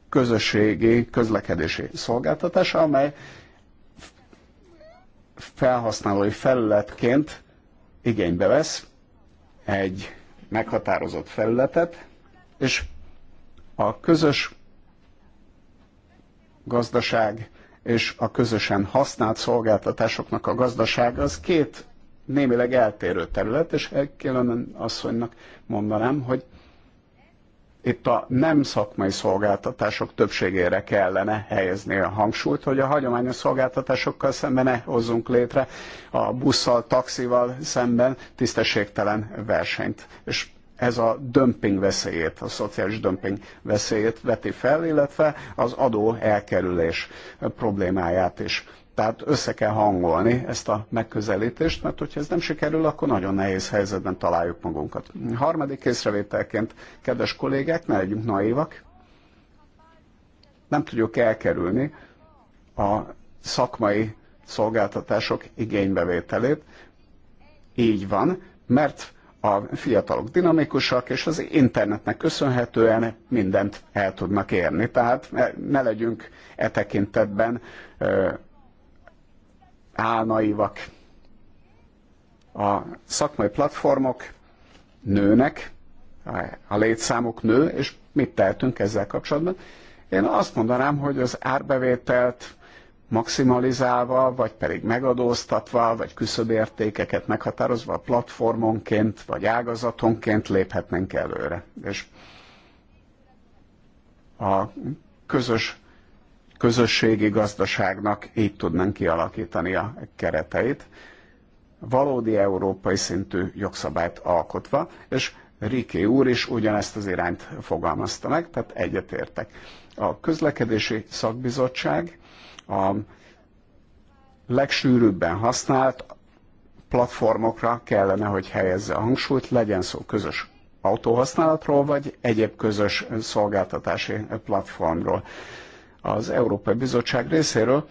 S1: közösségi, közlekedési szolgáltatás, amely felhasználói felületként igénybe vesz egy meghatározott felületet, és a közös gazdaság és a közösen használt szolgáltatásoknak a gazdaság az két némileg eltérő terület, és Kellenen asszonynak mondanám, hogy itt a nem szakmai szolgáltatások többségére kellene helyezni a hangsúlyt, hogy a hagyományos szolgáltatásokkal szemben ne hozzunk létre a busszal, taxival szemben tisztességtelen versenyt. És ez a dömping veszélyét, a szociális dömping veszélyét veti fel, illetve az adó elkerülés problémáját is. Tehát össze kell hangolni ezt a megközelítést, mert hogyha ez nem sikerül, akkor nagyon nehéz helyzetben találjuk magunkat. Harmadik észrevételként, kedves kollégák, ne legyünk naívak, nem tudjuk elkerülni a szakmai szolgáltatások igénybevételét. Így van, mert a fiatalok dinamikusak, és az internetnek köszönhetően mindent el tudnak érni. Tehát ne legyünk e tekintetben álnaivak. A szakmai platformok nőnek, a létszámuk nő, és mit tehetünk ezzel kapcsolatban? Én azt mondanám, hogy az árbevételt maximalizálva, vagy pedig megadóztatva, vagy küszöbértékeket meghatározva a platformonként, vagy ágazatonként léphetnénk előre. És a közös közösségi gazdaságnak így tudnánk kialakítani a kereteit, valódi európai szintű jogszabályt alkotva, és Riki úr is ugyanezt az irányt fogalmazta meg, tehát egyetértek. A közlekedési szakbizottság a legsűrűbben használt platformokra kellene, hogy helyezze a hangsúlyt, legyen szó közös autóhasználatról, vagy egyéb közös szolgáltatási platformról. Az Európai Bizottság részéről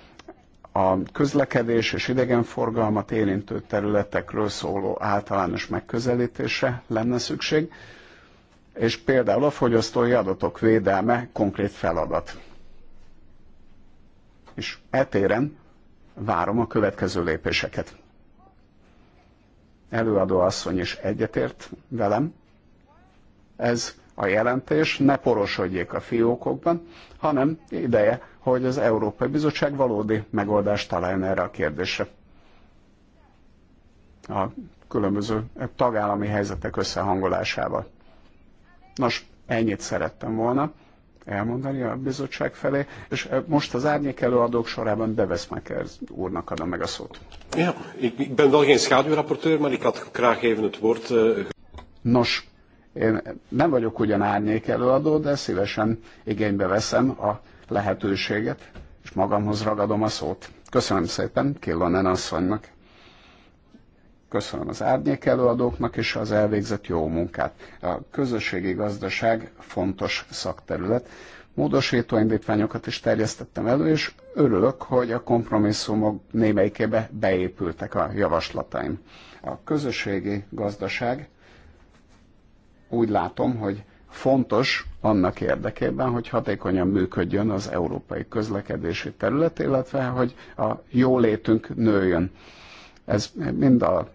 S1: a közlekedés és idegenforgalmat érintő területekről szóló általános megközelítésre lenne szükség, és például a fogyasztói adatok védelme konkrét feladat. És etéren várom a következő lépéseket. Előadó asszony is egyetért velem. Ez a jelentés ne porosodjék a fiókokban, hanem ideje, hogy az Európai Bizottság valódi megoldást találjon erre a kérdésre. A különböző tagállami helyzetek összehangolásával. Nos, ennyit szerettem volna elmondani a bizottság felé, és eh, most az árnyék előadók sorában Deves Mekers úrnak adom meg a szót. Ja, ik ben wel geen schaduwrapporteur, maar ik had graag even het woord. Eh, Nos, én nem vagyok ugyan árnyék előadó, de szívesen igénybe veszem a lehetőséget, és magamhoz ragadom a szót. Köszönöm szépen Killonen asszonynak. Köszönöm az árnyék előadóknak és az elvégzett jó munkát. A közösségi gazdaság fontos szakterület. Módosító indítványokat is terjesztettem elő, és örülök, hogy a kompromisszumok némelyikébe beépültek a javaslataim. A közösségi gazdaság úgy látom, hogy fontos annak érdekében, hogy hatékonyan működjön az európai közlekedési terület, illetve hogy a jólétünk nőjön. Ez mind a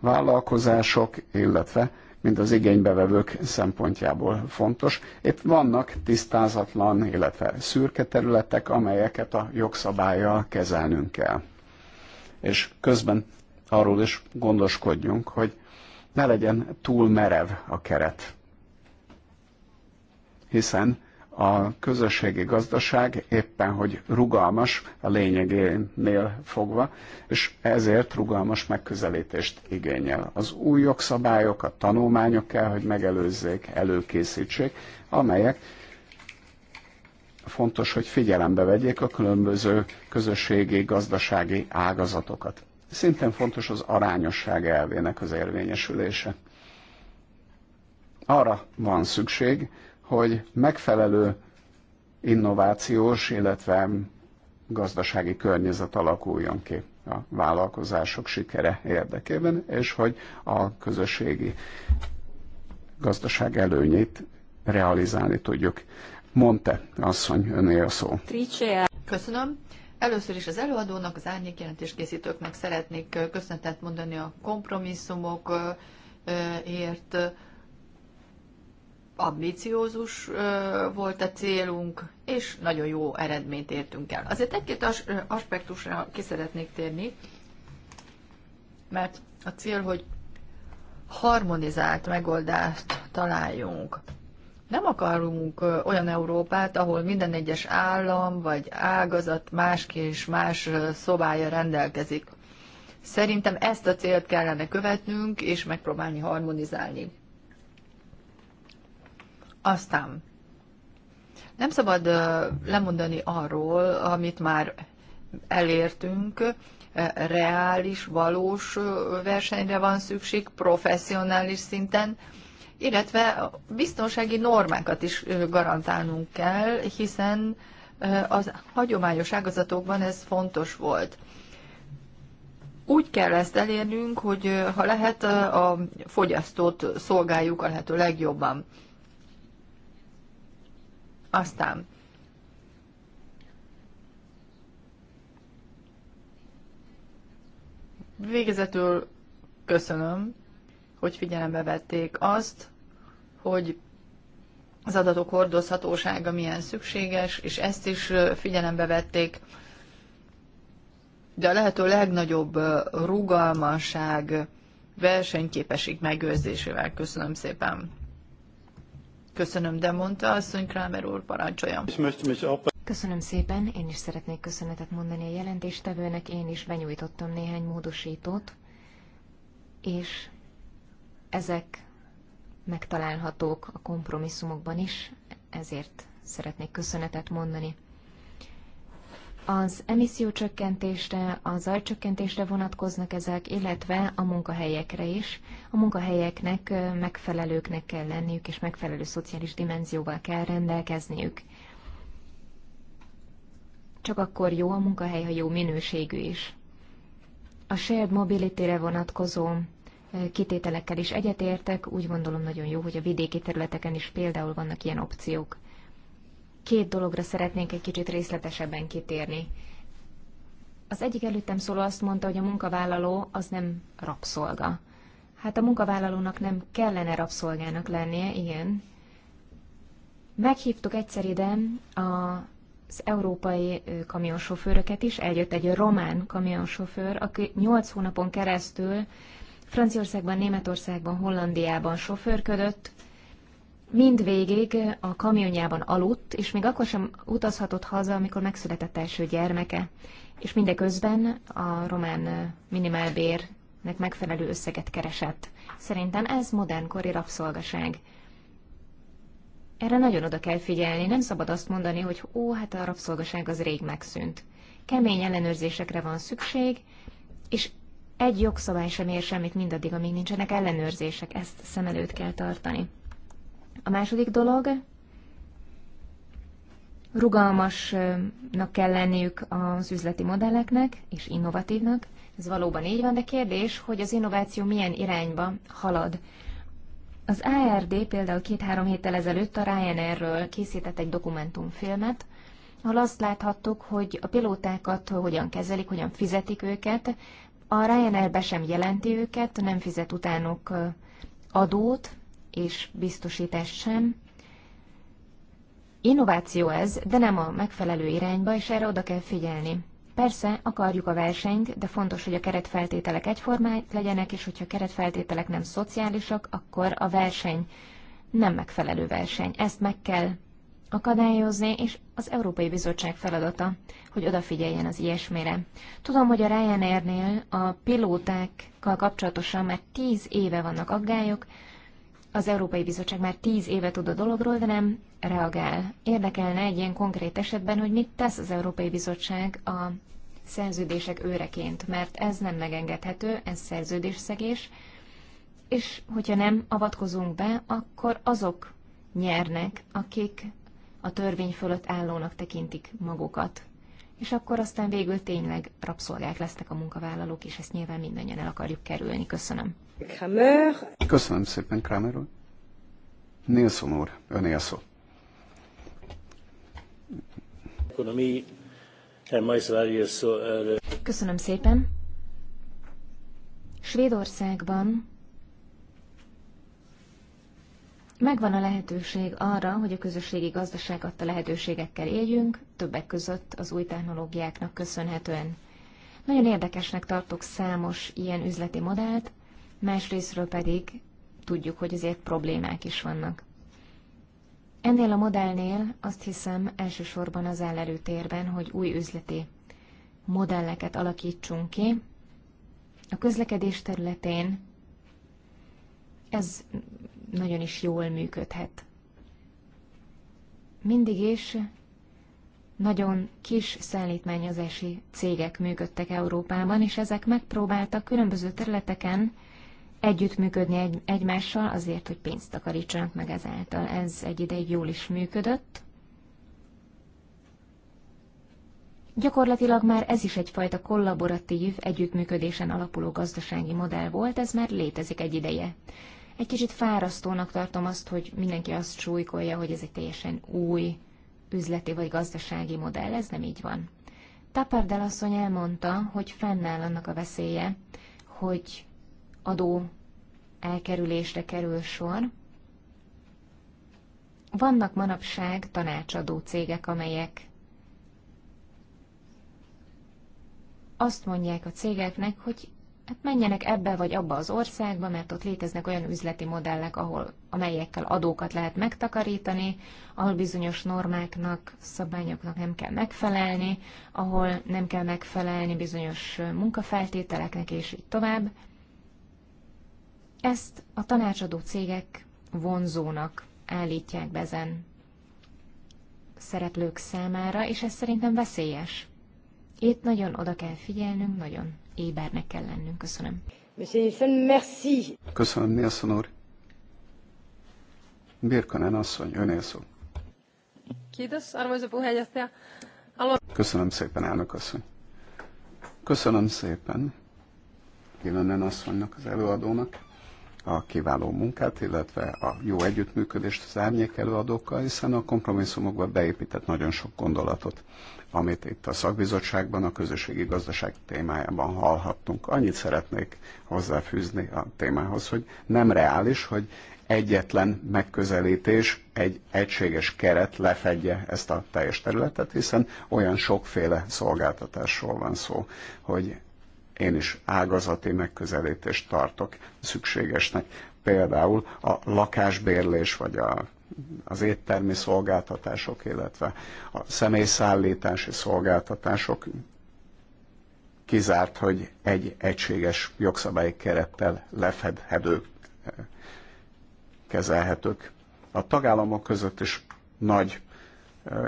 S1: vállalkozások, illetve mind az igénybevevők szempontjából fontos. Itt vannak tisztázatlan, illetve szürke területek, amelyeket a jogszabályjal kezelnünk kell. És közben arról is gondoskodjunk, hogy ne legyen túl merev a keret. Hiszen a közösségi gazdaság éppen, hogy rugalmas a lényegénél fogva, és ezért rugalmas megközelítést igényel. Az új jogszabályok, a tanulmányok kell, hogy megelőzzék, előkészítsék, amelyek fontos, hogy figyelembe vegyék a különböző közösségi, gazdasági ágazatokat. Szintén fontos az arányosság elvének az érvényesülése. Arra van szükség, hogy megfelelő innovációs, illetve gazdasági környezet alakuljon ki a vállalkozások sikere érdekében, és hogy a közösségi gazdaság előnyét realizálni tudjuk. Monte asszony, öné a szó.
S3: Köszönöm. Először is az előadónak, az árnyék jelentéskészítőknek szeretnék köszönetet mondani a kompromisszumokért. Ambiciózus volt a célunk, és nagyon jó eredményt értünk el. Azért egy-két aspektusra ki szeretnék térni, mert a cél, hogy harmonizált megoldást találjunk. Nem akarunk olyan Európát, ahol minden egyes állam vagy ágazat más és más szobája rendelkezik. Szerintem ezt a célt kellene követnünk, és megpróbálni harmonizálni. Aztán nem szabad lemondani arról, amit már elértünk, reális, valós versenyre van szükség, professzionális szinten, illetve biztonsági normákat is garantálnunk kell, hiszen az hagyományos ágazatokban ez fontos volt. Úgy kell ezt elérnünk, hogy ha lehet, a fogyasztót szolgáljuk a lehető legjobban. Aztán végezetül köszönöm, hogy figyelembe vették azt, hogy az adatok hordozhatósága milyen szükséges, és ezt is figyelembe vették. De a lehető legnagyobb rugalmasság versenyképesség megőrzésével. Köszönöm szépen. Köszönöm, de mondta asszony Kramer úr, parancsoljam. Köszönöm szépen, én is szeretnék köszönetet mondani a
S2: jelentéstevőnek, én is benyújtottam néhány módosítót, és ezek megtalálhatók a kompromisszumokban is, ezért szeretnék köszönetet mondani. Az emissziócsökkentésre, a zajcsökkentésre vonatkoznak ezek, illetve a munkahelyekre is. A munkahelyeknek megfelelőknek kell lenniük, és megfelelő szociális dimenzióval kell rendelkezniük. Csak akkor jó a munkahely, ha jó minőségű is. A shared mobility-re vonatkozó kitételekkel is egyetértek, úgy gondolom nagyon jó, hogy a vidéki területeken is például vannak ilyen opciók. Két dologra szeretnénk egy kicsit részletesebben kitérni. Az egyik előttem szóló azt mondta, hogy a munkavállaló az nem rabszolga. Hát a munkavállalónak nem kellene rabszolgának lennie, igen. Meghívtuk egyszer ide az európai kamionsofőröket is, eljött egy román kamionsofőr, aki 8 hónapon keresztül Franciaországban, Németországban, Hollandiában sofőrködött, mindvégig a kamionjában aludt, és még akkor sem utazhatott haza, amikor megszületett első gyermeke. És mindeközben a román minimálbérnek megfelelő összeget keresett. Szerintem ez modernkori rabszolgaság. Erre nagyon oda kell figyelni, nem szabad azt mondani, hogy ó, hát a rabszolgaság az rég megszűnt. Kemény ellenőrzésekre van szükség, és egy jogszabály sem ér semmit mindaddig, amíg nincsenek ellenőrzések. Ezt szem előtt kell tartani. A második dolog, rugalmasnak kell lenniük az üzleti modelleknek, és innovatívnak. Ez valóban így van, de kérdés, hogy az innováció milyen irányba halad. Az ARD például két-három héttel ezelőtt a Ryanairről készített egy dokumentumfilmet, ahol azt láthattuk, hogy a pilótákat hogyan kezelik, hogyan fizetik őket, a Ryanair be sem jelenti őket, nem fizet utánok adót és biztosítást sem. Innováció ez, de nem a megfelelő irányba, és erre oda kell figyelni. Persze, akarjuk a versenyt, de fontos, hogy a keretfeltételek egyformák legyenek, és hogyha a keretfeltételek nem szociálisak, akkor a verseny nem megfelelő verseny. Ezt meg kell akadályozni, és az Európai Bizottság feladata, hogy odafigyeljen az ilyesmire. Tudom, hogy a Ryanairnél a pilótákkal kapcsolatosan már tíz éve vannak aggályok, az Európai Bizottság már tíz éve tud a dologról, de nem reagál. Érdekelne egy ilyen konkrét esetben, hogy mit tesz az Európai Bizottság a szerződések őreként, mert ez nem megengedhető, ez szerződésszegés, és hogyha nem avatkozunk be, akkor azok nyernek, akik a törvény fölött állónak tekintik magukat. És akkor aztán végül tényleg rabszolgák lesznek a munkavállalók, és ezt nyilván mindannyian el akarjuk kerülni. Köszönöm.
S4: Kramer.
S1: Köszönöm szépen, Kramer úr. Nilsson úr, öné a szó.
S2: Köszönöm szépen. Svédországban Megvan a lehetőség arra, hogy a közösségi gazdaság adta lehetőségekkel éljünk, többek között az új technológiáknak köszönhetően. Nagyon érdekesnek tartok számos ilyen üzleti modellt, másrésztről pedig tudjuk, hogy azért problémák is vannak. Ennél a modellnél azt hiszem elsősorban az áll előtérben, hogy új üzleti modelleket alakítsunk ki. A közlekedés területén ez nagyon is jól működhet. Mindig is nagyon kis szállítmányozási cégek működtek Európában, és ezek megpróbáltak különböző területeken együttműködni egy, egymással azért, hogy pénzt takarítsanak meg ezáltal. Ez egy ideig jól is működött. Gyakorlatilag már ez is egyfajta kollaboratív, együttműködésen alapuló gazdasági modell volt, ez már létezik egy ideje. Egy kicsit fárasztónak tartom azt, hogy mindenki azt súlykolja, hogy ez egy teljesen új üzleti vagy gazdasági modell, ez nem így van. Tapardel asszony elmondta, hogy fennáll annak a veszélye, hogy adó elkerülésre kerül sor. Vannak manapság tanácsadó cégek, amelyek azt mondják a cégeknek, hogy hát menjenek ebbe vagy abba az országba, mert ott léteznek olyan üzleti modellek, ahol, amelyekkel adókat lehet megtakarítani, ahol bizonyos normáknak, szabályoknak nem kell megfelelni, ahol nem kell megfelelni bizonyos munkafeltételeknek, és így tovább. Ezt a tanácsadó cégek vonzónak állítják be ezen szereplők számára, és ez szerintem veszélyes. Itt nagyon oda kell figyelnünk, nagyon ébernek kell lennünk. Köszönöm. merci.
S1: Köszönöm, Nielsen úr. Birkanen asszony, önél szó. Köszönöm szépen, elnök asszony. Köszönöm szépen Birkanen asszonynak, az előadónak a kiváló munkát, illetve a jó együttműködést az árnyék előadókkal, hiszen a kompromisszumokba beépített nagyon sok gondolatot amit itt a szakbizottságban a közösségi gazdaság témájában hallhattunk. Annyit szeretnék hozzáfűzni a témához, hogy nem reális, hogy egyetlen megközelítés, egy egységes keret lefedje ezt a teljes területet, hiszen olyan sokféle szolgáltatásról van szó, hogy én is ágazati megközelítést tartok szükségesnek. Például a lakásbérlés vagy a az éttermi szolgáltatások, illetve a személyszállítási szolgáltatások kizárt, hogy egy egységes jogszabályi kerettel lefedhetők, kezelhetők. A tagállamok között is nagy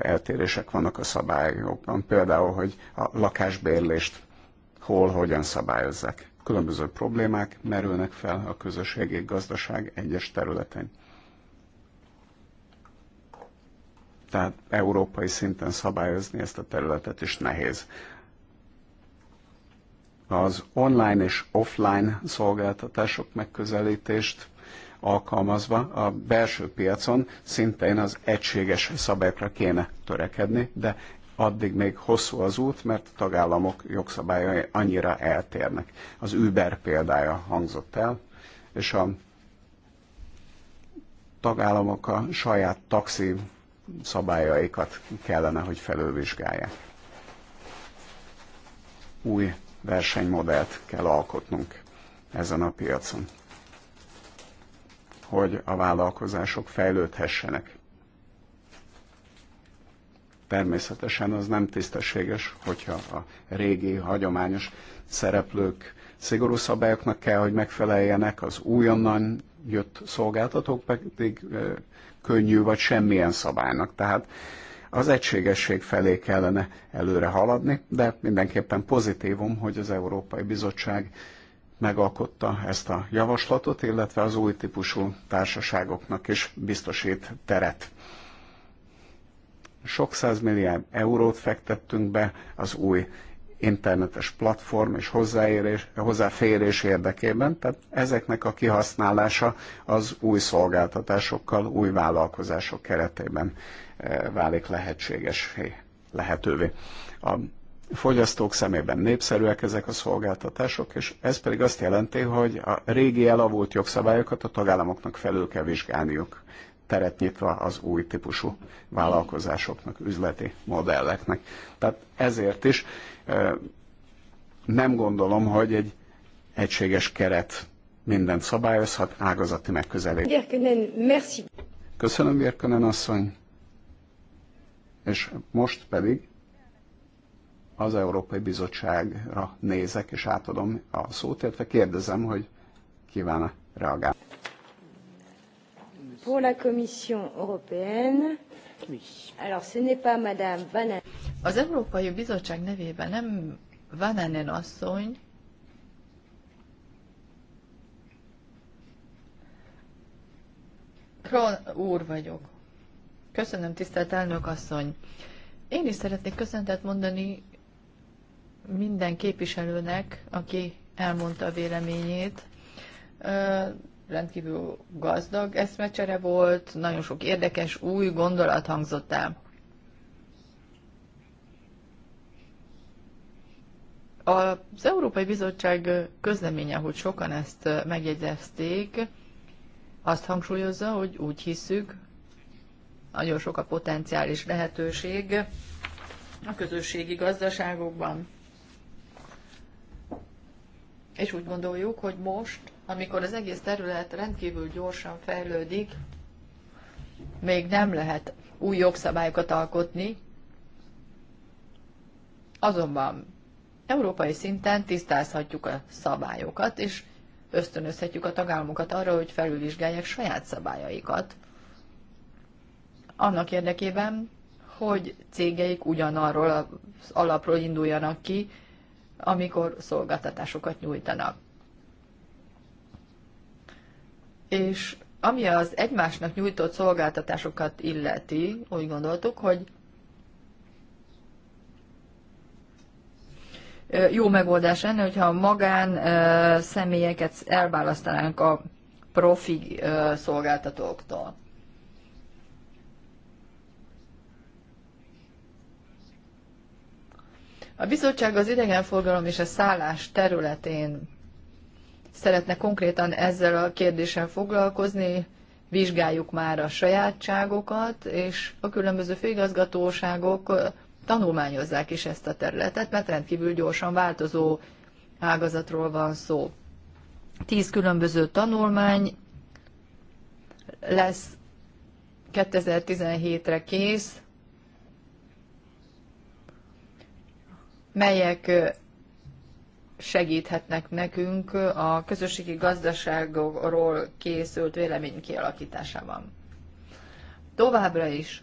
S1: eltérések vannak a szabályokban. Például, hogy a lakásbérlést hol, hogyan szabályozzák. Különböző problémák merülnek fel a közösségi gazdaság egyes területein. Tehát európai szinten szabályozni ezt a területet is nehéz. Az online és offline szolgáltatások megközelítést alkalmazva a belső piacon szintén az egységes szabályokra kéne törekedni, de addig még hosszú az út, mert a tagállamok jogszabályai annyira eltérnek. Az Uber példája hangzott el, és a tagállamok a saját taxi szabályaikat kellene, hogy felülvizsgálják. Új versenymodellt kell alkotnunk ezen a piacon, hogy a vállalkozások fejlődhessenek. Természetesen az nem tisztességes, hogyha a régi, hagyományos szereplők szigorú szabályoknak kell, hogy megfeleljenek, az újonnan jött szolgáltatók pedig könnyű vagy semmilyen szabálynak. Tehát az egységesség felé kellene előre haladni, de mindenképpen pozitívum, hogy az Európai Bizottság megalkotta ezt a javaslatot, illetve az új típusú társaságoknak is biztosít teret. Sok milliárd eurót fektettünk be az új internetes platform és hozzáérés, hozzáférés érdekében, tehát ezeknek a kihasználása az új szolgáltatásokkal, új vállalkozások keretében eh, válik lehetséges lehetővé. A fogyasztók szemében népszerűek ezek a szolgáltatások, és ez pedig azt jelenti, hogy a régi elavult jogszabályokat a tagállamoknak felül kell vizsgálniuk, teret nyitva az új típusú vállalkozásoknak, üzleti modelleknek. Tehát ezért is nem gondolom, hogy egy egységes keret mindent szabályozhat, ágazati
S2: megközelítés.
S1: Köszönöm, Vérkönen asszony. És most pedig az Európai Bizottságra nézek, és átadom a szót, illetve kérdezem, hogy kíván-e reagálni.
S3: Pour la Commission européenne, az Európai Bizottság nevében nem Vanenen asszony, Kron úr vagyok. Köszönöm, tisztelt elnök asszony. Én is szeretnék köszöntet mondani minden képviselőnek, aki elmondta a véleményét rendkívül gazdag eszmecsere volt, nagyon sok érdekes új gondolat hangzott el. Az Európai Bizottság közleménye, hogy sokan ezt megjegyezték, azt hangsúlyozza, hogy úgy hiszük, nagyon sok a potenciális lehetőség a közösségi gazdaságokban. És úgy gondoljuk, hogy most amikor az egész terület rendkívül gyorsan fejlődik, még nem lehet új jogszabályokat alkotni, azonban európai szinten tisztázhatjuk a szabályokat, és ösztönözhetjük a tagállamokat arra, hogy felülvizsgálják saját szabályaikat, annak érdekében, hogy cégeik ugyanarról az alapról induljanak ki, amikor szolgáltatásokat nyújtanak. És ami az egymásnak nyújtott szolgáltatásokat illeti, úgy gondoltuk, hogy jó megoldás lenne, hogyha a magán személyeket elválasztanánk a profi szolgáltatóktól. A bizottság az idegenforgalom és a szállás területén szeretne konkrétan ezzel a kérdéssel foglalkozni, vizsgáljuk már a sajátságokat, és a különböző főigazgatóságok tanulmányozzák is ezt a területet, mert rendkívül gyorsan változó ágazatról van szó. Tíz különböző tanulmány lesz 2017-re kész, melyek segíthetnek nekünk a közösségi gazdaságról készült vélemény kialakításában. Továbbra is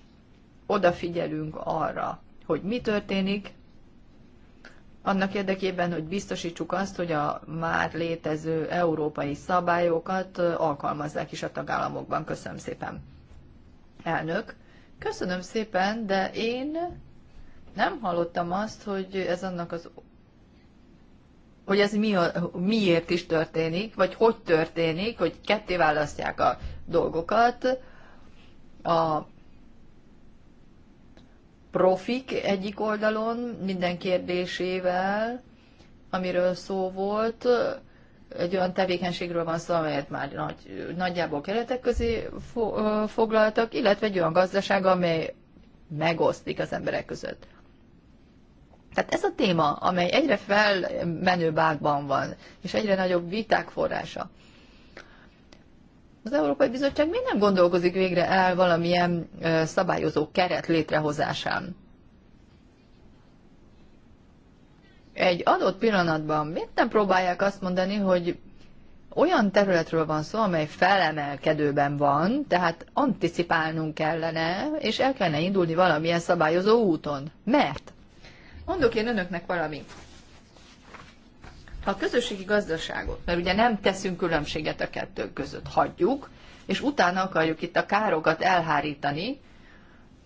S3: odafigyelünk arra, hogy mi történik, annak érdekében, hogy biztosítsuk azt, hogy a már létező európai szabályokat alkalmazzák is a tagállamokban. Köszönöm szépen. Elnök, köszönöm szépen, de én nem hallottam azt, hogy ez annak az hogy ez mi, miért is történik, vagy hogy történik, hogy ketté választják a dolgokat. A profik egyik oldalon minden kérdésével, amiről szó volt, egy olyan tevékenységről van szó, amelyet már nagy, nagyjából keretek közé fo, foglaltak, illetve egy olyan gazdaság, amely megosztik az emberek között. Tehát ez a téma, amely egyre felmenő bákban van, és egyre nagyobb viták forrása. Az Európai Bizottság miért nem gondolkozik végre el valamilyen szabályozó keret létrehozásán? Egy adott pillanatban miért nem próbálják azt mondani, hogy olyan területről van szó, amely felemelkedőben van, tehát anticipálnunk kellene, és el kellene indulni valamilyen szabályozó úton. Mert Mondok én önöknek valami. Ha a közösségi gazdaságot, mert ugye nem teszünk különbséget a kettő között, hagyjuk, és utána akarjuk itt a károkat elhárítani,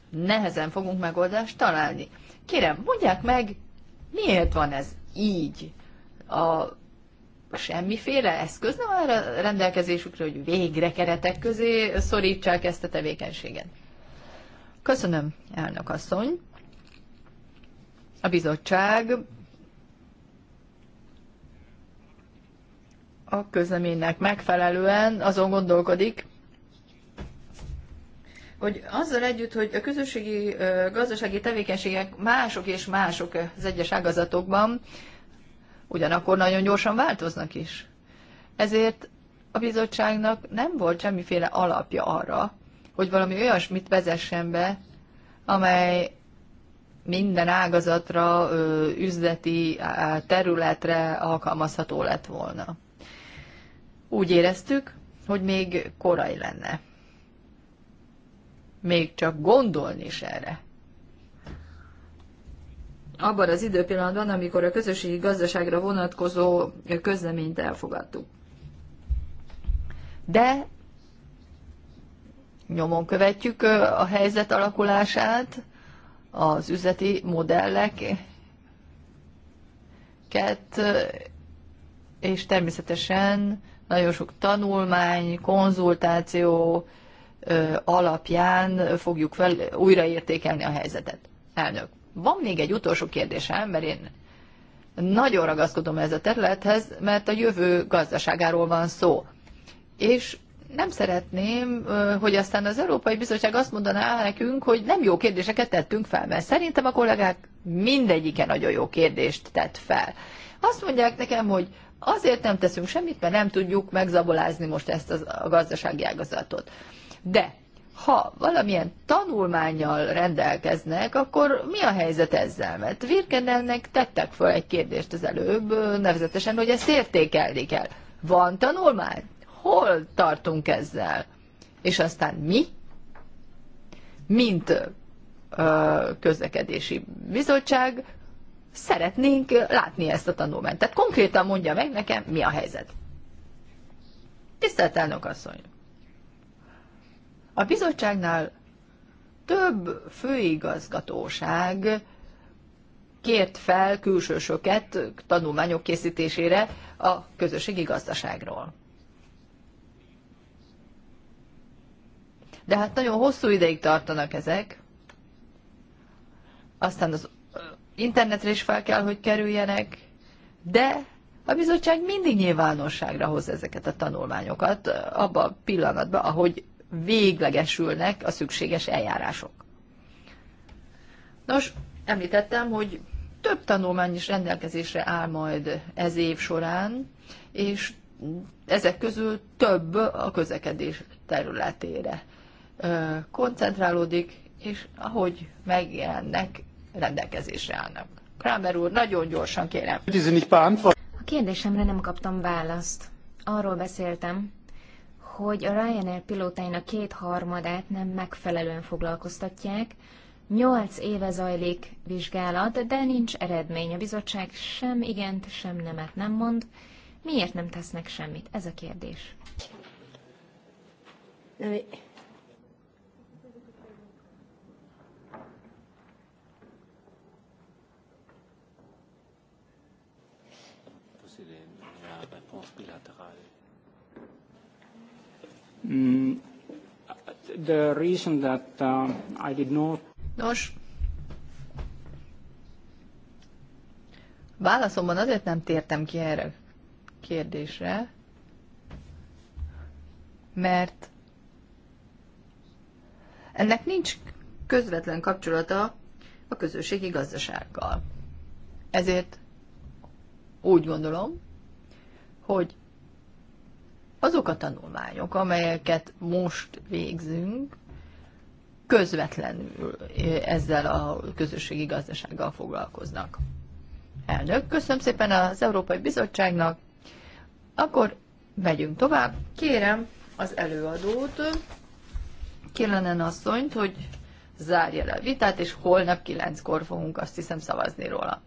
S3: nehezen fogunk megoldást találni. Kérem, mondják meg, miért van ez így? A semmiféle eszköz nem áll a rendelkezésükre, hogy végre keretek közé szorítsák ezt a tevékenységet. Köszönöm, elnök asszony. A bizottság a közleménynek megfelelően azon gondolkodik, hogy azzal együtt, hogy a közösségi gazdasági tevékenységek mások és mások az egyes ágazatokban, ugyanakkor nagyon gyorsan változnak is. Ezért a bizottságnak nem volt semmiféle alapja arra, hogy valami olyasmit vezessen be, amely minden ágazatra, üzleti területre alkalmazható lett volna. Úgy éreztük, hogy még korai lenne. Még csak gondolni is erre. Abban az időpillanatban, amikor a közösségi gazdaságra vonatkozó közleményt elfogadtuk. De nyomon követjük a helyzet alakulását, az üzleti modelleket, és természetesen nagyon sok tanulmány, konzultáció alapján fogjuk fel újraértékelni a helyzetet. Elnök, van még egy utolsó kérdésem, mert én nagyon ragaszkodom ez a területhez, mert a jövő gazdaságáról van szó. És nem szeretném, hogy aztán az Európai Bizottság azt mondaná nekünk, hogy nem jó kérdéseket tettünk fel, mert szerintem a kollégák mindegyike nagyon jó kérdést tett fel. Azt mondják nekem, hogy azért nem teszünk semmit, mert nem tudjuk megzabolázni most ezt a gazdasági ágazatot. De ha valamilyen tanulmányjal rendelkeznek, akkor mi a helyzet ezzel? Mert Virkenelnek tettek föl egy kérdést az előbb, nevezetesen, hogy ezt értékelni kell. Van tanulmány? hol tartunk ezzel. És aztán mi, mint közlekedési bizottság, szeretnénk látni ezt a tanulmányt. Tehát konkrétan mondja meg nekem, mi a helyzet. Tisztelt elnök asszony! A bizottságnál több főigazgatóság kért fel külsősöket tanulmányok készítésére a közösségi gazdaságról. de hát nagyon hosszú ideig tartanak ezek. Aztán az internetre is fel kell, hogy kerüljenek, de a bizottság mindig nyilvánosságra hoz ezeket a tanulmányokat abba a pillanatban, ahogy véglegesülnek a szükséges eljárások. Nos, említettem, hogy több tanulmány is rendelkezésre áll majd ez év során, és ezek közül több a közlekedés területére koncentrálódik, és ahogy megjelennek, rendelkezésre állnak. Kramer úr, nagyon gyorsan kérem.
S1: A
S2: kérdésemre nem kaptam választ. Arról beszéltem, hogy a Ryanair pilótáinak kétharmadát nem megfelelően foglalkoztatják, Nyolc éve zajlik vizsgálat, de nincs eredmény. A bizottság sem igent, sem nemet nem mond. Miért nem tesznek semmit? Ez a kérdés.
S3: Nem.
S1: Mm, the reason that uh, I did not... Nos,
S3: válaszomban azért nem tértem ki erre kérdésre, mert ennek nincs közvetlen kapcsolata a közösségi gazdasággal. Ezért úgy gondolom, hogy azok a tanulmányok, amelyeket most végzünk, közvetlenül eh, ezzel a közösségi gazdasággal foglalkoznak. Elnök, köszönöm szépen az Európai Bizottságnak. Akkor megyünk tovább. Kérem az előadót, Kirlenen asszonyt, hogy zárja le a vitát, és holnap kilenckor fogunk azt hiszem szavazni róla.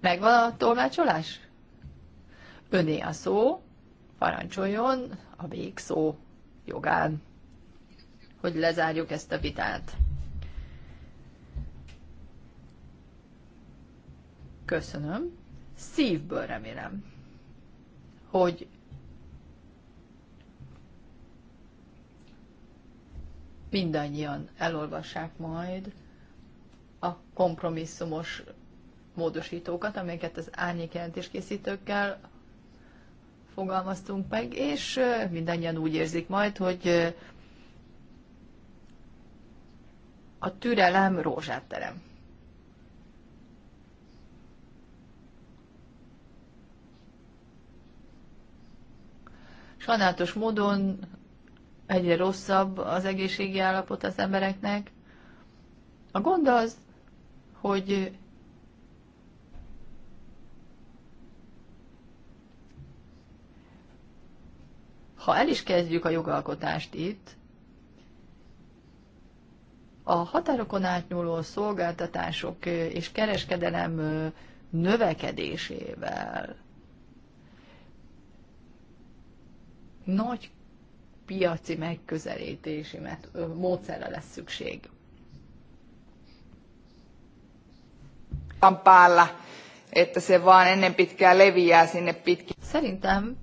S3: Megvan a tolmácsolás? Öné a szó parancsoljon a végszó jogán, hogy lezárjuk ezt a vitát. Köszönöm. Szívből remélem, hogy mindannyian elolvassák majd a kompromisszumos módosítókat, amelyeket az árnyékjelentés készítőkkel fogalmaztunk meg, és mindannyian úgy érzik majd, hogy a türelem rózsát terem. Sajnálatos módon egyre rosszabb az egészségi állapot az embereknek. A gond az, hogy ha el is kezdjük a jogalkotást itt, a határokon átnyúló szolgáltatások és kereskedelem növekedésével nagy piaci megközelítési módszerre lesz szükség. Szerintem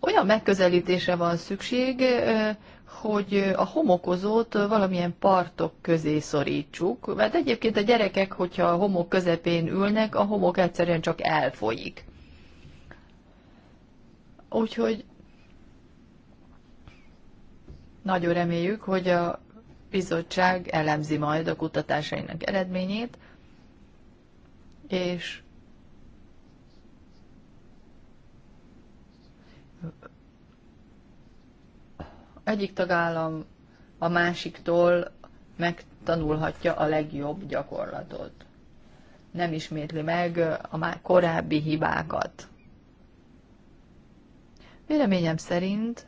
S3: Olyan megközelítése van szükség, hogy a homokozót valamilyen partok közé szorítsuk, mert egyébként a gyerekek, hogyha a homok közepén ülnek, a homok egyszerűen csak elfolyik. Úgyhogy nagyon reméljük, hogy a bizottság elemzi majd a kutatásainak eredményét, és egyik tagállam a másiktól megtanulhatja a legjobb gyakorlatot. Nem ismétli meg a már korábbi hibákat. Véleményem szerint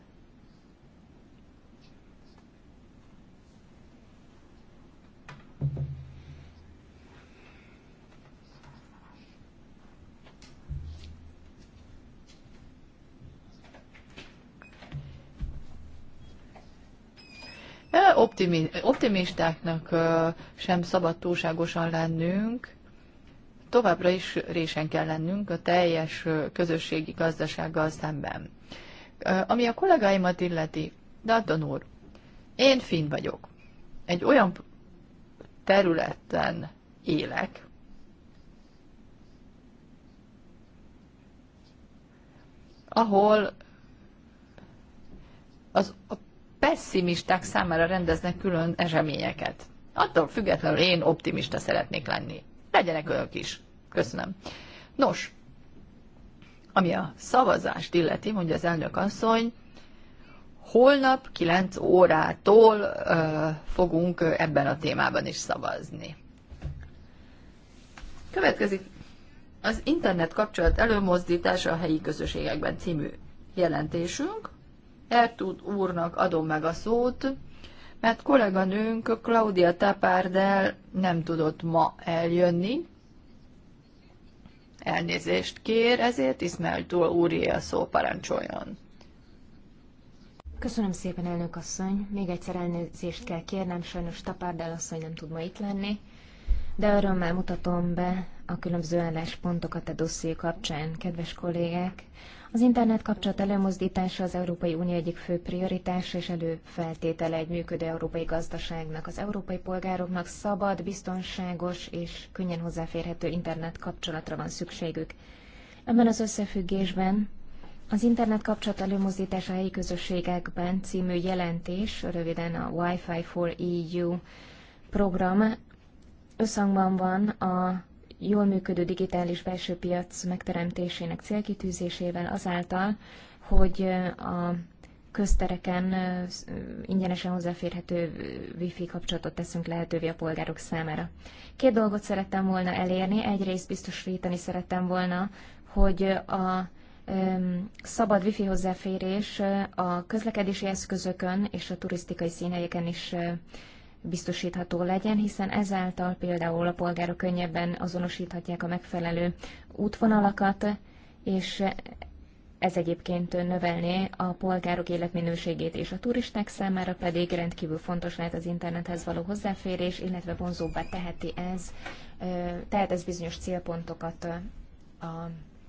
S3: Optimistáknak sem szabad túlságosan lennünk, továbbra is résen kell lennünk a teljes közösségi gazdasággal szemben. Ami a kollégáimat illeti, Dalton úr, én finn vagyok. Egy olyan területen élek, ahol az, a pessimisták számára rendeznek külön eseményeket. Attól függetlenül én optimista szeretnék lenni. Legyenek önök is. Köszönöm. Nos, ami a szavazást illeti, mondja az elnök asszony, holnap 9 órától ö, fogunk ebben a témában is szavazni. Következik az internet kapcsolat előmozdítása a helyi közösségekben című jelentésünk. Ertud úrnak adom meg a szót, mert kolléganőnk Claudia Tapárdel nem tudott ma eljönni. Elnézést kér, ezért Ismailtól úré a szó parancsoljon.
S2: Köszönöm szépen, elnök asszony. Még egyszer elnézést kell kérnem, sajnos Tapárdel asszony nem tud ma itt lenni, de örömmel mutatom be a különböző álláspontokat a dosszié kapcsán, kedves kollégák. Az internet kapcsolat előmozdítása az Európai Unió egyik fő prioritása és előfeltétele egy működő európai gazdaságnak. Az európai polgároknak szabad, biztonságos és könnyen hozzáférhető internet kapcsolatra van szükségük. Ebben az összefüggésben az internet kapcsolat előmozdítása helyi közösségekben című jelentés, röviden a Wi-Fi for EU program összhangban van a jól működő digitális belső piac megteremtésének célkitűzésével azáltal, hogy a köztereken ingyenesen hozzáférhető wifi kapcsolatot teszünk lehetővé a polgárok számára. Két dolgot szerettem volna elérni. Egyrészt biztosítani szerettem volna, hogy a szabad wifi hozzáférés a közlekedési eszközökön és a turisztikai színhelyeken is biztosítható legyen, hiszen ezáltal például a polgárok könnyebben azonosíthatják a megfelelő útvonalakat, és ez egyébként növelné a polgárok életminőségét és a turisták számára pedig rendkívül fontos lehet az internethez való hozzáférés, illetve vonzóbbá teheti ez, tehát ez bizonyos célpontokat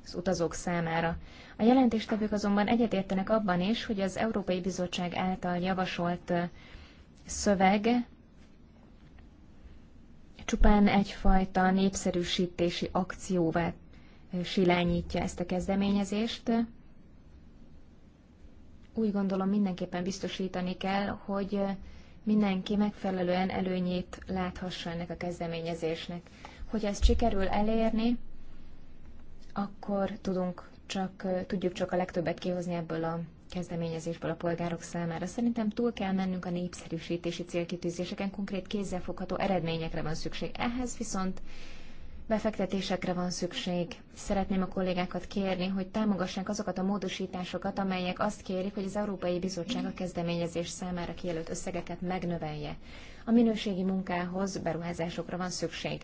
S2: az utazók számára. A jelentéstevők azonban egyetértenek abban is, hogy az Európai Bizottság által javasolt szöveg csupán egyfajta népszerűsítési akcióvá silányítja ezt a kezdeményezést. Úgy gondolom mindenképpen biztosítani kell, hogy mindenki megfelelően előnyét láthassa ennek a kezdeményezésnek. Hogy ezt sikerül elérni, akkor tudunk csak, tudjuk csak a legtöbbet kihozni ebből a kezdeményezésből a polgárok számára. Szerintem túl kell mennünk a népszerűsítési célkitűzéseken, konkrét kézzelfogható eredményekre van szükség. Ehhez viszont befektetésekre van szükség. Szeretném a kollégákat kérni, hogy támogassák azokat a módosításokat, amelyek azt kérik, hogy az Európai Bizottság a kezdeményezés számára kijelölt összegeket megnövelje. A minőségi munkához beruházásokra van szükség.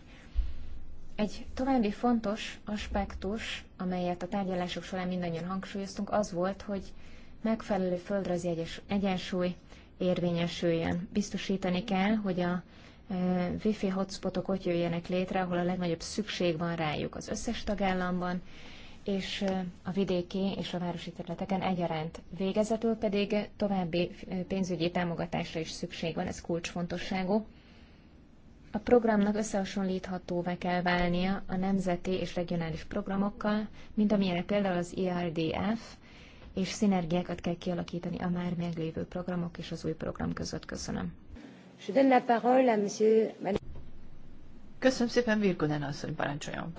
S2: Egy további fontos aspektus, amelyet a tárgyalások során mindannyian hangsúlyoztunk, az volt, hogy megfelelő földrajzi egyensúly érvényesüljön. Biztosítani kell, hogy a e, wifi hotspotok ott jöjjenek létre, ahol a legnagyobb szükség van rájuk az összes tagállamban, és e, a vidéki és a városi területeken egyaránt. Végezetül pedig további e, pénzügyi támogatásra is szükség van, ez kulcsfontosságú. A programnak összehasonlíthatóvá kell válnia a nemzeti és regionális programokkal, mint amilyenek például az IRDF, és szinergiákat kell kialakítani a már meglévő programok és az új program között. Köszönöm. Köszönöm szépen, Virgonen asszony, parancsoljon.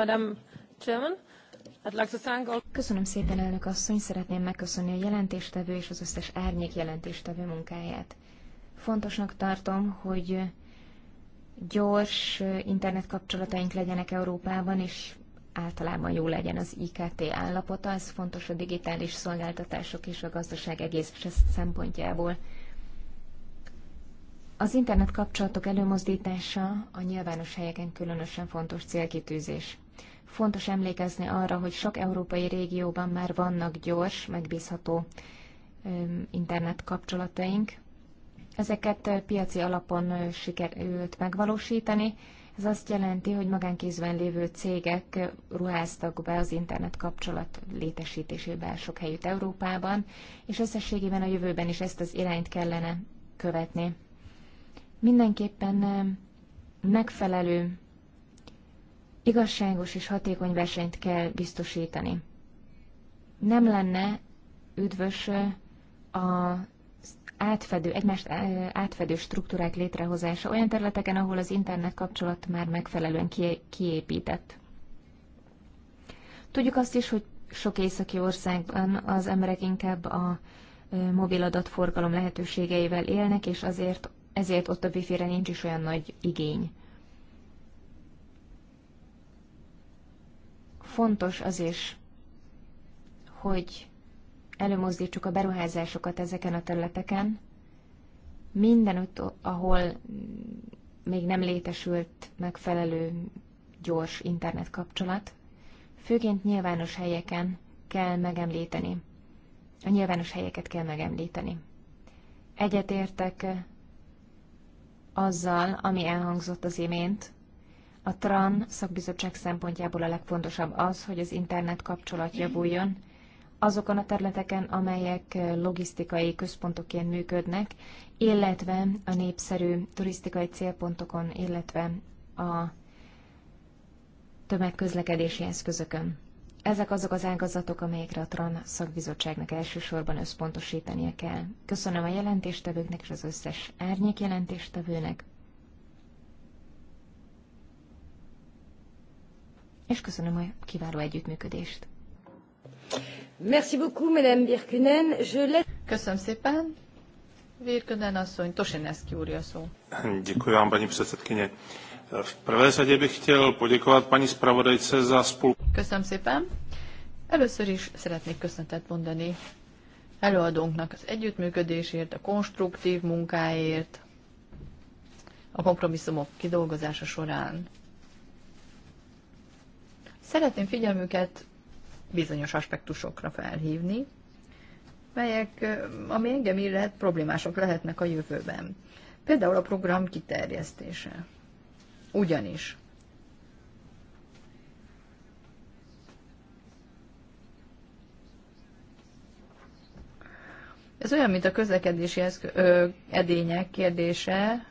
S2: Köszönöm szépen, elnök asszony, szeretném megköszönni a jelentéstevő és az összes árnyék jelentéstevő munkáját. Fontosnak tartom, hogy gyors internet kapcsolataink legyenek Európában, és általában jó legyen az IKT állapota, ez fontos a digitális szolgáltatások és a gazdaság egész szempontjából. Az internet kapcsolatok előmozdítása a nyilvános helyeken különösen fontos célkitűzés. Fontos emlékezni arra, hogy sok európai régióban már vannak gyors, megbízható internet kapcsolataink. Ezeket piaci alapon sikerült megvalósítani, ez azt jelenti, hogy magánkézben lévő cégek ruháztak be az internet kapcsolat létesítésében sok helyütt Európában, és összességében a jövőben is ezt az irányt kellene követni. Mindenképpen eh, megfelelő, igazságos és hatékony versenyt kell biztosítani. Nem lenne üdvös eh, a átfedő, egymást e, átfedő struktúrák létrehozása olyan területeken, ahol az internet kapcsolat már megfelelően kiépített. Tudjuk azt is, hogy sok északi országban az emberek inkább a e, mobil adatforgalom lehetőségeivel élnek, és azért, ezért ott a wifi-re nincs is olyan nagy igény. Fontos az is, hogy előmozdítsuk a beruházásokat ezeken a területeken, mindenütt, ahol még nem létesült megfelelő gyors internet kapcsolat, főként nyilvános helyeken kell megemlíteni. A nyilvános helyeket kell megemlíteni. Egyetértek eh, azzal, ami elhangzott az imént, a TRAN szakbizottság szempontjából a legfontosabb az, hogy az internet kapcsolat javuljon, azokon a területeken, amelyek logisztikai központokként működnek, illetve a népszerű turisztikai célpontokon, illetve a tömegközlekedési eszközökön. Ezek azok az ágazatok, amelyekre a TRAN szakbizottságnak elsősorban összpontosítania kell. Köszönöm a jelentéstevőknek és az összes árnyék jelentéstevőnek. És köszönöm a kiváló
S3: együttműködést. Köszönöm szépen. Virkönen asszony, Tosineski úr a szó. Děkuji vám, paní předsedkyně. V prvé řadě bych chtěl poděkovat paní zpravodajce za spolu... Köszönöm szépen. Először is szeretnék köszönetet mondani előadónknak az együttműködésért, a konstruktív munkáért, a kompromisszumok kidolgozása során. Szeretném figyelmüket bizonyos aspektusokra felhívni, melyek, ami engem illet, problémások lehetnek a jövőben. Például a program kiterjesztése. Ugyanis Ez olyan, mint a közlekedési ö, edények kérdése,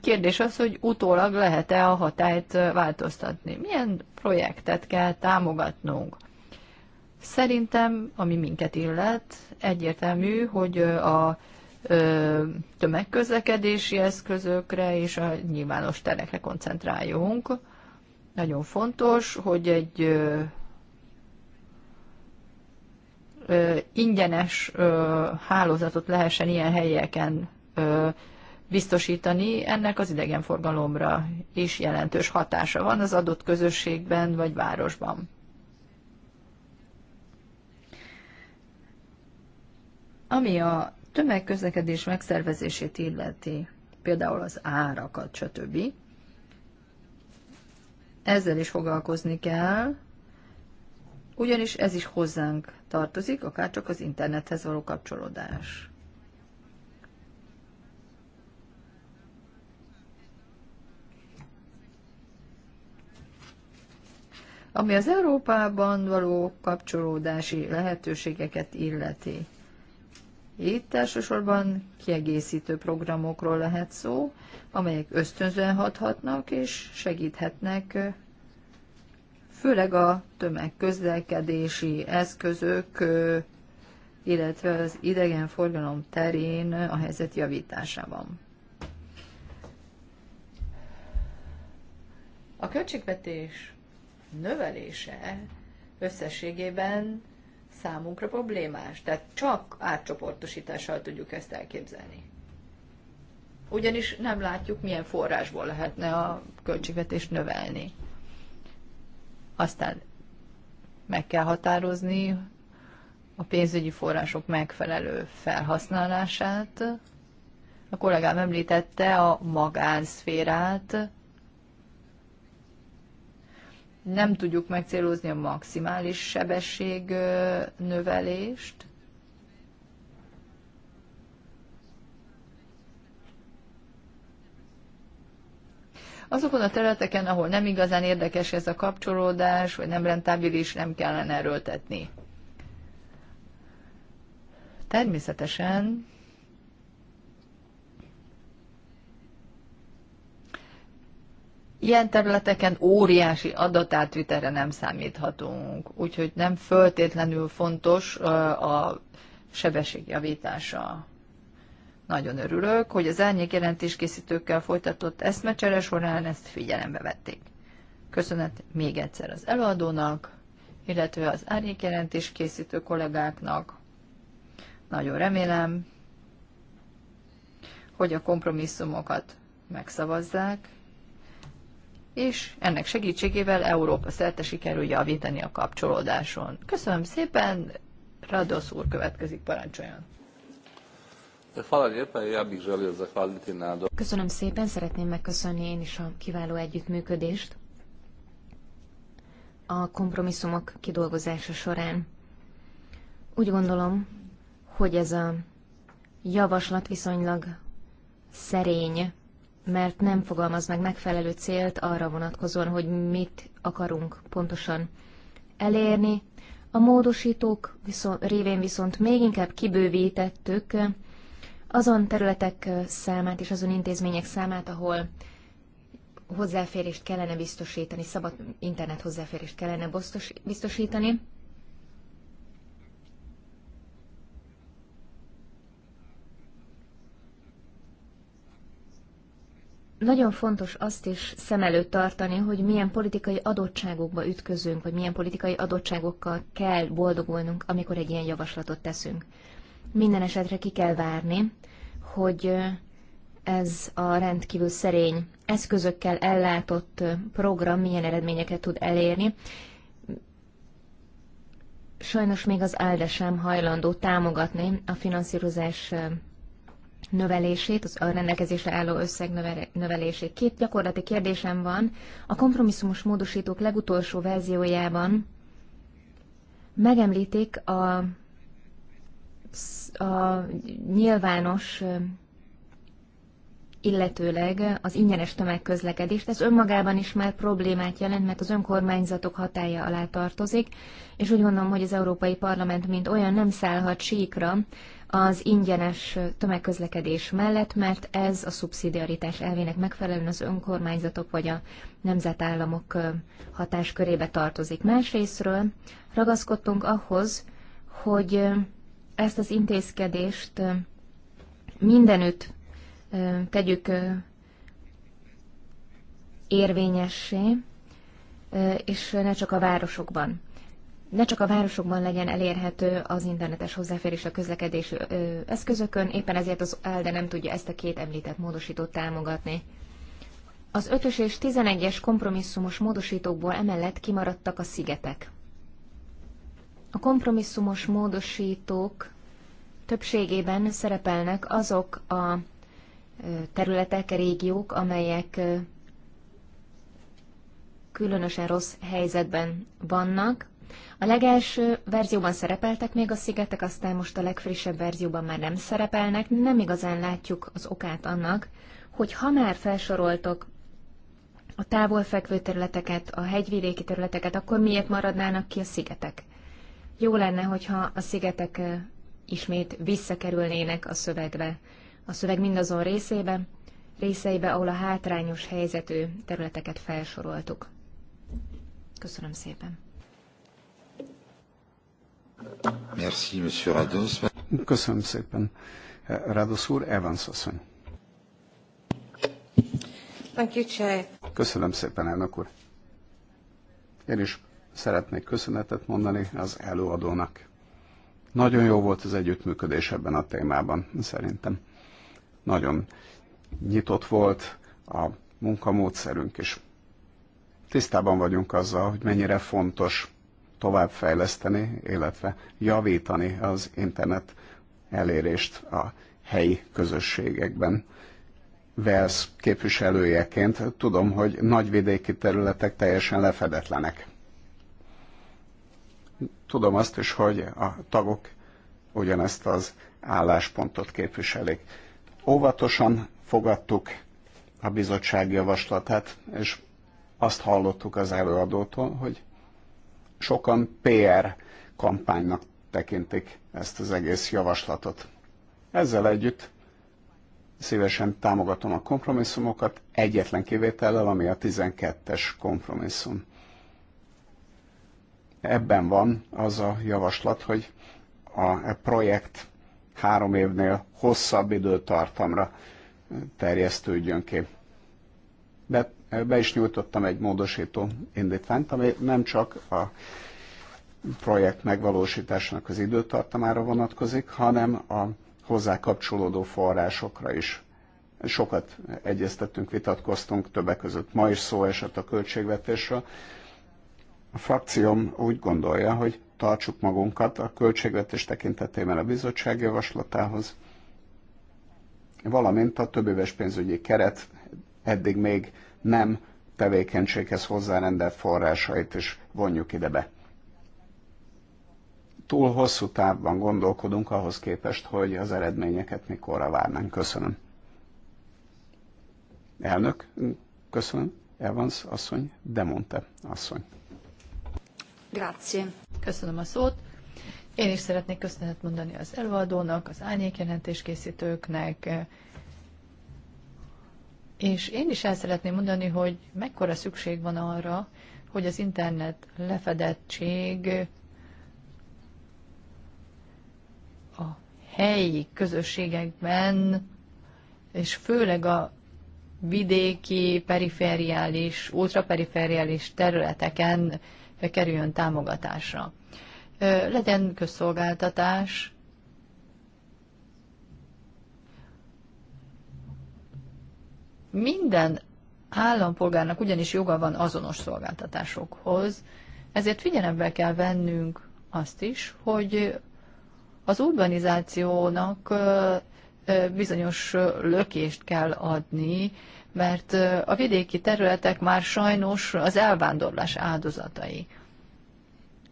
S3: Kérdés az, hogy utólag lehet-e a hatályt változtatni. Milyen projektet kell támogatnunk? Szerintem, ami minket illet, egyértelmű, hogy a tömegközlekedési eszközökre és a nyilvános terekre koncentráljunk. Nagyon fontos, hogy egy ingyenes hálózatot lehessen ilyen helyeken biztosítani, ennek az idegenforgalomra is jelentős hatása van az adott közösségben vagy városban. Ami a tömegközlekedés megszervezését illeti, például az árakat, stb. Ezzel is foglalkozni kell, ugyanis ez is hozzánk tartozik, akár csak az internethez való kapcsolódás. ami az Európában való kapcsolódási lehetőségeket illeti. Itt elsősorban kiegészítő programokról lehet szó, amelyek ösztönzően hathatnak és segíthetnek főleg a tömegközlekedési eszközök, illetve az idegenforgalom terén a helyzet javításában. A költségvetés növelése összességében számunkra problémás. Tehát csak átcsoportosítással tudjuk ezt elképzelni. Ugyanis nem látjuk, milyen forrásból lehetne a költségvetést növelni. Aztán meg kell határozni a pénzügyi források megfelelő felhasználását. A kollégám említette a magánszférát, nem tudjuk megcélozni a maximális sebesség növelést, Azokon a területeken, ahol nem igazán érdekes ez a kapcsolódás, vagy nem rentábilis, nem kellene erőltetni. Természetesen Ilyen területeken óriási adatátvitere nem számíthatunk, úgyhogy nem föltétlenül fontos a sebességjavítása. Nagyon örülök, hogy az árnyék jelentéskészítőkkel folytatott eszmecsere során ezt figyelembe vették. Köszönet még egyszer az előadónak, illetve az árnyék jelentéskészítő kollégáknak. Nagyon remélem, hogy a kompromisszumokat megszavazzák, és ennek segítségével Európa szerte sikerül javítani a kapcsolódáson. Köszönöm szépen, Rados úr következik, parancsoljon.
S1: Köszönöm
S2: szépen, szeretném megköszönni én is a kiváló együttműködést a kompromisszumok kidolgozása során. Úgy gondolom, hogy ez a javaslat viszonylag szerény mert nem fogalmaz meg megfelelő célt arra vonatkozóan, hogy mit akarunk pontosan elérni. A módosítók viszont, révén viszont még inkább kibővítettük azon területek számát és azon intézmények számát, ahol hozzáférést kellene biztosítani, szabad internet hozzáférést kellene biztosítani. nagyon fontos azt is szem előtt tartani, hogy milyen politikai adottságokba ütközünk, vagy milyen politikai adottságokkal kell boldogulnunk, amikor egy ilyen javaslatot teszünk. Minden esetre ki kell várni, hogy ez a rendkívül szerény eszközökkel ellátott program milyen eredményeket tud elérni. Sajnos még az ALDE sem hajlandó támogatni a finanszírozás növelését, az önrendelkezésre álló összeg növelését. Két gyakorlati kérdésem van. A kompromisszumos módosítók legutolsó verziójában megemlítik a, a nyilvános illetőleg az ingyenes tömegközlekedést. Ez önmagában is már problémát jelent, mert az önkormányzatok hatája alá tartozik, és úgy gondolom, hogy az Európai Parlament mint olyan nem szállhat síkra az ingyenes tömegközlekedés mellett, mert ez a szubszidiaritás elvének megfelelően az önkormányzatok vagy a nemzetállamok hatáskörébe tartozik. Másrésztről ragaszkodtunk ahhoz, hogy ezt az intézkedést mindenütt tegyük érvényessé, és ne csak a városokban ne csak a városokban legyen elérhető az internetes hozzáférés a közlekedési eszközökön, éppen ezért az ELDE nem tudja ezt a két említett módosítót támogatni. Az 5-ös és 11-es kompromisszumos módosítókból emellett kimaradtak a szigetek. A kompromisszumos módosítók többségében szerepelnek azok a területek, régiók, amelyek különösen rossz helyzetben vannak, a legelső verzióban szerepeltek még a szigetek, aztán most a legfrissebb verzióban már nem szerepelnek. Nem igazán látjuk az okát annak, hogy ha már felsoroltok a fekvő területeket, a hegyvidéki területeket, akkor miért maradnának ki a szigetek? Jó lenne, hogyha a szigetek ismét visszakerülnének a szövegbe, a szöveg mindazon részébe, részeibe, ahol a hátrányos helyzetű területeket felsoroltuk. Köszönöm szépen!
S1: Merci, Monsieur Rados. Köszönöm szépen. Rados úr, Evans asszony.
S3: Thank you, Chair.
S1: Köszönöm szépen, elnök úr. Én is szeretnék köszönetet mondani az előadónak. Nagyon jó volt az együttműködés ebben a témában, szerintem. Nagyon nyitott volt a munkamódszerünk is. Tisztában vagyunk azzal, hogy mennyire fontos továbbfejleszteni, illetve javítani az internet elérést a helyi közösségekben. Wales képviselőjeként tudom, hogy nagyvidéki területek teljesen lefedetlenek. Tudom azt is, hogy a tagok ugyanezt az álláspontot képviselik. Óvatosan fogadtuk a bizottság javaslatát, és azt hallottuk az előadótól, hogy sokan PR kampánynak tekintik ezt az egész javaslatot. Ezzel együtt szívesen támogatom a kompromisszumokat, egyetlen kivétellel, ami a 12-es kompromisszum. Ebben van az a javaslat, hogy a projekt három évnél hosszabb időtartamra terjesztődjön ki. De be is nyújtottam egy módosító indítványt, ami nem csak a projekt megvalósításának az időtartamára vonatkozik, hanem a hozzá kapcsolódó forrásokra is. Sokat egyeztettünk, vitatkoztunk többek között. Ma is szó esett a költségvetésről. A frakcióm úgy gondolja, hogy tartsuk magunkat a költségvetés tekintetében a bizottság javaslatához, valamint a többéves pénzügyi keret eddig még nem tevékenységhez hozzárendelt forrásait is vonjuk ide be. Túl hosszú távban gondolkodunk ahhoz képest, hogy az eredményeket mikorra várnánk. Köszönöm. Elnök, köszönöm. Evans asszony, Demonte asszony.
S3: Grazie. Köszönöm a szót. Én is szeretnék köszönetet mondani az előadónak, az árnyék készítőknek, és én is el szeretném mondani, hogy mekkora szükség van arra, hogy az internet lefedettség a helyi közösségekben, és főleg a vidéki, perifériális, ultraperifériális területeken kerüljön támogatásra. Legyen közszolgáltatás, Minden állampolgárnak ugyanis joga van azonos szolgáltatásokhoz, ezért figyelembe kell vennünk azt is, hogy az urbanizációnak bizonyos lökést kell adni, mert a vidéki területek már sajnos az elvándorlás áldozatai.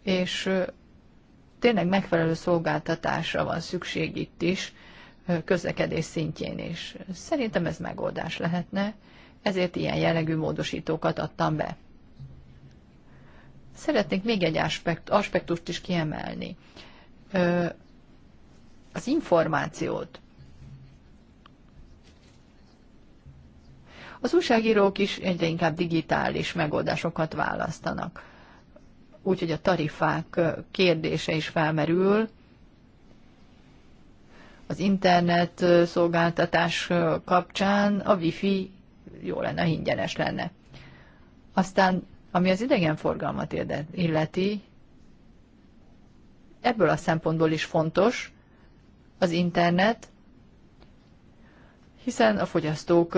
S3: És tényleg megfelelő szolgáltatásra van szükség itt is, közlekedés szintjén is. Szerintem ez megoldás lehetne, ezért ilyen jellegű módosítókat adtam be. Szeretnék még egy aspekt, aspektust is kiemelni. Az információt. Az újságírók is egyre inkább digitális megoldásokat választanak. Úgyhogy a tarifák kérdése is felmerül, az internet szolgáltatás kapcsán a wifi jó lenne, ingyenes lenne. Aztán, ami az idegenforgalmat illeti, ebből a szempontból is fontos az internet, hiszen a fogyasztók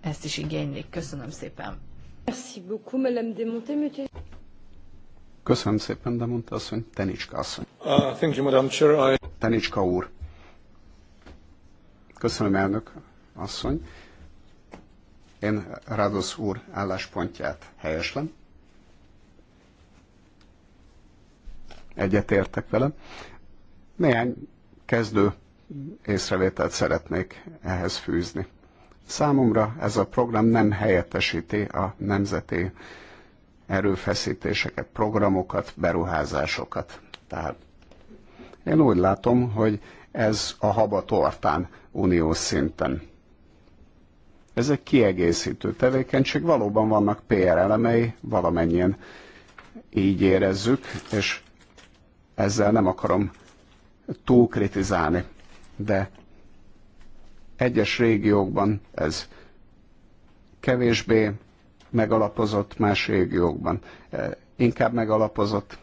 S3: ezt is igénylik. Köszönöm szépen.
S1: Köszönöm szépen, de mondta asszony, Tenicska asszony. Uh, thank you, Madam Chair. I... Tenicska úr. Köszönöm, elnök asszony. Én Rados úr álláspontját helyeslem. Egyetértek vele. Néhány kezdő észrevételt szeretnék ehhez fűzni. Számomra ez a program nem helyettesíti a nemzeti erőfeszítéseket, programokat, beruházásokat. Tehát én úgy látom, hogy ez a haba tortán uniós szinten. Ez egy kiegészítő tevékenység, valóban vannak PR elemei, valamennyien így érezzük, és ezzel nem akarom túl kritizálni, de egyes régiókban ez kevésbé megalapozott, más régiókban eh, inkább megalapozott,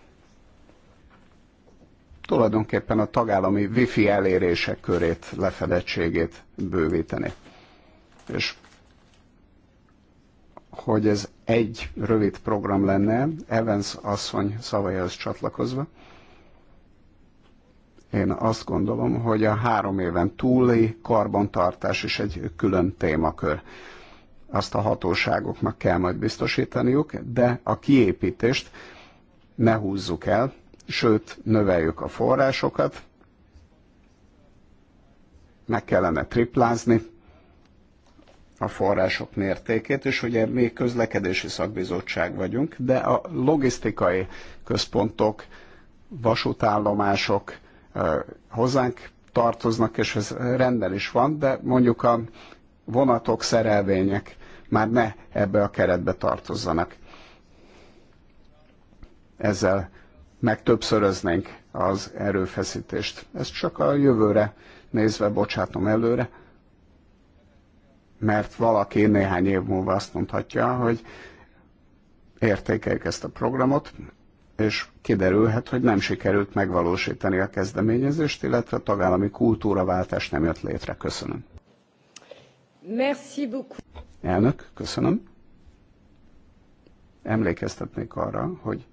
S1: tulajdonképpen a tagállami wifi elérések körét, lefedettségét bővíteni. És hogy ez egy rövid program lenne, Evans asszony szavaihoz csatlakozva, én azt gondolom, hogy a három éven túli karbantartás is egy külön témakör. Azt a hatóságoknak kell majd biztosítaniuk, de a kiépítést ne húzzuk el, sőt, növeljük a forrásokat, meg kellene triplázni a források mértékét, és ugye mi közlekedési szakbizottság vagyunk, de a logisztikai központok, vasútállomások hozzánk tartoznak, és ez rendben is van, de mondjuk a vonatok, szerelvények már ne ebbe a keretbe tartozzanak. Ezzel megtöbbszöröznénk az erőfeszítést. Ezt csak a jövőre nézve bocsátom előre, mert valaki néhány év múlva azt mondhatja, hogy értékeljük ezt a programot, és kiderülhet, hogy nem sikerült megvalósítani a kezdeményezést, illetve a tagállami kultúraváltás nem jött létre. Köszönöm.
S3: Merci beaucoup.
S1: Elnök, köszönöm. Emlékeztetnék arra, hogy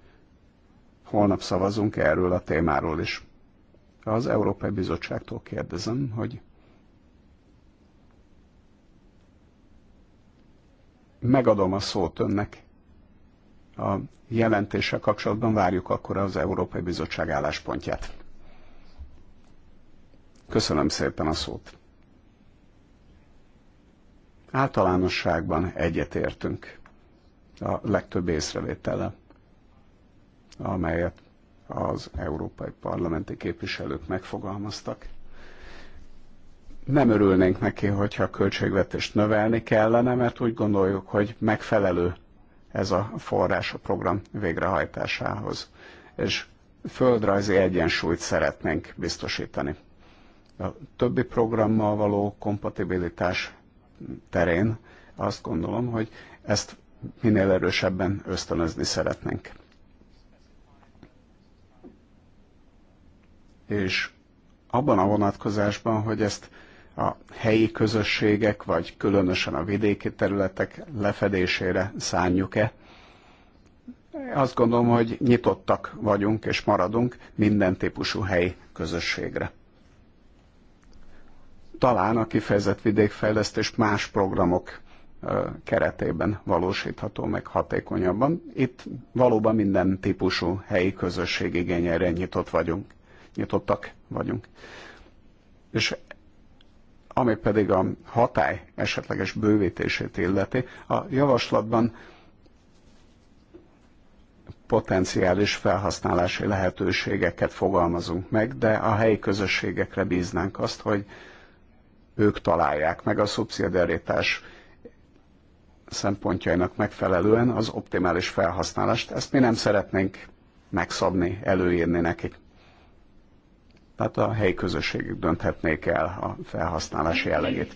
S1: holnap szavazunk erről a témáról is. Az Európai Bizottságtól kérdezem, hogy megadom a szót önnek. A jelentéssel kapcsolatban várjuk akkor az Európai Bizottság álláspontját. Köszönöm szépen a szót. Általánosságban egyetértünk a legtöbb észrevétellel amelyet az európai parlamenti képviselők megfogalmaztak. Nem örülnénk neki, hogyha a költségvetést növelni kellene, mert úgy gondoljuk, hogy megfelelő ez a forrás a program végrehajtásához. És földrajzi egyensúlyt szeretnénk biztosítani. A többi programmal való kompatibilitás terén azt gondolom, hogy ezt minél erősebben ösztönözni szeretnénk. és abban a vonatkozásban, hogy ezt a helyi közösségek, vagy különösen a vidéki területek lefedésére szánjuk-e. Azt gondolom, hogy nyitottak vagyunk és maradunk minden típusú helyi közösségre. Talán a kifejezett vidékfejlesztés más programok keretében valósítható meg hatékonyabban. Itt valóban minden típusú helyi közösség igényére nyitott vagyunk nyitottak vagyunk. És ami pedig a hatály esetleges bővítését illeti, a javaslatban potenciális felhasználási lehetőségeket fogalmazunk meg, de a helyi közösségekre bíznánk azt, hogy ők találják meg a szubszidiaritás szempontjainak megfelelően az optimális felhasználást. Ezt mi nem szeretnénk megszabni, előírni nekik. Tehát a helyi közösségük dönthetnék el a felhasználás jellegét.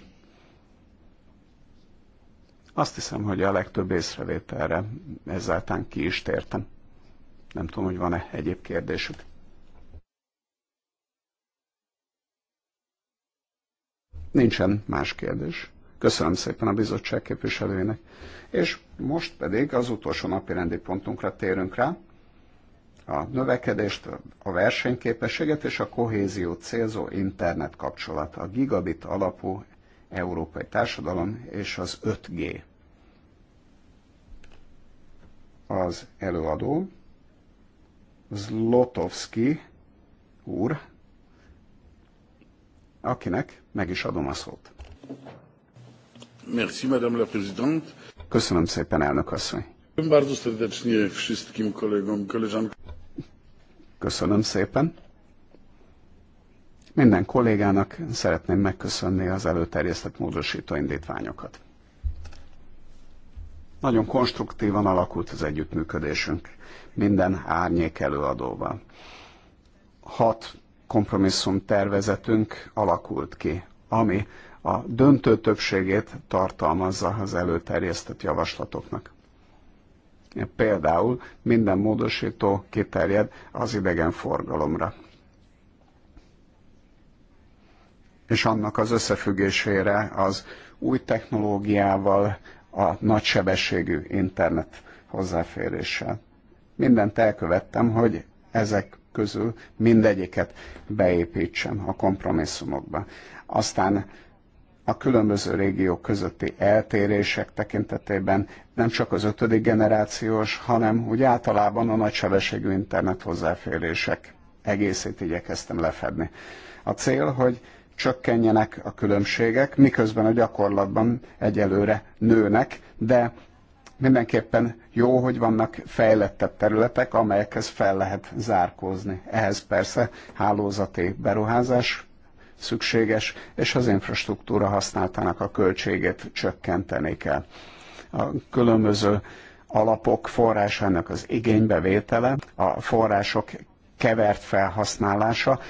S1: Azt hiszem, hogy a legtöbb észrevételre ezáltal ki is tértem. Nem tudom, hogy van-e egyéb kérdésük. Nincsen más kérdés. Köszönöm szépen a bizottság képviselőjének. És most pedig az utolsó napi rendi pontunkra térünk rá a növekedést, a versenyképességet és a kohéziót célzó internet kapcsolat, a gigabit alapú európai társadalom és az 5G. Az előadó Zlotowski úr, akinek meg is adom a szót. Merci, Madame la Présidente. Köszönöm szépen, elnök asszony. Bardzo serdecznie wszystkim kolegom koleżankom. Köszönöm szépen. Minden kollégának szeretném megköszönni az előterjesztett módosító indítványokat. Nagyon konstruktívan alakult az együttműködésünk minden árnyék előadóval. Hat kompromisszum tervezetünk alakult ki, ami a döntő többségét tartalmazza az előterjesztett javaslatoknak. Például minden módosító kiterjed az idegenforgalomra. És annak az összefüggésére az új technológiával, a nagysebességű internet hozzáféréssel. Mindent elkövettem, hogy ezek közül mindegyiket beépítsem a kompromisszumokba. Aztán a különböző régiók közötti eltérések tekintetében nem csak az ötödik generációs, hanem úgy általában a nagysebességű internet hozzáférések egészét igyekeztem lefedni. A cél, hogy csökkenjenek a különbségek, miközben a gyakorlatban egyelőre nőnek, de mindenképpen jó, hogy vannak fejlettebb területek, amelyekhez fel lehet zárkózni. Ehhez persze hálózati beruházás szükséges, és az infrastruktúra használtának a költségét csökkenteni kell. A különböző alapok forrásának az igénybevétele, a források kevert felhasználása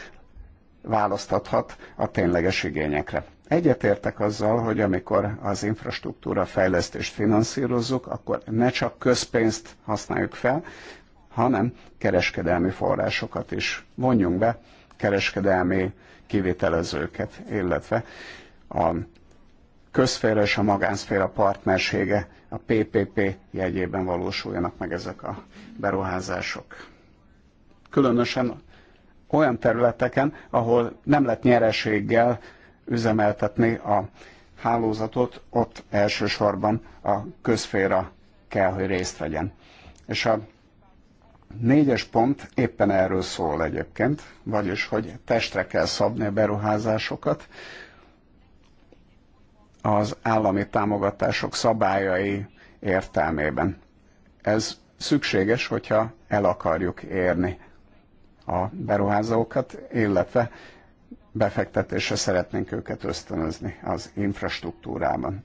S1: választathat a tényleges igényekre. Egyetértek azzal, hogy amikor az infrastruktúra fejlesztést finanszírozzuk, akkor ne csak közpénzt használjuk fel, hanem kereskedelmi forrásokat is vonjunk be, kereskedelmi kivitelezőket, illetve a közféle és a magánszféra partnersége, a PPP jegyében valósuljanak meg ezek a beruházások. Különösen olyan területeken, ahol nem lehet nyereséggel üzemeltetni a hálózatot, ott elsősorban a közféra kell, hogy részt vegyen. És a négyes pont éppen erről szól egyébként, vagyis, hogy testre kell szabni a beruházásokat, az állami támogatások szabályai értelmében. Ez szükséges, hogyha el akarjuk érni a beruházókat, illetve befektetésre szeretnénk őket ösztönözni az infrastruktúrában.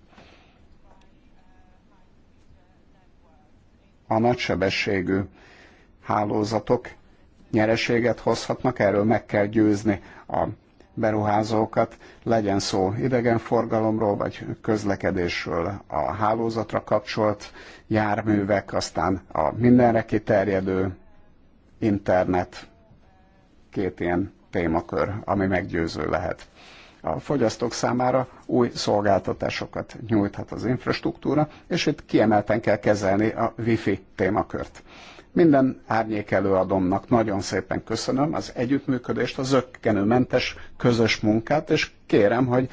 S1: A nagysebességű hálózatok nyereséget hozhatnak, erről meg kell győzni a beruházókat, legyen szó idegenforgalomról, vagy közlekedésről, a hálózatra kapcsolt járművek, aztán a mindenre kiterjedő internet, két ilyen témakör, ami meggyőző lehet. A fogyasztók számára új szolgáltatásokat nyújthat az infrastruktúra, és itt kiemelten kell kezelni a wifi témakört. Minden árnyék előadomnak nagyon szépen köszönöm az együttműködést, az ökkenőmentes közös munkát, és kérem, hogy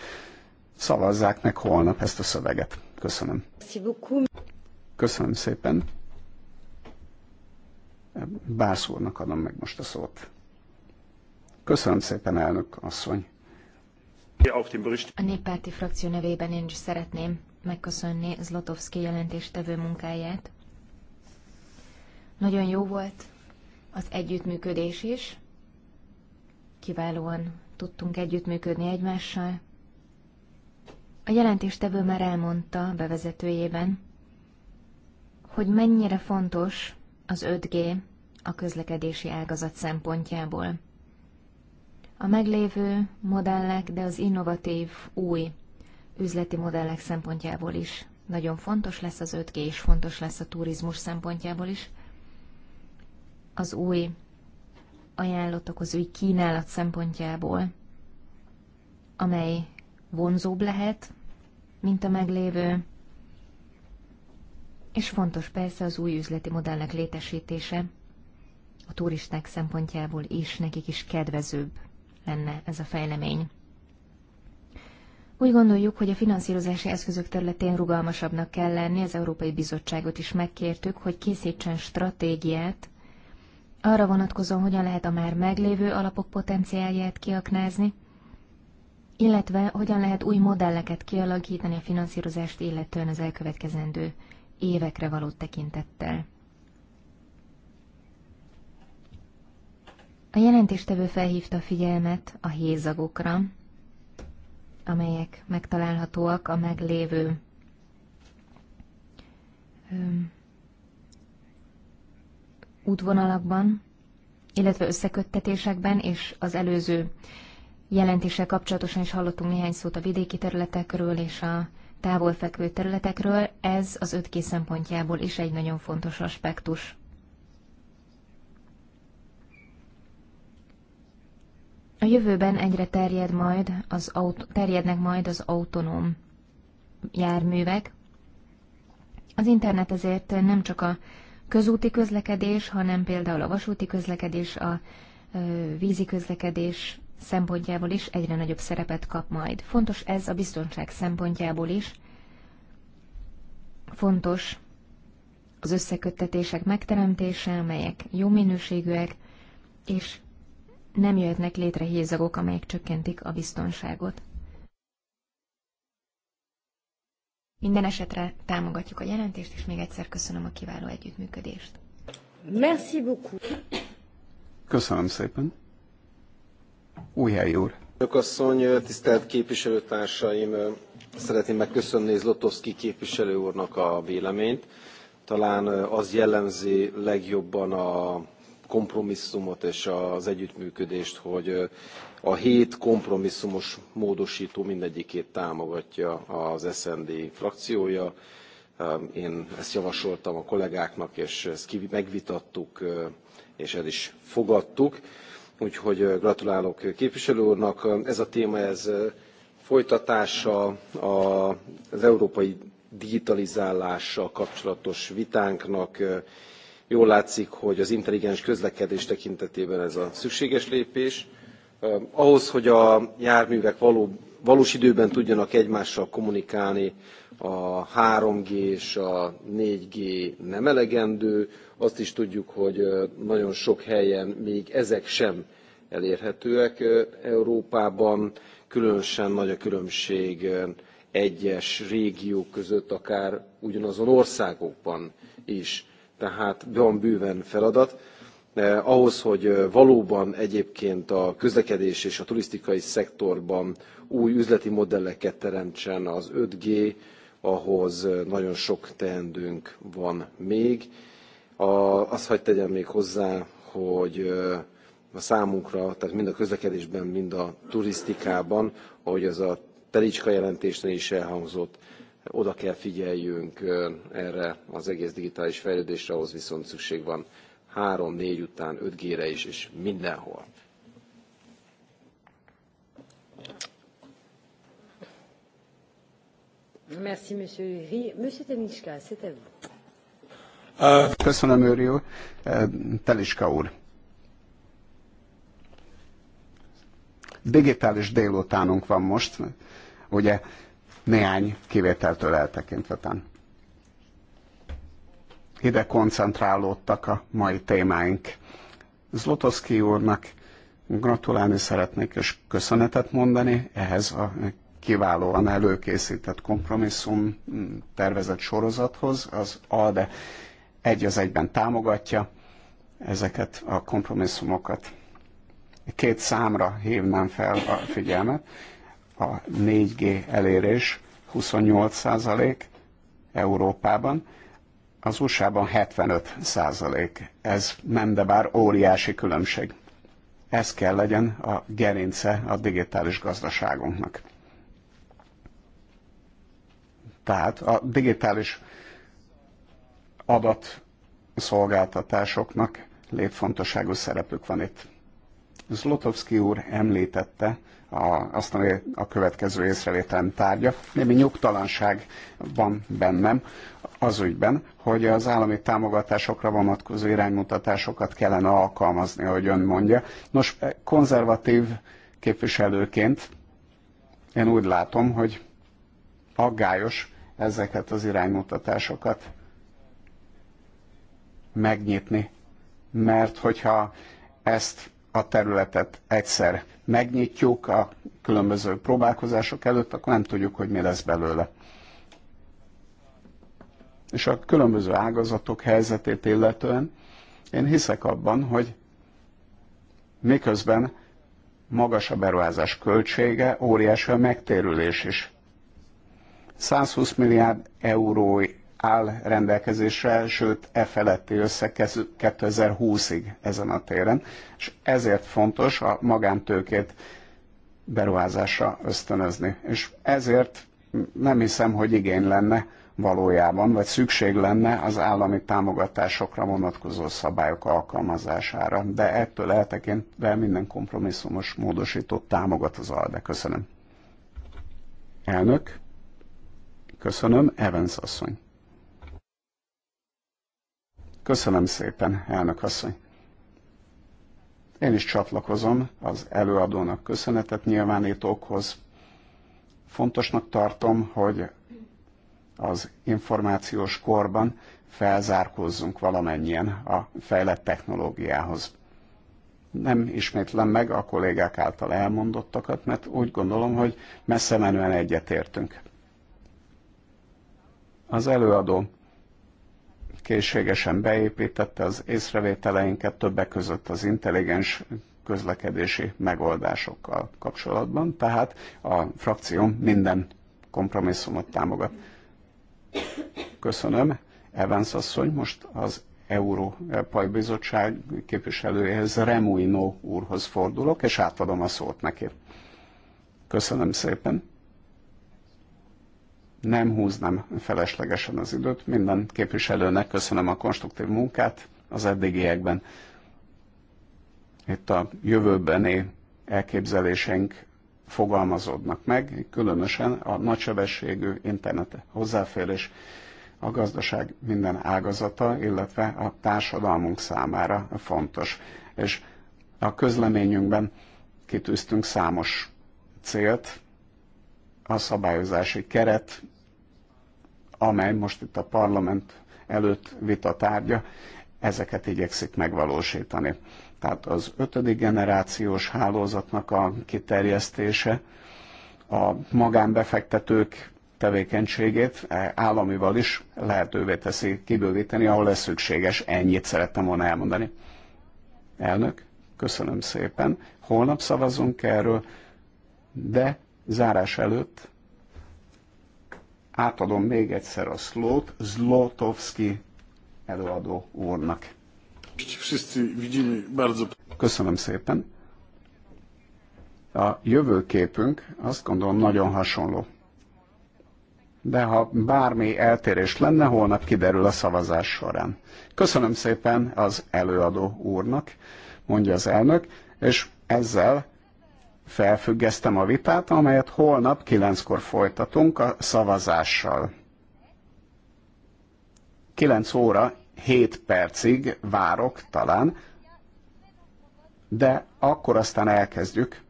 S1: szavazzák meg holnap ezt a szöveget. Köszönöm. Köszönöm szépen. Bászúrnak adom meg most a szót. Köszönöm szépen, elnök asszony.
S2: A néppárti frakció nevében én is szeretném megköszönni Zlotowski jelentéstevő munkáját. Nagyon jó volt az együttműködés is. Kiválóan tudtunk együttműködni egymással. A jelentéstevő már elmondta bevezetőjében, hogy mennyire fontos az 5G a közlekedési ágazat szempontjából. A meglévő modellek, de az innovatív, új üzleti modellek szempontjából is nagyon fontos lesz az 5G, és fontos lesz a turizmus szempontjából is az új ajánlatok, az új kínálat szempontjából, amely vonzóbb lehet, mint a meglévő, és fontos persze az új üzleti modellnek létesítése, a turisták szempontjából is nekik is kedvezőbb lenne ez a fejlemény. Úgy gondoljuk, hogy a finanszírozási eszközök területén rugalmasabbnak kell lenni, az Európai Bizottságot is megkértük, hogy készítsen stratégiát arra vonatkozóan hogyan lehet a már meglévő alapok potenciálját kiaknázni, illetve hogyan lehet új modelleket kialakítani a finanszírozást illetően az elkövetkezendő évekre való tekintettel. A jelentéstevő felhívta a figyelmet a hézagokra, amelyek megtalálhatóak a meglévő útvonalakban, illetve összeköttetésekben, és az előző jelentéssel kapcsolatosan is hallottunk néhány szót a vidéki területekről és a távolfekvő területekről. Ez az 5G szempontjából is egy nagyon fontos aspektus. A jövőben egyre terjed majd az autó, terjednek majd az autonóm járművek. Az internet ezért nem csak a közúti közlekedés, hanem például a vasúti közlekedés, a vízi közlekedés szempontjából is egyre nagyobb szerepet kap majd. Fontos ez a biztonság szempontjából is. Fontos az összeköttetések megteremtése, amelyek jó minőségűek, és nem jöhetnek létre hézagok, amelyek csökkentik a biztonságot. Minden esetre támogatjuk a jelentést, és még egyszer köszönöm a kiváló együttműködést. Merci beaucoup.
S1: Köszönöm szépen. Újhely úr.
S4: Asszony, tisztelt képviselőtársaim, szeretném megköszönni Zlotowski képviselő úrnak a véleményt. Talán az jellemzi legjobban a kompromisszumot és az együttműködést, hogy a hét kompromisszumos módosító mindegyikét támogatja az SND frakciója. Én ezt javasoltam a kollégáknak, és ezt megvitattuk, és ez is fogadtuk. Úgyhogy gratulálok képviselő úrnak. Ez a téma ez folytatása az európai digitalizálással kapcsolatos vitánknak. Jól látszik, hogy az intelligens közlekedés tekintetében ez a szükséges lépés. Ahhoz, hogy a járművek való, valós időben tudjanak egymással kommunikálni, a 3G és a 4G nem elegendő. Azt is tudjuk, hogy nagyon sok helyen még ezek sem elérhetőek Európában. Különösen nagy a különbség egyes régiók között, akár ugyanazon országokban is tehát van bőven feladat. Eh, ahhoz, hogy eh, valóban egyébként a közlekedés és a turisztikai szektorban új üzleti modelleket teremtsen az 5G, ahhoz eh, nagyon sok teendőnk van még. A, azt hagyd tegyem még hozzá, hogy a számunkra, tehát mind a közlekedésben, mind a turisztikában, ahogy az a Telicska jelentésnél is elhangzott, oda kell figyeljünk erre az egész digitális fejlődésre, ahhoz viszont szükség van 3-4 után 5G-re is, és mindenhol.
S2: Merci, Monsieur Uri. Monsieur
S4: Teliska, c'est à
S1: vous. Köszönöm, Őri úr. Teliska úr. Digitális délutánunk van most, ugye néhány kivételtől eltekintve. Ide koncentrálódtak a mai témáink. Zlotoszki úrnak gratulálni szeretnék és köszönetet mondani ehhez a kiválóan előkészített kompromisszum tervezett sorozathoz. Az ALDE egy az egyben támogatja ezeket a kompromisszumokat. Két számra hívnám fel a figyelmet a 4G elérés 28% Európában, az USA-ban 75%. Ez nem de bár óriási különbség. Ez kell legyen a gerince a digitális gazdaságunknak. Tehát a digitális adat szolgáltatásoknak létfontosságú szerepük van itt. Zlotowski úr említette a, azt, ami a következő észrevételem tárgya. Némi nyugtalanság van bennem az ügyben, hogy az állami támogatásokra vonatkozó iránymutatásokat kellene alkalmazni, ahogy ön mondja. Nos, e, konzervatív képviselőként én úgy látom, hogy aggályos ezeket az iránymutatásokat megnyitni, mert hogyha ezt a területet egyszer megnyitjuk a különböző próbálkozások előtt, akkor nem tudjuk, hogy mi lesz belőle. És a különböző ágazatok helyzetét illetően én hiszek abban, hogy miközben magas a beruházás költsége, óriási a megtérülés is. 120 milliárd eurói áll rendelkezésre, sőt, e feletti összeg 2020-ig ezen a téren, és ezért fontos a magántőkét beruházásra ösztönözni. És ezért nem hiszem, hogy igény lenne valójában, vagy szükség lenne az állami támogatásokra vonatkozó szabályok alkalmazására. De ettől eltekintve minden kompromisszumos módosított támogat az ALDE. Köszönöm. Elnök. Köszönöm, Evans asszony. Köszönöm szépen, elnök asszony. Én is csatlakozom az előadónak köszönetet nyilvánítókhoz. Fontosnak tartom, hogy az információs korban felzárkózzunk valamennyien a fejlett technológiához. Nem ismétlem meg a kollégák által elmondottakat, mert úgy gondolom, hogy messze menően egyetértünk. Az előadó készségesen beépítette az észrevételeinket többek között az intelligens közlekedési megoldásokkal kapcsolatban, tehát a frakció minden kompromisszumot támogat. Köszönöm. Evans asszony most az Európai Bizottság képviselőjehez Remuino úrhoz fordulok, és átadom a szót neki. Köszönöm szépen nem húznám feleslegesen az időt. Minden képviselőnek köszönöm a konstruktív munkát az eddigiekben. Itt a jövőbeni elképzeléseink fogalmazódnak meg, különösen a nagysebességű internet hozzáférés a gazdaság minden ágazata, illetve a társadalmunk számára fontos. És a közleményünkben kitűztünk számos célt, a szabályozási keret amely most itt a parlament előtt vita tárgya, ezeket igyekszik megvalósítani. Tehát az ötödik generációs hálózatnak a kiterjesztése, a magánbefektetők tevékenységét államival is lehetővé teszi kibővíteni, ahol ez szükséges. Ennyit szerettem volna elmondani. Elnök, köszönöm szépen. Holnap szavazunk erről, de zárás előtt átadom még egyszer a szlót Zlotowski előadó úrnak. Köszönöm szépen. A jövőképünk azt gondolom nagyon hasonló. De ha bármi eltérés lenne, holnap kiderül a szavazás során. Köszönöm szépen az előadó úrnak, mondja az elnök, és ezzel felfüggesztem a vitát, amelyet holnap kilenckor folytatunk a szavazással. Kilenc óra hét percig várok talán, de akkor aztán elkezdjük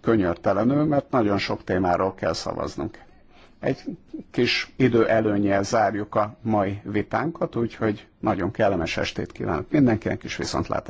S1: könyörtelenül, mert nagyon sok témáról kell szavaznunk. Egy kis idő előnyel zárjuk a mai vitánkat, úgyhogy nagyon kellemes estét kívánok mindenkinek, is viszontlátás!